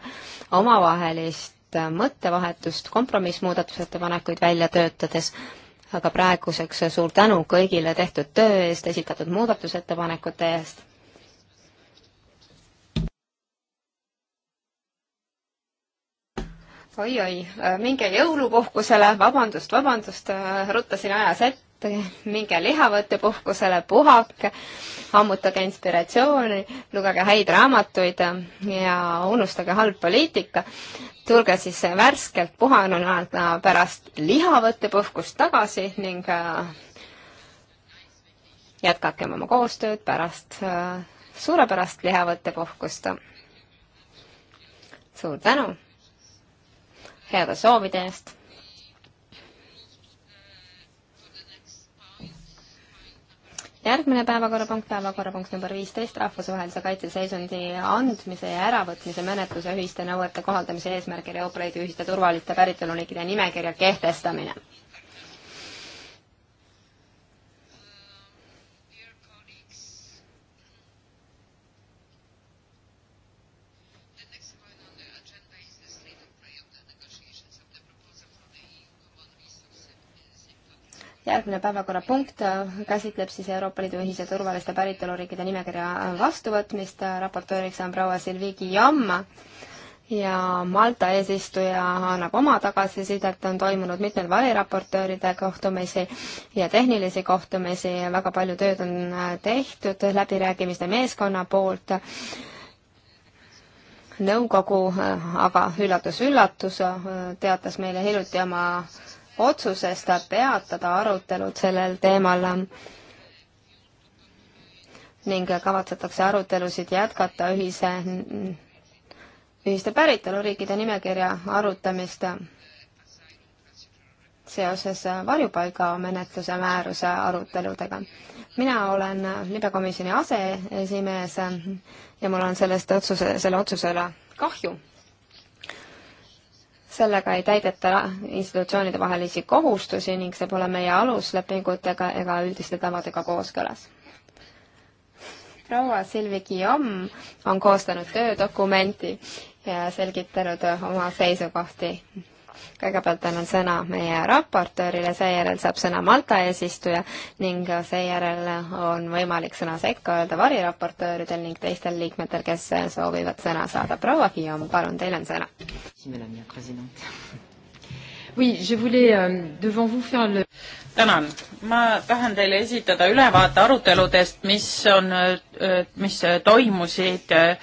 omavahelist äh, mõttevahetust kompromissmuudatusettepanekuid välja töötades aga praeguseks suur tänu kõigile tehtud töö eest, esitatud muudatusettepanekute eest oi-oi, äh, minge jõulupuhkusele, vabandust, vabandust, äh, ruttasin ajas ette, minge lihavõttepuhkusele, puhake, ammutage inspiratsiooni, lugege häid raamatuid ja unustage halb poliitika. tulge siis värskelt puhanuna pärast lihavõttepuhkust tagasi ning äh, jätkakem oma koostööd pärast suurepärast lihavõttepuhkust. suur tänu! heade soovide eest. järgmine päevakorrapunkt, päevakorrapunkt number viisteist, rahvusvahelise kaitseseisundi andmise ja äravõtmise menetluse ühiste nõuete kohaldamise eesmärgil Euroopa Liidu ühiste turvaliste päritoluliikide nimekirja kehtestamine järgmine päevakorrapunkt äh, käsitleb siis Euroopa Liidu ühise turvaliste päritoluriikide nimekirja äh, vastuvõtmist, äh, raportööriks on proua Silvi Guillamma ja Malta eesistuja annab oma tagasisidet, on toimunud mitmeid variraportööride kohtumisi ja tehnilisi kohtumisi ja väga palju tööd on tehtud läbirääkimiste meeskonna poolt. nõukogu aga üllatus-üllatus teatas meile hiljuti oma otsusest peatada arutelud sellel teemal ning kavatsetakse arutelusid jätkata ühise, ühiste päritoluriikide nimekirja arutamist seoses varjupaigamenetluse määruse aruteludega. mina olen libekomisjoni aseesimees ja mul on sellest otsuse, selle otsusele kahju sellega ei täideta institutsioonide vahelisi kohustusi ning see pole meie aluslepingutega ega üldiste tavadega kooskõlas. proua Silvi Guillaume on koostanud töödokumenti ja selgitanud oma seisukohti kõigepealt annan sõna meie raportöörile, seejärel saab sõna Malta eesistuja ning seejärel on võimalik sõna sekka öelda variraportööridel ning teistel liikmetel, kes soovivad sõna saada. proua Guillaume, palun, teil on sõna. Oui, je voulais euh, devant vous faire le... tänan, ma tahan teile esitada ülevaate aruteludest, mis on, äh, äh, mis toimusid äh,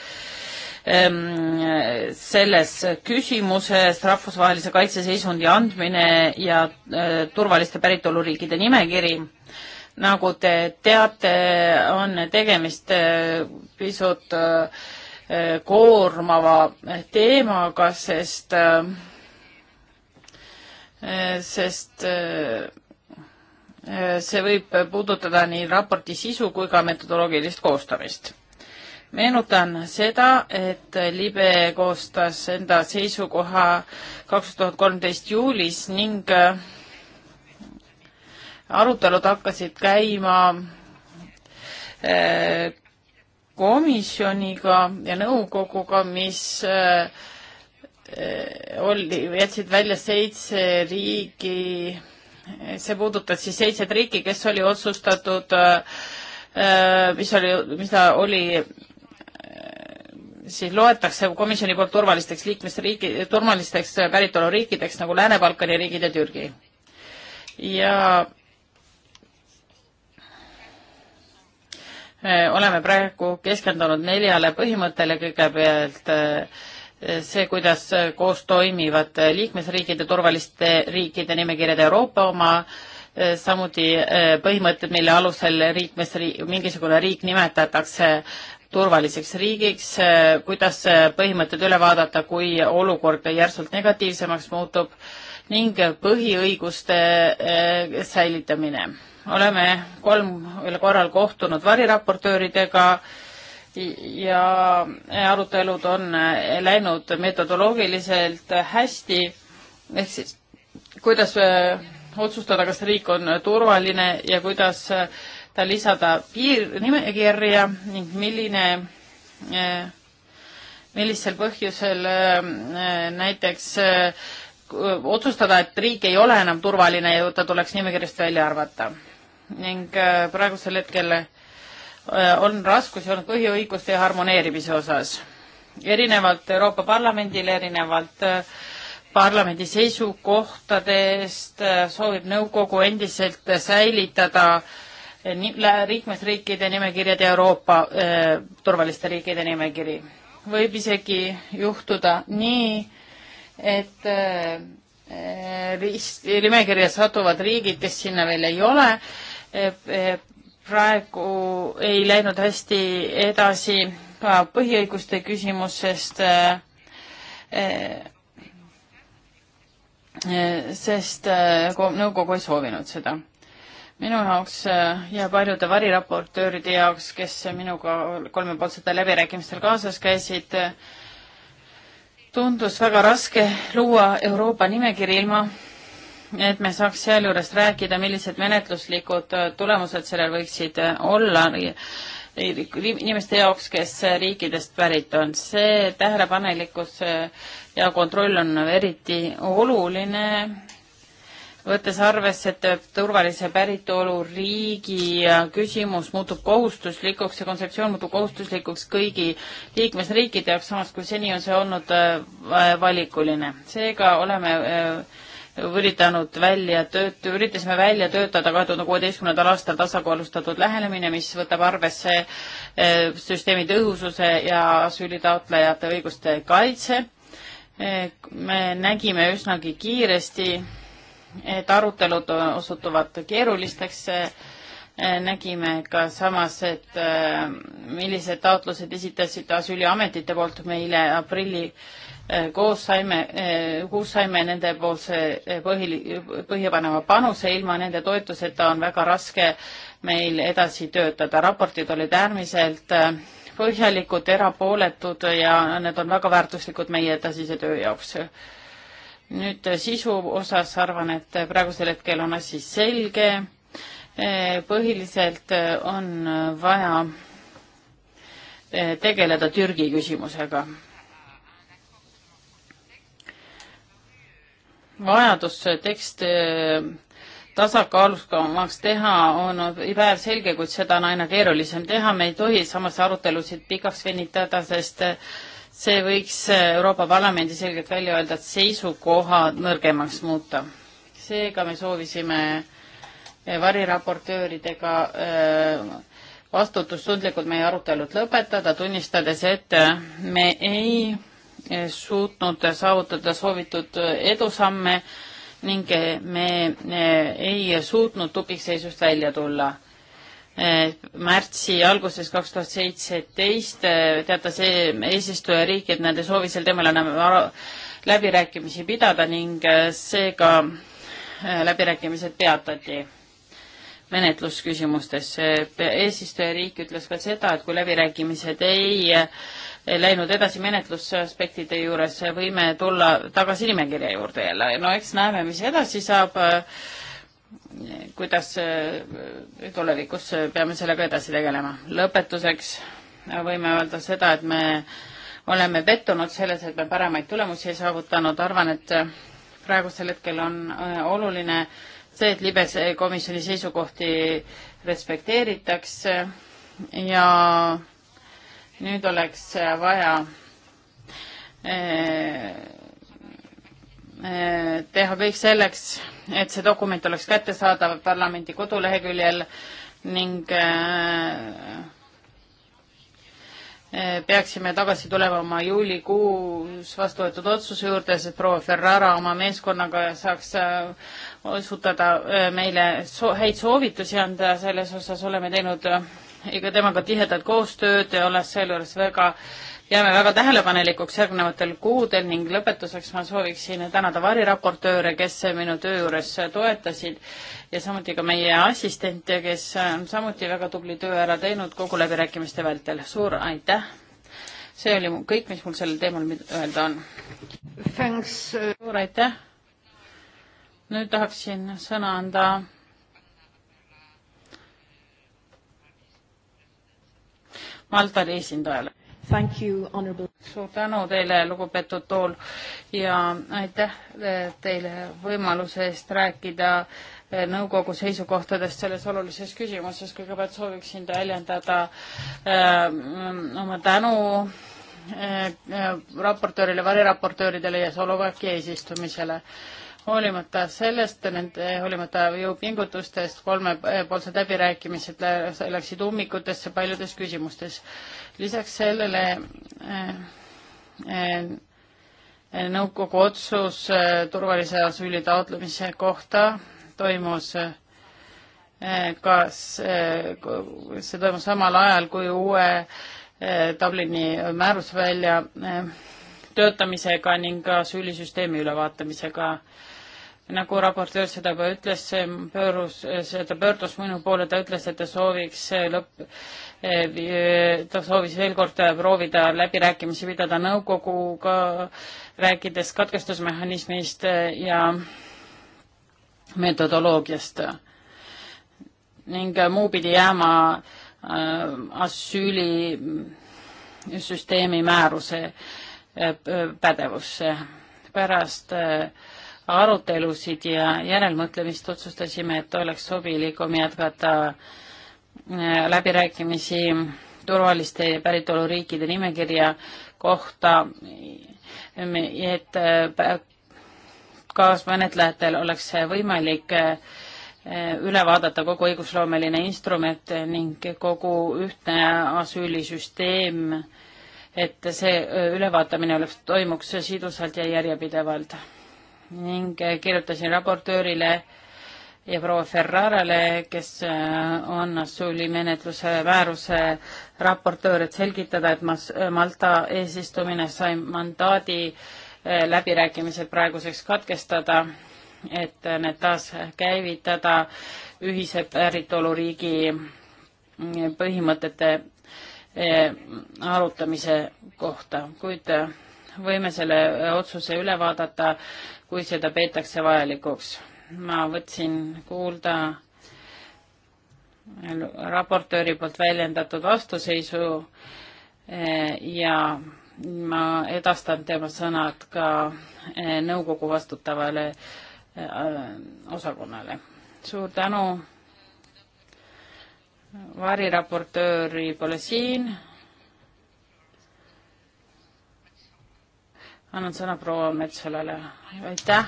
Ehm, selles küsimuses rahvusvahelise kaitseseisundi andmine ja äh, turvaliste päritoluriikide nimekiri. nagu te teate, on tegemist äh, pisut äh, koormava teemaga, sest, sest see võib puudutada nii raporti sisu kui ka metodoloogilist koostamist meenutan seda, et libe koostas enda seisukoha kaks tuhat kolmteist juulis ning äh, arutelud hakkasid käima äh, komisjoniga ja nõukoguga, mis äh, oli, jätsid välja seitse riigi, see puudutas siis seitset riiki, kes oli otsustatud, mis oli, mis ta oli siis loetakse komisjoni poolt turvalisteks liikmesriigi, turvalisteks päritoluriikideks nagu Lääne-Balkani riigid ja Türgi. ja me äh, oleme praegu keskendunud neljale põhimõttele, kõigepealt äh, see, kuidas äh, koos toimivad liikmesriikide turvaliste riikide nimekirjad Euroopa oma, samuti põhimõtted, mille alusel liikmesriik, mingisugune riik nimetatakse turvaliseks riigiks, eh, kuidas eh, põhimõtted üle vaadata, kui olukord järsult negatiivsemaks muutub ning põhiõiguste eh, säilitamine. oleme kolm korral kohtunud variraportööridega ja arutelud on läinud metodoloogiliselt hästi, ehk siis kuidas otsustada, kas riik on turvaline ja kuidas ta lisada piir, nimekirja ning milline, eh, millisel põhjusel eh, näiteks eh, otsustada, et riik ei ole enam turvaline ja ta tuleks nimekirjast välja arvata. ning praegusel hetkel on raskusi olnud põhiõiguste harmoneerimise osas. erinevalt Euroopa Parlamendile, erinevalt parlamendi seisukohtadest soovib nõukogu endiselt säilitada äh, liikmesriikide nimekirjad ja Euroopa äh, turvaliste riikide nimekiri. võib isegi juhtuda nii, et äh, äh, nimekirja satuvad riigid, kes sinna veel ei ole. praegu ei läinud hästi edasi ka põhiõiguste küsimus, sest sest nõukogu ei soovinud seda minu jaoks äh, ja paljude variraportööride jaoks, kes minuga kolmepoolsetel läbirääkimistel kaasas käisid, äh, tundus väga raske luua Euroopa nimekiri ilma, et me saaks sealjuures rääkida, millised menetluslikud äh, tulemused sellel võiksid olla inimeste jaoks, kes riikidest pärit on. see tähelepanelikkus ja kontroll on eriti oluline võttes arvesse, et turvalise päritolu riigi äh, küsimus muutub kohustuslikuks, see kontseptsioon muutub kohustuslikuks kõigi liikmesriikide jaoks, samas kui seni on see olnud äh, valikuline. seega oleme äh, üritanud välja tööt-, üritasime välja töötada kahe tuhande kuueteistkümnendal aastal tasakaalustatud lähenemine, mis võtab arvesse süsteemi tõhususe ja asüülitaotlejate õiguste kaitse. me nägime üsnagi kiiresti, et arutelud osutuvad keerulisteks. Eh, nägime ka samas, et eh, millised taotlused esitasid asüüliametite poolt meile aprilli eh, koos saime, kus saime nendepoolse põhi, põhjapaneva panuse, ilma nende toetuseta on väga raske meil edasi töötada. raportid olid äärmiselt põhjalikud, erapooletud ja need on väga väärtuslikud meie edasise töö jaoks nüüd eh, sisu osas arvan, et eh, praegusel hetkel on asi selge. Eh, põhiliselt on vaja tegeleda Türgi küsimusega. vajadus tekst tasakaaluskamaks teha on päevselge, kuid seda on aina keerulisem teha, me ei tohi samas arutelusid pikaks venitada, sest äh, see võiks äh, Euroopa Parlamendi selgelt välja öelda, et seisukoha nõrgemaks muuta. seega me soovisime äh, variraportööridega äh, vastutustundlikult meie arutelud lõpetada, tunnistades, et me ei suutnud saavutada soovitud edusamme ning me ei suutnud tupikseisust välja tulla märtsi alguses kaks tuhat seitseteist eh, teatas e-, eesistujariik, et nad ei soovi sel teemal enam läbirääkimisi pidada ning eh, seega eh, läbirääkimised peatati menetlusküsimustes. eesistujariik ütles ka seda, et kui läbirääkimised ei läinud edasi menetlusaspektide juures, võime tulla tagasi nimekirja juurde jälle. no eks näeme, mis edasi saab kuidas eh, tulevikus peame sellega edasi tegelema. lõpetuseks võime öelda seda, et me oleme pettunud selles, et me paremaid tulemusi ei saavutanud, arvan, et praegusel hetkel on eh, oluline see, et libes komisjoni seisukohti respekteeritakse ja nüüd oleks vaja eh, Eh, teha kõik selleks, et see dokument oleks kättesaadav parlamendi koduleheküljel ning eh, eh, peaksime tagasi tulema oma juulikuus vastu võetud otsuse juurde, sest proua Ferrara oma meeskonnaga saaks osutada meile so häid soovitusi anda, selles osas oleme teinud ikka temaga tihedat koostööd ja olles sealjuures väga äh, jääme väga tähelepanelikuks järgnevatel kuudel ning lõpetuseks ma sooviksin tänada variraportööre, kes minu töö juures toetasid ja samuti ka meie assistente, kes on samuti väga tubli töö ära teinud kogu läbirääkimiste vältel. suur aitäh! see oli kõik, mis mul sellel teemal öelda on. Äh, suur aitäh! nüüd tahaksin sõna anda Maltari esindajale Thank you, honorable. suur tänu teile, lugupeetud Tool ja aitäh eh, teile võimaluse eest rääkida eh, nõukogu seisukohtadest selles olulises küsimuses. kõigepealt sooviksin väljendada äh, oma tänu raportöörile, variraportööridele ja Slovakkia eesistumisele. hoolimata sellest, nende, hoolimata jõupingutustest, kolmepoolsed läbirääkimised läksid ummikutesse paljudes küsimustes lisaks sellele äh, äh, äh, nõukogu otsus turvalise asüüli taotlemise kohta toimus kas see toimus samal ajal kui uue Dublini määrus välja töötamisega ning ka asüülisüsteemi ülevaatamisega äh, nagu raportöör seda juba ütles, pöörus, ta pöördus minu poole, ta ütles, et ta sooviks eh, lõpp, eh, eh, ta soovis veel kord proovida läbirääkimisi pidada nõukoguga, rääkides katkestusmehhanismist ja metodoloogiast ning muu pidi jääma asüülisüsteemi mm, määruse pädevusse. pärast äh, arutelusid ja järelmõtlemist, otsustasime, et oleks sobilikum jätkata äh, läbirääkimisi turvaliste päritoluriikide nimekirja kohta, et äh, kaasmenetlejatel oleks võimalik äh, üle vaadata kogu õigusloomeline instrument ning kogu ühtne asüülisüsteem, et see ülevaatamine oleks, toimuks sidusalt ja järjepidevalt ning kirjutasin raportöörile ja proua Ferrarale, kes äh, on Assuuli menetluse määruse raportöör, et selgitada, et mas-, Malta eesistumine sai mandaadi äh, läbirääkimised praeguseks katkestada, et äh, need taaskäivitada ühise päritoluriigi põhimõtete arutamise kohta, kuid võime selle äh, otsuse üle vaadata, kui seda peetakse vajalikuks. ma võtsin kuulda raportööri poolt väljendatud vastuseisu äh, ja ma edastan tema sõnad ka äh, nõukogu vastutavale osakonnale. suur tänu variraportööri pole siin, annan sõna proua Metsalale. aitäh.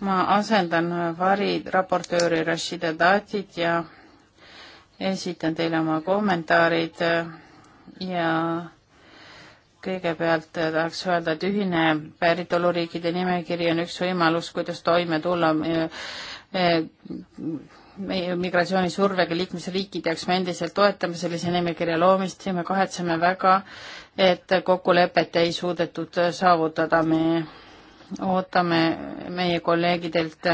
ma asendan variraportööri Rashida Tatit ja esitan teile oma kommentaarid ja kõigepealt tahaks öelda, et ühine päritoluriikide nimekiri on üks võimalus, kuidas toime tulla eh, eh, meie migratsioonisurvega liikmesriikide jaoks me endiselt toetame sellise nimekirja loomist ja me kahetseme väga, et kokkulepet ei suudetud saavutada. me ootame meie kolleegidelt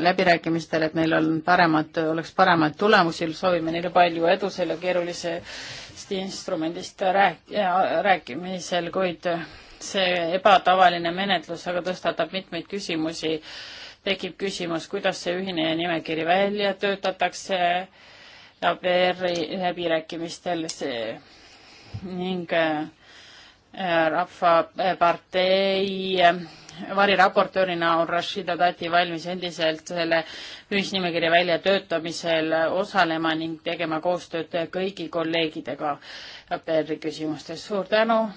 läbirääkimistel, et neil on paremad, oleks paremaid tulemusi, soovime neile palju edu selle keerulisest instrumendist rääk-, rääkimisel, kuid see ebatavaline menetlus aga tõstatab mitmeid küsimusi. tekib küsimus, kuidas see ühine nimekiri välja töötatakse, APR-i läbirääkimistel see ning äh, Rahvapartei äh, variraportöörina on Rashida Tati valmis endiselt selle ühisnimekirja väljatöötamisel osalema ning tegema koostööd kõigi kolleegidega APR-i küsimustes. suur tänu.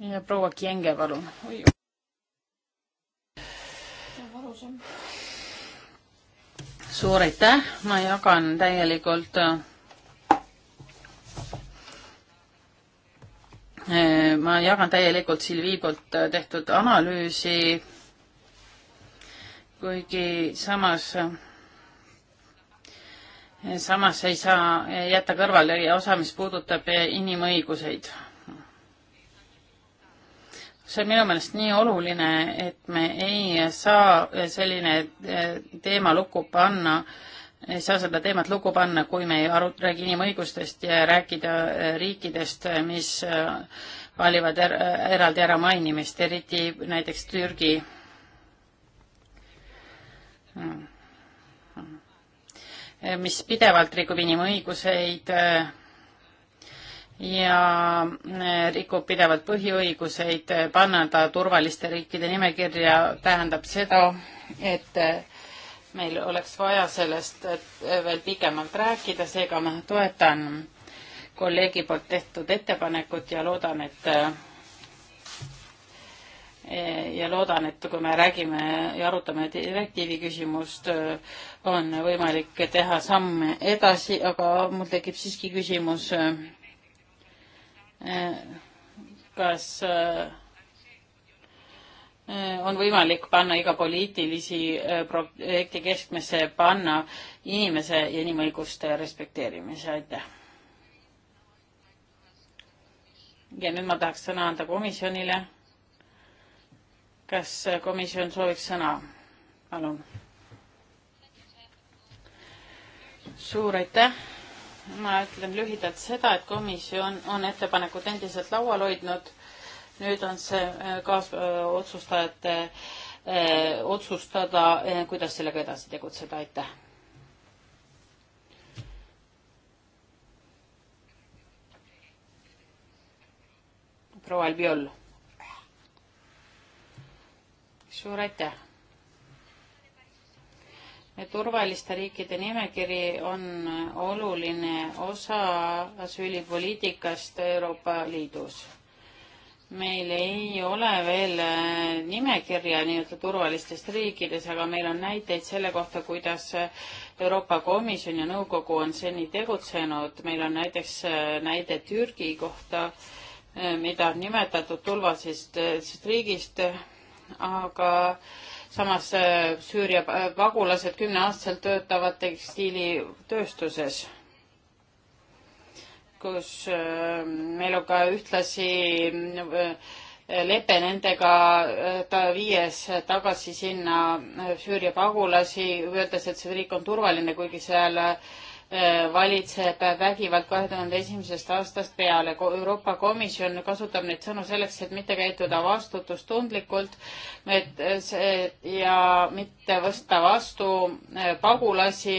ja proua Kienge, palun. suur aitäh, ma jagan täielikult äh, Ehm, ma jagan täielikult Silvi poolt äh, tehtud analüüsi, kuigi samas, äh, samas ei saa jätta kõrvale osa, mis puudutab äh, inimõiguseid. see on minu meelest nii oluline, et me ei saa selline teema lukku panna äh, ei saa seda teemat lukku panna, kui me ei aru-, räägi inimõigustest ja rääkida äh, riikidest, äh, mis äh, valivad er, eraldi ära mainimist, eriti näiteks Türgi. mis pidevalt rikub inimõiguseid ja rikub pidevalt põhiõiguseid, panna ta turvaliste riikide nimekirja tähendab seda, et meil oleks vaja sellest veel pikemalt rääkida, seega ma toetan kolleegi poolt tehtud ettepanekut ja loodan, et eh, ja loodan, et kui me räägime ja arutame direktiivi küsimust, on võimalik teha samme edasi, aga mul tekib siiski küsimus, eh, kas äh, Äh, on võimalik panna iga poliitilisi äh, projekti keskmesse, panna inimese ja inimõiguste respekteerimise, aitäh. ja nüüd ma tahaks sõna anda komisjonile. kas äh, komisjon sooviks sõna? palun. suur aitäh. ma ütlen lühidalt seda, et komisjon on ettepanekud endiselt laual hoidnud nüüd on see äh, kaasotsustajate äh, äh, otsustada, kuidas sellega edasi tegutseda, aitäh. proua Albiol. suur aitäh. turvaliste riikide nimekiri on oluline osa asüülipoliitikast Euroopa Liidus meil ei ole veel äh, nimekirja nii-öelda turvalistest riikides, aga meil on näiteid selle kohta, kuidas äh, Euroopa Komisjon ja nõukogu on seni tegutsenud. meil on näiteks äh, näide Türgi kohta, mida on nimetatud tulvasest riigist, aga samas Süüria pagulased kümneaastaselt töötavad tekstiilitööstuses kus ähm, meil on ka ühtlasi äh, lepe nendega, äh, ta viies tagasi sinna äh, Süüria pagulasi, öeldes, et see riik on turvaline, kuigi seal äh, Äh, valitseb vägivald kahe tuhande esimesest aastast peale. Euroopa Komisjon kasutab neid sõnu selleks, et mitte käituda vastutustundlikult et äh, see, ja mitte võtta vastu äh, pagulasi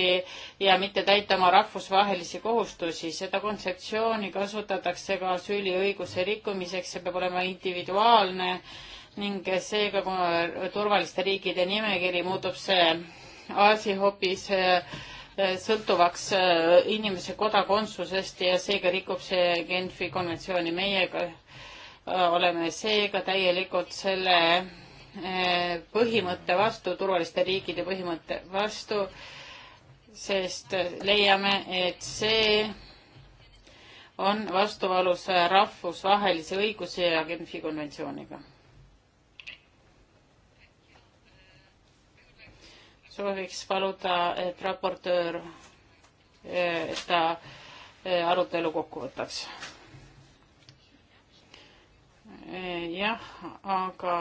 ja mitte täita oma rahvusvahelisi kohustusi. seda kontseptsiooni kasutatakse ka süüliõiguse rikkumiseks, see peab olema individuaalne ning seega, kui turvaliste riikide nimekiri muutub see asi hoopis äh, sõltuvaks äh, inimese kodakondsusest ja seega rikub see Genfi konventsiooni. meiega äh, oleme seega täielikult selle äh, põhimõtte vastu, turvaliste riikide põhimõtte vastu, sest leiame, et see on vastuolus rahvusvahelise õiguse ja Genfi konventsiooniga sooviks paluda, et raportöör seda eh, eh, arutelu kokku võtaks. Eh, jah, aga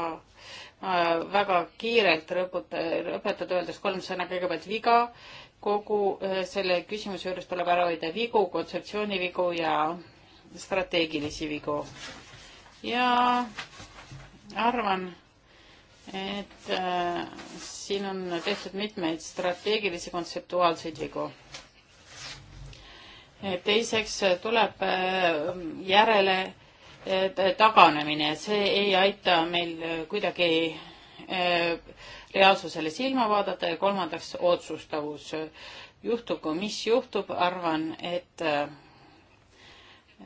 väga kiirelt rõputa, lõpetada öeldes kolm sõna, kõigepealt viga, kogu selle küsimuse juures tuleb ära hoida vigu, kontseptsioonivigu ja strateegilisi vigu. ja arvan et äh, siin on tehtud mitmeid strateegilisi kontseptuaalseid vigu. teiseks tuleb äh, järele äh, taganemine, see ei aita meil kuidagi äh, reaalsusele silma vaadata ja kolmandaks otsustavus. juhtugu, mis juhtub, arvan, et äh,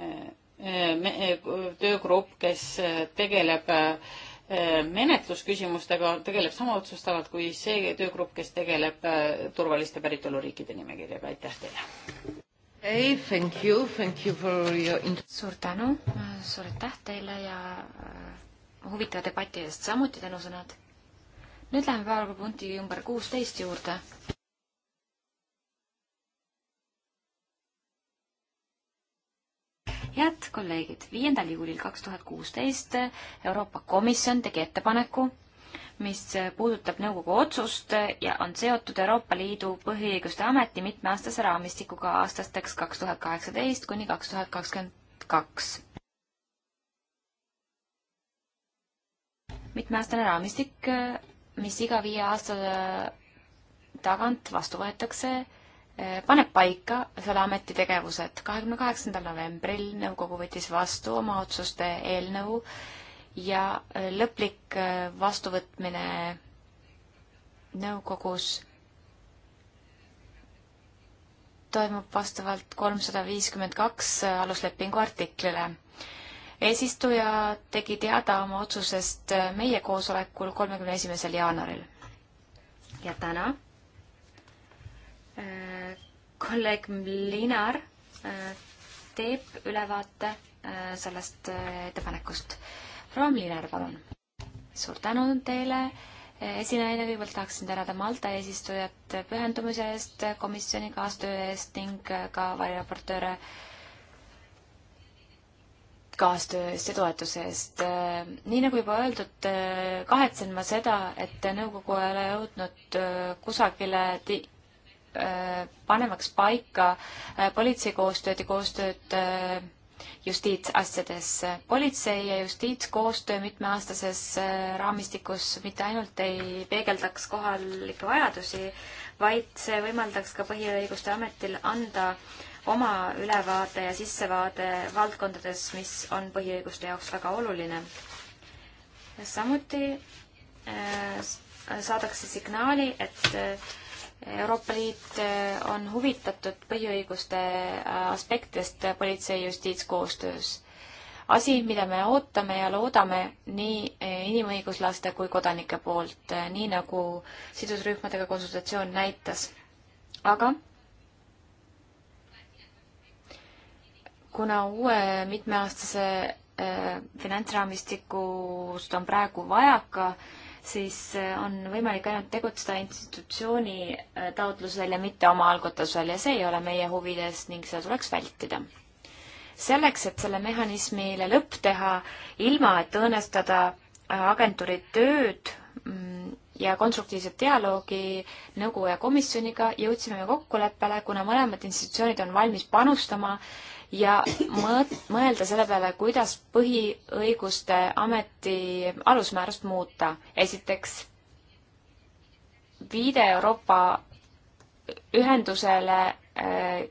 äh, me, töögrupp, kes tegeleb äh, Äh, menetlusküsimustega tegeleb sama otsustavalt kui see töögrupp, kes tegeleb äh, turvaliste päritoluriikide nimekirjaga. aitäh teile! Hey, thank you, thank you for your suur tänu, suur aitäh teile ja äh, huvitava debati eest samuti tänusõnad. nüüd läheme päevakorrapunkti number kuusteist juurde. head kolleegid, viiendal juulil kaks tuhat kuusteist Euroopa Komisjon tegi ettepaneku, mis puudutab nõukogu otsust ja on seotud Euroopa Liidu Põhiõiguste Ameti mitmeaastase raamistikuga aastasteks kaks tuhat kaheksateist kuni kaks tuhat kakskümmend kaks. mitmeaastane raamistik, mis iga viie aasta tagant vastu võetakse paneb paika selle ameti tegevused. kahekümne kaheksandal novembril nõukogu võttis vastu oma otsuste eelnõu ja lõplik äh, vastuvõtmine nõukogus toimub vastavalt kolmsada viiskümmend kaks äh, aluslepingu artiklile. eesistuja tegi teada oma otsusest äh, meie koosolekul kolmekümne esimesel jaanuaril. ja täna äh, kolleeg Linar äh, teeb ülevaate äh, sellest äh, ettepanekust. proua Linar, palun. suur tänu teile, esinaine, kõigepealt tahaksin tänada Malta eesistujat pühendumise eest, komisjoni kaastöö eest ning ka variraportööre kaastöö eest ja toetuse eest. nii nagu juba öeldud, kahetsen ma seda, et nõukogu ei ole jõudnud kusagile Äh, panemaks paika äh, politsei koostööd ja koostööd äh, justiitsasjades. politsei ja justiitskoostöö mitmeaastases raamistikus mitte ainult ei peegeldaks kohalikke vajadusi, vaid see võimaldaks ka Põhiõiguste Ametil anda oma ülevaade ja sissevaade valdkondades, mis on põhiõiguste jaoks väga oluline. samuti saadakse signaali, et Euroopa Liit eh, on huvitatud põhiõiguste eh, aspektidest politsei- ja justiitskoostöös. asi, mida me ootame ja loodame nii eh, inimõiguslaste kui kodanike poolt, nii nagu sidusrühmadega konsultatsioon näitas. aga kuna uue mitmeaastase finantsraamistikust on praegu vajaka äh, siis äh, on võimalik ainult tegutseda institutsiooni äh, taotlusel ja mitte oma algatusel ja see ei ole meie huvides ning seda tuleks vältida. selleks, et selle mehhanismile lõpp teha, ilma et õõnestada äh, agentuuri tööd mm, ja konstruktiivset dialoogi nõukogu ja komisjoniga, jõudsime me kokkuleppele, kuna mõlemad institutsioonid on valmis panustama ja mõelda selle peale, kuidas põhiõiguste ameti alusmäärust muuta. esiteks viide Euroopa ühendusele äh,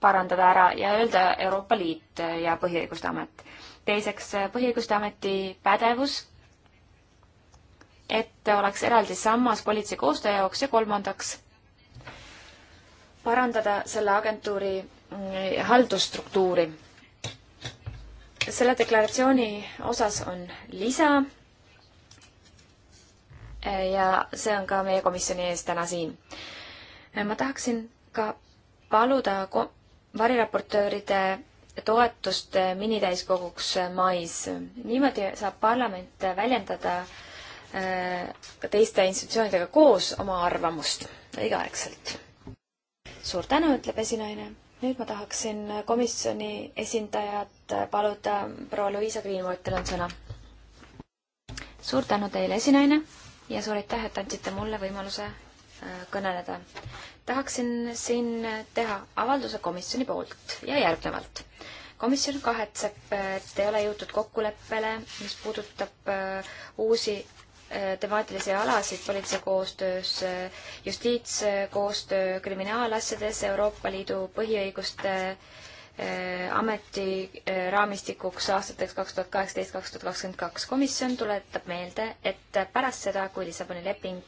parandada ära ja öelda Euroopa Liit ja Põhiõiguste Amet. teiseks, Põhiõiguste Ameti pädevus, et oleks eraldi sammas politsei koostöö jaoks ja kolmandaks, parandada selle agentuuri Mm, haldusstruktuuri. selle deklaratsiooni osas on lisa e, ja see on ka meie komisjoni ees täna siin. E, ma tahaksin ka paluda variraportööride toetust e, minitäiskoguks mais. niimoodi saab parlament väljendada ka teiste institutsioonidega koos oma arvamust õigeaegselt. suur tänu, ütleb esinaine nüüd ma tahaksin komisjoni esindajat paluda, proua Luisa Greenwood, teil on sõna. suur tänu teile, esinaine, ja suur aitäh, et andsite mulle võimaluse äh, kõneleda. tahaksin siin teha avalduse komisjoni poolt ja järgnevalt. komisjon kahetseb, et ei ole jõutud kokkuleppele, mis puudutab äh, uusi Äh, temaatilisi alasid politsei koostöös, äh, justiitskoostöö äh, kriminaalasjades, Euroopa Liidu põhiõiguste ameti raamistikuks aastateks kaks tuhat kaheksateist, kaks tuhat kakskümmend kaks. komisjon tuletab meelde, et pärast seda, kui Lissaboni leping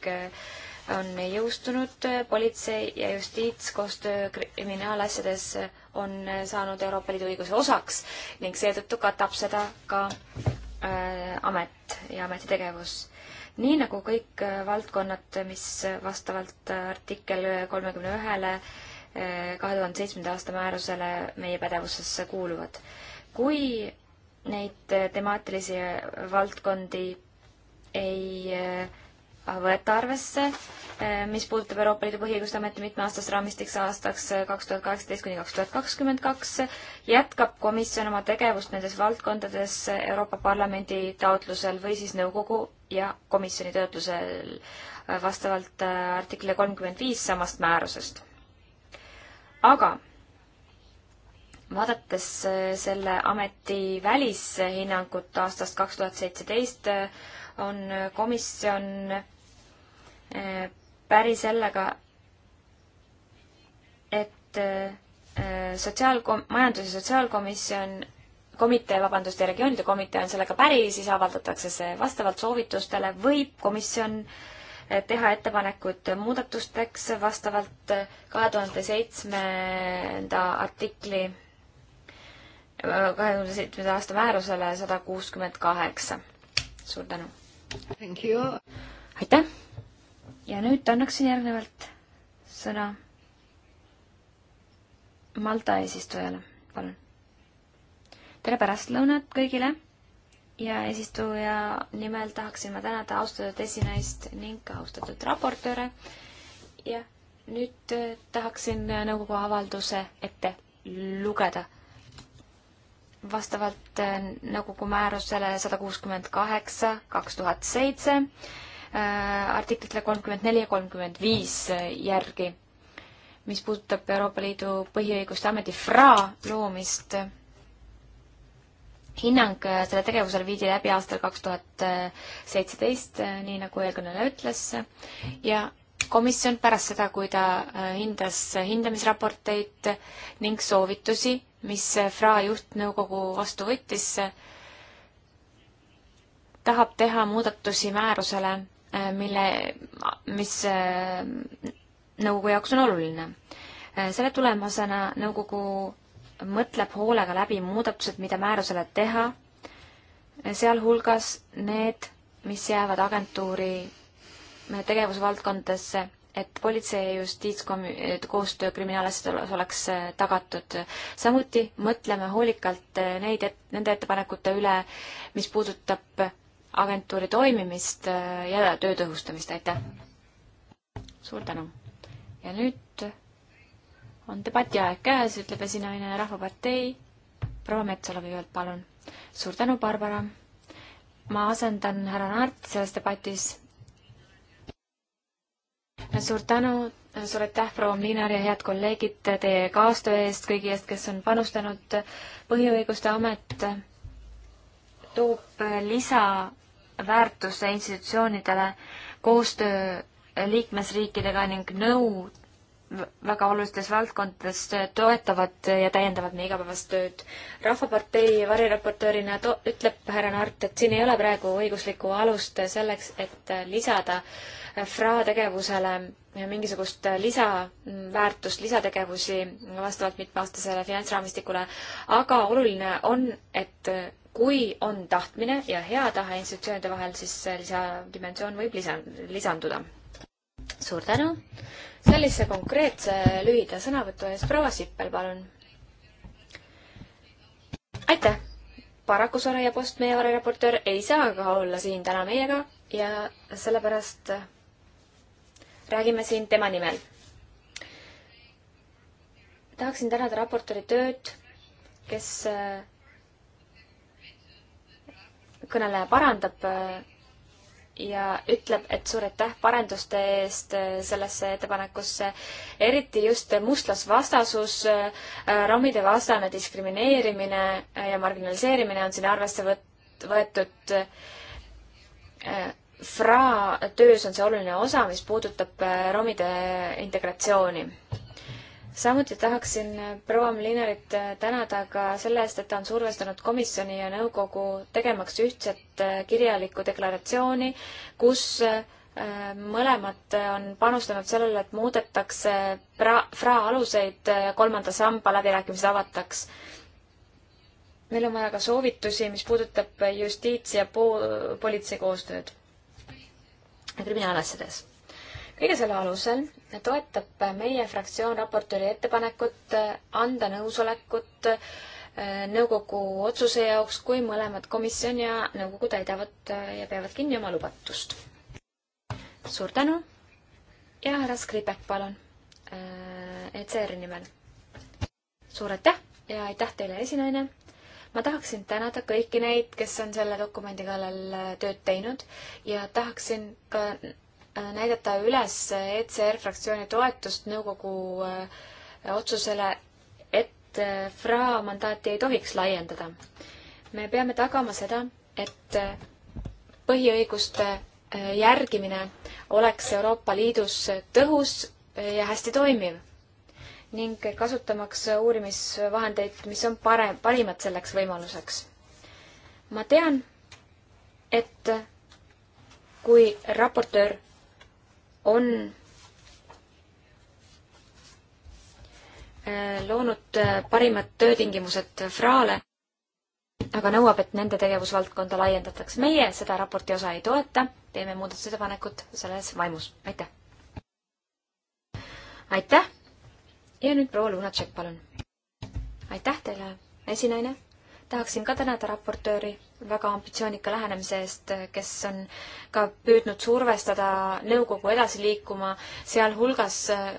on jõustunud, politsei ja justiitskoostöö kriminaalasjades on saanud Euroopa Liidu õiguse osaks ning seetõttu katab seda ka äh, amet ja ametitegevus nii nagu kõik äh, valdkonnad, mis äh, vastavalt äh, artikkel kolmekümne ühele kahe tuhande seitsmenda aasta määrusele meie pädevusesse kuuluvad. kui neid temaatilisi valdkondi ei võeta arvesse, mis puudutab Euroopa Liidu põhiõiguste ameti mitmeaastast raamistiks aastaks kaks tuhat kaheksateist kuni kaks tuhat kakskümmend kaks, jätkab komisjon oma tegevust nendes valdkondades Euroopa Parlamendi taotlusel või siis nõukogu ja komisjoni töötlusel vastavalt äh, artikli kolmkümmend viis samast määrusest. aga vaadates äh, selle ameti välishinnangut aastast kaks tuhat seitseteist, äh, on komisjon päri sellega, et sotsiaalkom-, majandus- ja sotsiaalkomisjon komitee, vabandust, ja regioonide komitee on sellega päri, siis avaldatakse see vastavalt soovitustele, võib komisjon eh, teha ettepanekud muudatusteks vastavalt eh, kahe tuhande seitsmenda artikli, eh, kahe tuhande seitsmenda aasta määrusele sada kuuskümmend kaheksa. suur tänu! aitäh! ja nüüd annaksin järgnevalt sõna Malta eesistujale, palun tere pärastlõunat kõigile ja eesistuja nimel tahaksin ma tänada austatud esinaist ning ka austatud raportööre. ja nüüd äh, tahaksin nõukogu avalduse ette lugeda. vastavalt äh, nõukogu määrusele sada kuuskümmend kaheksa, kaks tuhat seitse, äh, artiklitele kolmkümmend neli ja kolmkümmend viis järgi, mis puudutab Euroopa Liidu põhiõiguste ameti FRA loomist hinnang äh, selle tegevusele viidi läbi aastal kaks tuhat seitseteist, äh, nii nagu eelkõneleja ütles, ja komisjon pärast seda, kui ta äh, hindas hindamisraporteid ning soovitusi, mis FRA juhtnõukogu vastu võttis, tahab teha muudatusi määrusele, mille, mis nõukogu jaoks on oluline. selle tulemusena nõukogu mõtleb hoolega läbi muudatused, mida määrusele teha, sealhulgas need, mis jäävad agentuuri tegevusvaldkondadesse, et politsei ja justiitskoostöö kriminaalasjades oleks tagatud. samuti mõtleme hoolikalt neid et,, nende ettepanekute üle, mis puudutab agentuuri toimimist ja töö tõhustamist, aitäh! suur tänu! ja nüüd on debati aeg käes, ütleb esinaine Rahvapartei. proua Metsola kõigepealt, palun. suur tänu, Barbara. ma asendan härra Naarti selles debatis. suur tänu, suur aitäh, proua Mlinar ja head kolleegid teie kaastöö eest, kõigi eest, kes on panustanud. põhiõiguste amet toob lisaväärtuse institutsioonidele koostöö liikmesriikidega ning nõu väga olulistes valdkondades toetavad ja täiendavad meie igapäevast tööd. rahvapartei variraportöörina to-, ütleb härra Naart, et siin ei ole praegu õiguslikku alust selleks, et lisada FRA tegevusele mingisugust lisaväärtust, lisategevusi vastavalt mitmeaastasele finantsraamistikule, aga oluline on, et kui on tahtmine ja hea tahe institutsioonide vahel, siis lisadimensioon võib lisa, lisanduda. suur tänu! sellise konkreetse lühida sõnavõtu eest. proua Sippel, palun. aitäh. paraku Soraya Post, meie vareraportöör, ei saa ka olla siin täna meiega ja sellepärast räägime siin tema nimel. tahaksin tänada raportööri tööd, kes äh, kõneleja parandab äh, ja ütleb, et suur aitäh parenduste eest äh, sellesse ettepanekusse, eriti just mustlasvastasus, äh, romide vastane diskrimineerimine äh, ja marginaliseerimine on siin arvesse võt-, võetud. FRA töös on see oluline osa, mis puudutab romide integratsiooni samuti tahaksin äh, proua Mlinarit äh, tänada ka selle eest, et ta on survestanud komisjoni ja nõukogu tegemaks ühtset äh, kirjalikku deklaratsiooni, kus mõlemad on panustanud sellele, et muudetakse pra-, FRA aluseid ja kolmanda samba läbirääkimised avataks. meil on vaja ka soovitusi, mis puudutab justiits- ja po-, politsei koostööd kriminaalasjades kõige selle alusel toetab meie fraktsioon raportööri ettepanekut äh, anda nõusolekut äh, nõukogu otsuse jaoks, kui mõlemad komisjon ja nõukogu täidavad äh, ja peavad kinni oma lubatust. suur tänu ja härra Skripek, palun, ECR-i nimel. suur aitäh ja aitäh teile, esinaine ma tahaksin tänada kõiki neid, kes on selle dokumendi kallal tööd teinud ja tahaksin ka Äh, näidata üles ECR fraktsiooni toetust nõukogu äh, otsusele, et äh, FRA mandaati ei tohiks laiendada. me peame tagama seda, et põhiõiguste järgimine oleks Euroopa Liidus tõhus ja hästi toimiv ning kasutamaks uurimisvahendeid, mis on pare-, parimad selleks võimaluseks. ma tean, et kui raportöör on äh, loonud äh, parimad töötingimused Fraale, aga nõuab, et nende tegevusvaldkonda laiendataks. meie seda raporti osa ei toeta, teeme muudatusettepanekud selles vaimus. aitäh! aitäh! ja nüüd proua Lunatšek, palun! aitäh teile, esinaine! tahaksin ka tänada raportööri väga ambitsioonika lähenemise eest, kes on ka püüdnud survestada nõukogu edasi liikuma, sealhulgas äh,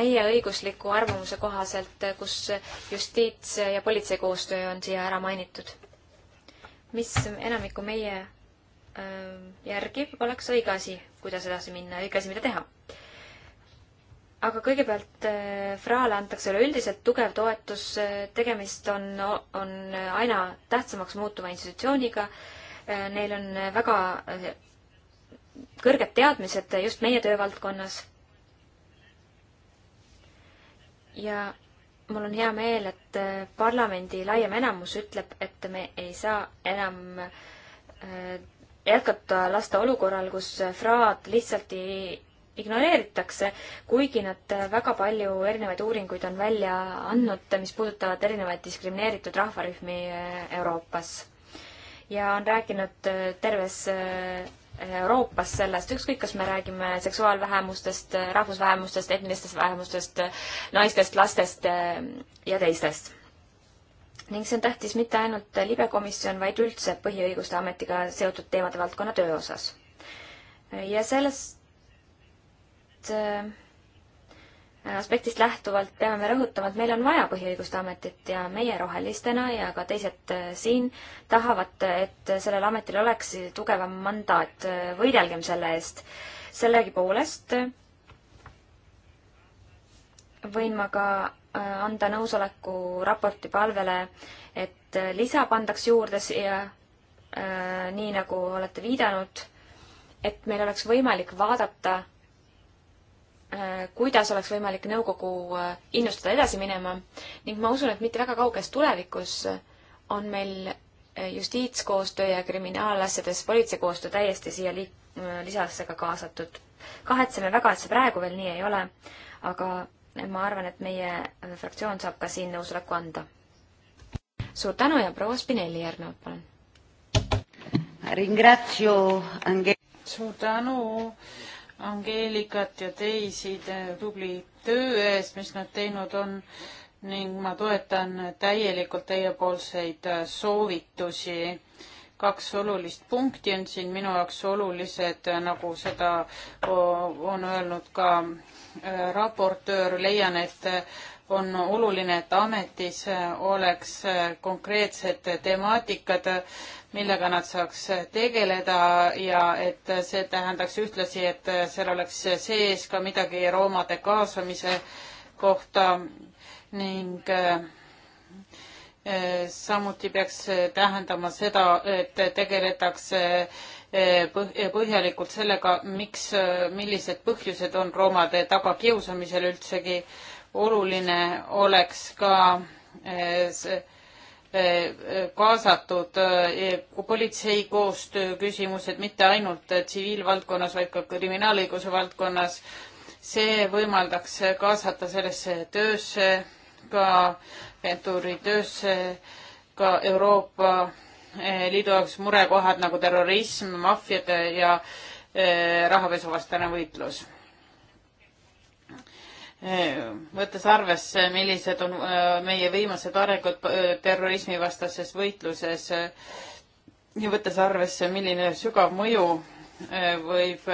meie õigusliku arvamuse kohaselt, äh, kus justiits- ja politsei koostöö on siia ära mainitud. mis enamiku meie äh, järgi oleks õige asi, kuidas edasi minna, õige asi, mida teha aga kõigepealt äh, Fraale antakse üleüldiselt tugev toetus, äh, tegemist on, on aina tähtsamaks muutuva institutsiooniga, äh, neil on väga kõrged teadmised just meie töövaldkonnas. ja mul on hea meel, et parlamendi laiem enamus ütleb, et me ei saa enam jätkata lasta olukorral, kus fraad lihtsalt ei ignoreeritakse, kuigi nad väga palju erinevaid uuringuid on välja andnud, mis puudutavad erinevaid diskrimineeritud rahvarühmi eh, Euroopas. ja on rääkinud eh, terves eh, Euroopas sellest, ükskõik, kas me räägime seksuaalvähemustest, rahvusvähemustest, etnilistest vähemustest, naistest, lastest ja teistest. ning see on tähtis mitte ainult libekomisjon, vaid üldse põhiõiguste ametiga seotud teemade valdkonna töö osas. ja sellest Äh, aspektist lähtuvalt peame me rõhutama, et meil on vaja Põhiõiguste Ametit ja meie rohelistena ja ka teised äh, siin tahavad, et sellel ametil oleks tugevam mandaat, äh, võidelgem selle eest. sellegipoolest võin ma ka anda nõusoleku raporti palvele, et lisa pandaks juurde siia, nii nagu olete viidanud, et meil oleks võimalik vaadata Äh, kuidas oleks võimalik nõukogu äh, innustada edasi minema ning ma usun, et mitte väga kauges tulevikus on meil äh, justiitskoostöö ja kriminaalasjades politseikoostöö täiesti siia li-, lisasse ka kaasatud. kahetseme väga, et see praegu veel nii ei ole, aga ma arvan, et meie fraktsioon saab ka siin nõusoleku anda. suur tänu ja proua Spinelli järgnevalt, palun. suur tänu Angeelikat ja teisi tubli töö eest, mis nad teinud on ning ma toetan täielikult teiepoolseid soovitusi. kaks olulist punkti on siin minu jaoks olulised, nagu seda on öelnud ka äh, raportöör, leian, et on oluline, et ametis oleks konkreetsed temaatikad, millega nad saaks tegeleda ja et see tähendaks ühtlasi, et seal oleks sees ka midagi roomade kaasamise kohta ning eh, samuti peaks tähendama seda, et tegeletakse eh, põhjalikult sellega, miks, millised põhjused on roomade tagakiusamisel üldsegi oluline oleks ka eh, eh, kaasatud eh, politsei koostöö küsimused mitte ainult tsiviilvaldkonnas, vaid ka kriminaalõiguse valdkonnas. see võimaldaks kaasata sellesse töösse ka agentuuri töösse ka Euroopa Liidu jaoks murekohad nagu terrorism, maffiade ja rahapesuvastane võitlus võttes arvesse, millised on äh, meie viimased arengud äh, terrorismivastases võitluses äh, ja võttes arvesse, milline sügav mõju võib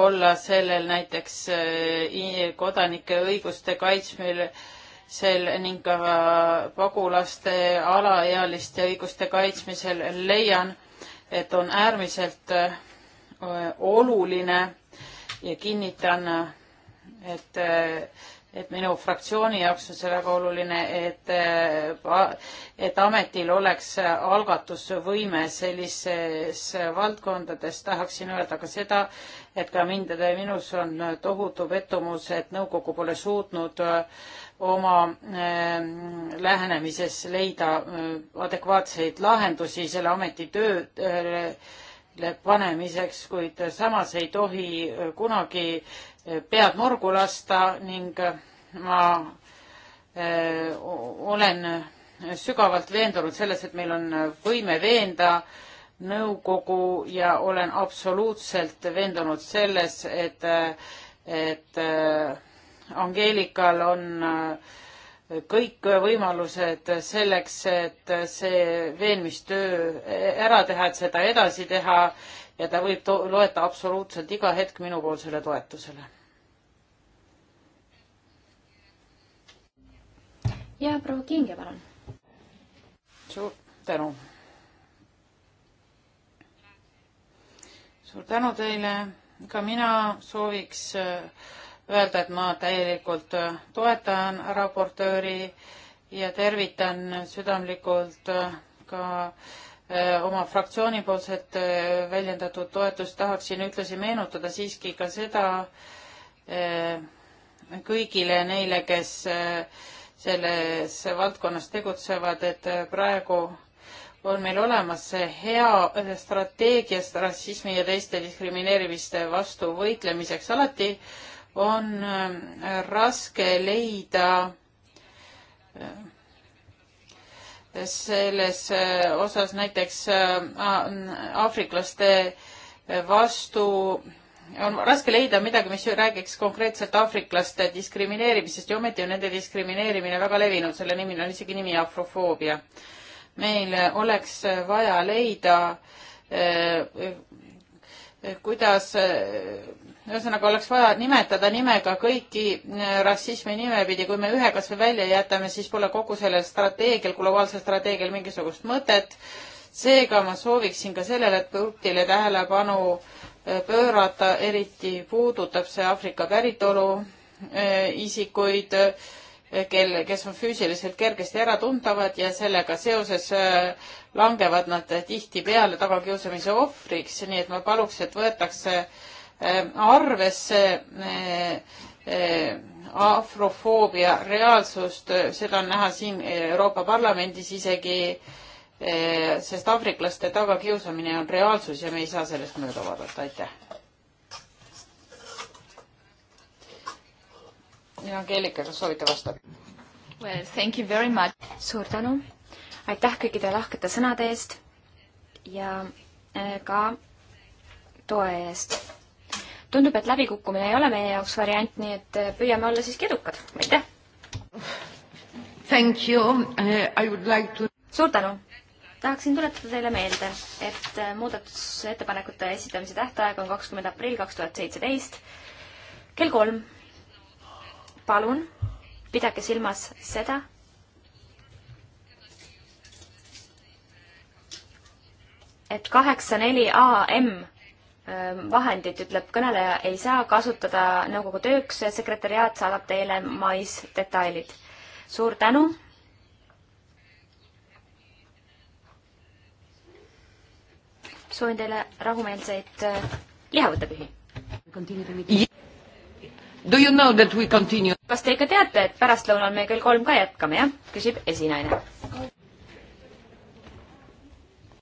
olla sellel näiteks kodanike õiguste kaitsmisel ning ka pagulaste alaealiste õiguste kaitsmisel, leian, et on äärmiselt oluline ja kinnitan et, et minu fraktsiooni jaoks on see väga oluline, et, et ametil oleks algatusvõime sellises valdkondades. tahaksin öelda ka seda, et ka mind, minus on tohutu pettumus, et nõukogu pole suutnud äh, oma äh, lähenemises leida äh, adekvaatseid lahendusi selle ameti tööle panemiseks, kuid samas ei tohi kunagi pead murgu lasta ning ma eh, olen sügavalt veendunud selles, et meil on võime veenda nõukogu ja olen absoluutselt veendunud selles, et, et eh, Angeelikal on eh, kõik võimalused selleks, et see veenmistöö ära teha, et seda edasi teha ja ta võib loeta absoluutselt iga hetk minupoolsele toetusele. ja proua Kinge, palun. suur tänu. suur tänu teile, ka mina sooviks äh, öelda, et ma täielikult äh, toetan raportööri ja tervitan südamlikult äh, ka äh, Äh, oma fraktsioonipoolset äh, väljendatud toetust tahaksin ühtlasi meenutada siiski ka seda äh, kõigile neile, kes selles valdkonnas tegutsevad, et praegu on meil olemas see hea strateegiast rassismi ja teiste diskrimineerimiste vastu võitlemiseks. alati on raske leida selles äh, osas näiteks äh, aafriklaste vastu on raske leida midagi, mis räägiks konkreetselt aafriklaste diskrimineerimisest ja ometi on nende diskrimineerimine väga levinud, selle nimi on isegi nimi afrofoobia. meil oleks vaja leida äh, kuidas ühesõnaga oleks vaja nimetada nimega kõiki eh, rassismi nimepidi, kui me ühe kas või välja jätame, siis pole kogu sellel strateegial, globaalsel strateegial mingisugust mõtet. seega ma sooviksin ka sellele punktile tähelepanu eh, pöörata, eriti puudutab see Aafrika päritolu eh, isikuid, kel, kes on füüsiliselt kergesti äratuntavad ja sellega seoses langevad nad tihtipeale tagakiusamise ohvriks, nii et ma paluks, et võetakse äh, Ehm, arvesse eh, eh, afrofoobia reaalsust, eh, seda on näha siin Euroopa Parlamendis isegi, sest aafriklaste tagakiusamine on reaalsus ja me ei saa sellest mööda vaadata, aitäh. ja Angeelika, kas soovite vastata? Well, thank you very much. suur tänu. aitäh kõikide lahkete sõnade eest ja ka toe eest tundub, et läbikukkumine ei ole meie jaoks variant, nii et äh, püüame olla siiski edukad. aitäh! Thank you, uh, I would like to suur tänu! tahaksin tuletada teile meelde, et äh, muudatusettepanekute esitamise tähtaeg on kakskümmend aprill kaks tuhat seitseteist kell kolm. palun pidage silmas seda, et kaheksa neli AM Ehm, vahendit, ütleb kõneleja, ei saa kasutada nõukogu tööks, sekretäriaat saadab teile mais detailid. suur tänu. soovin teile rahumeelseid äh, lihavõttepühi. Do you know that we continue? kas te ikka teate, et pärastlõunal me kell kolm ka jätkame, jah? küsib esinaine.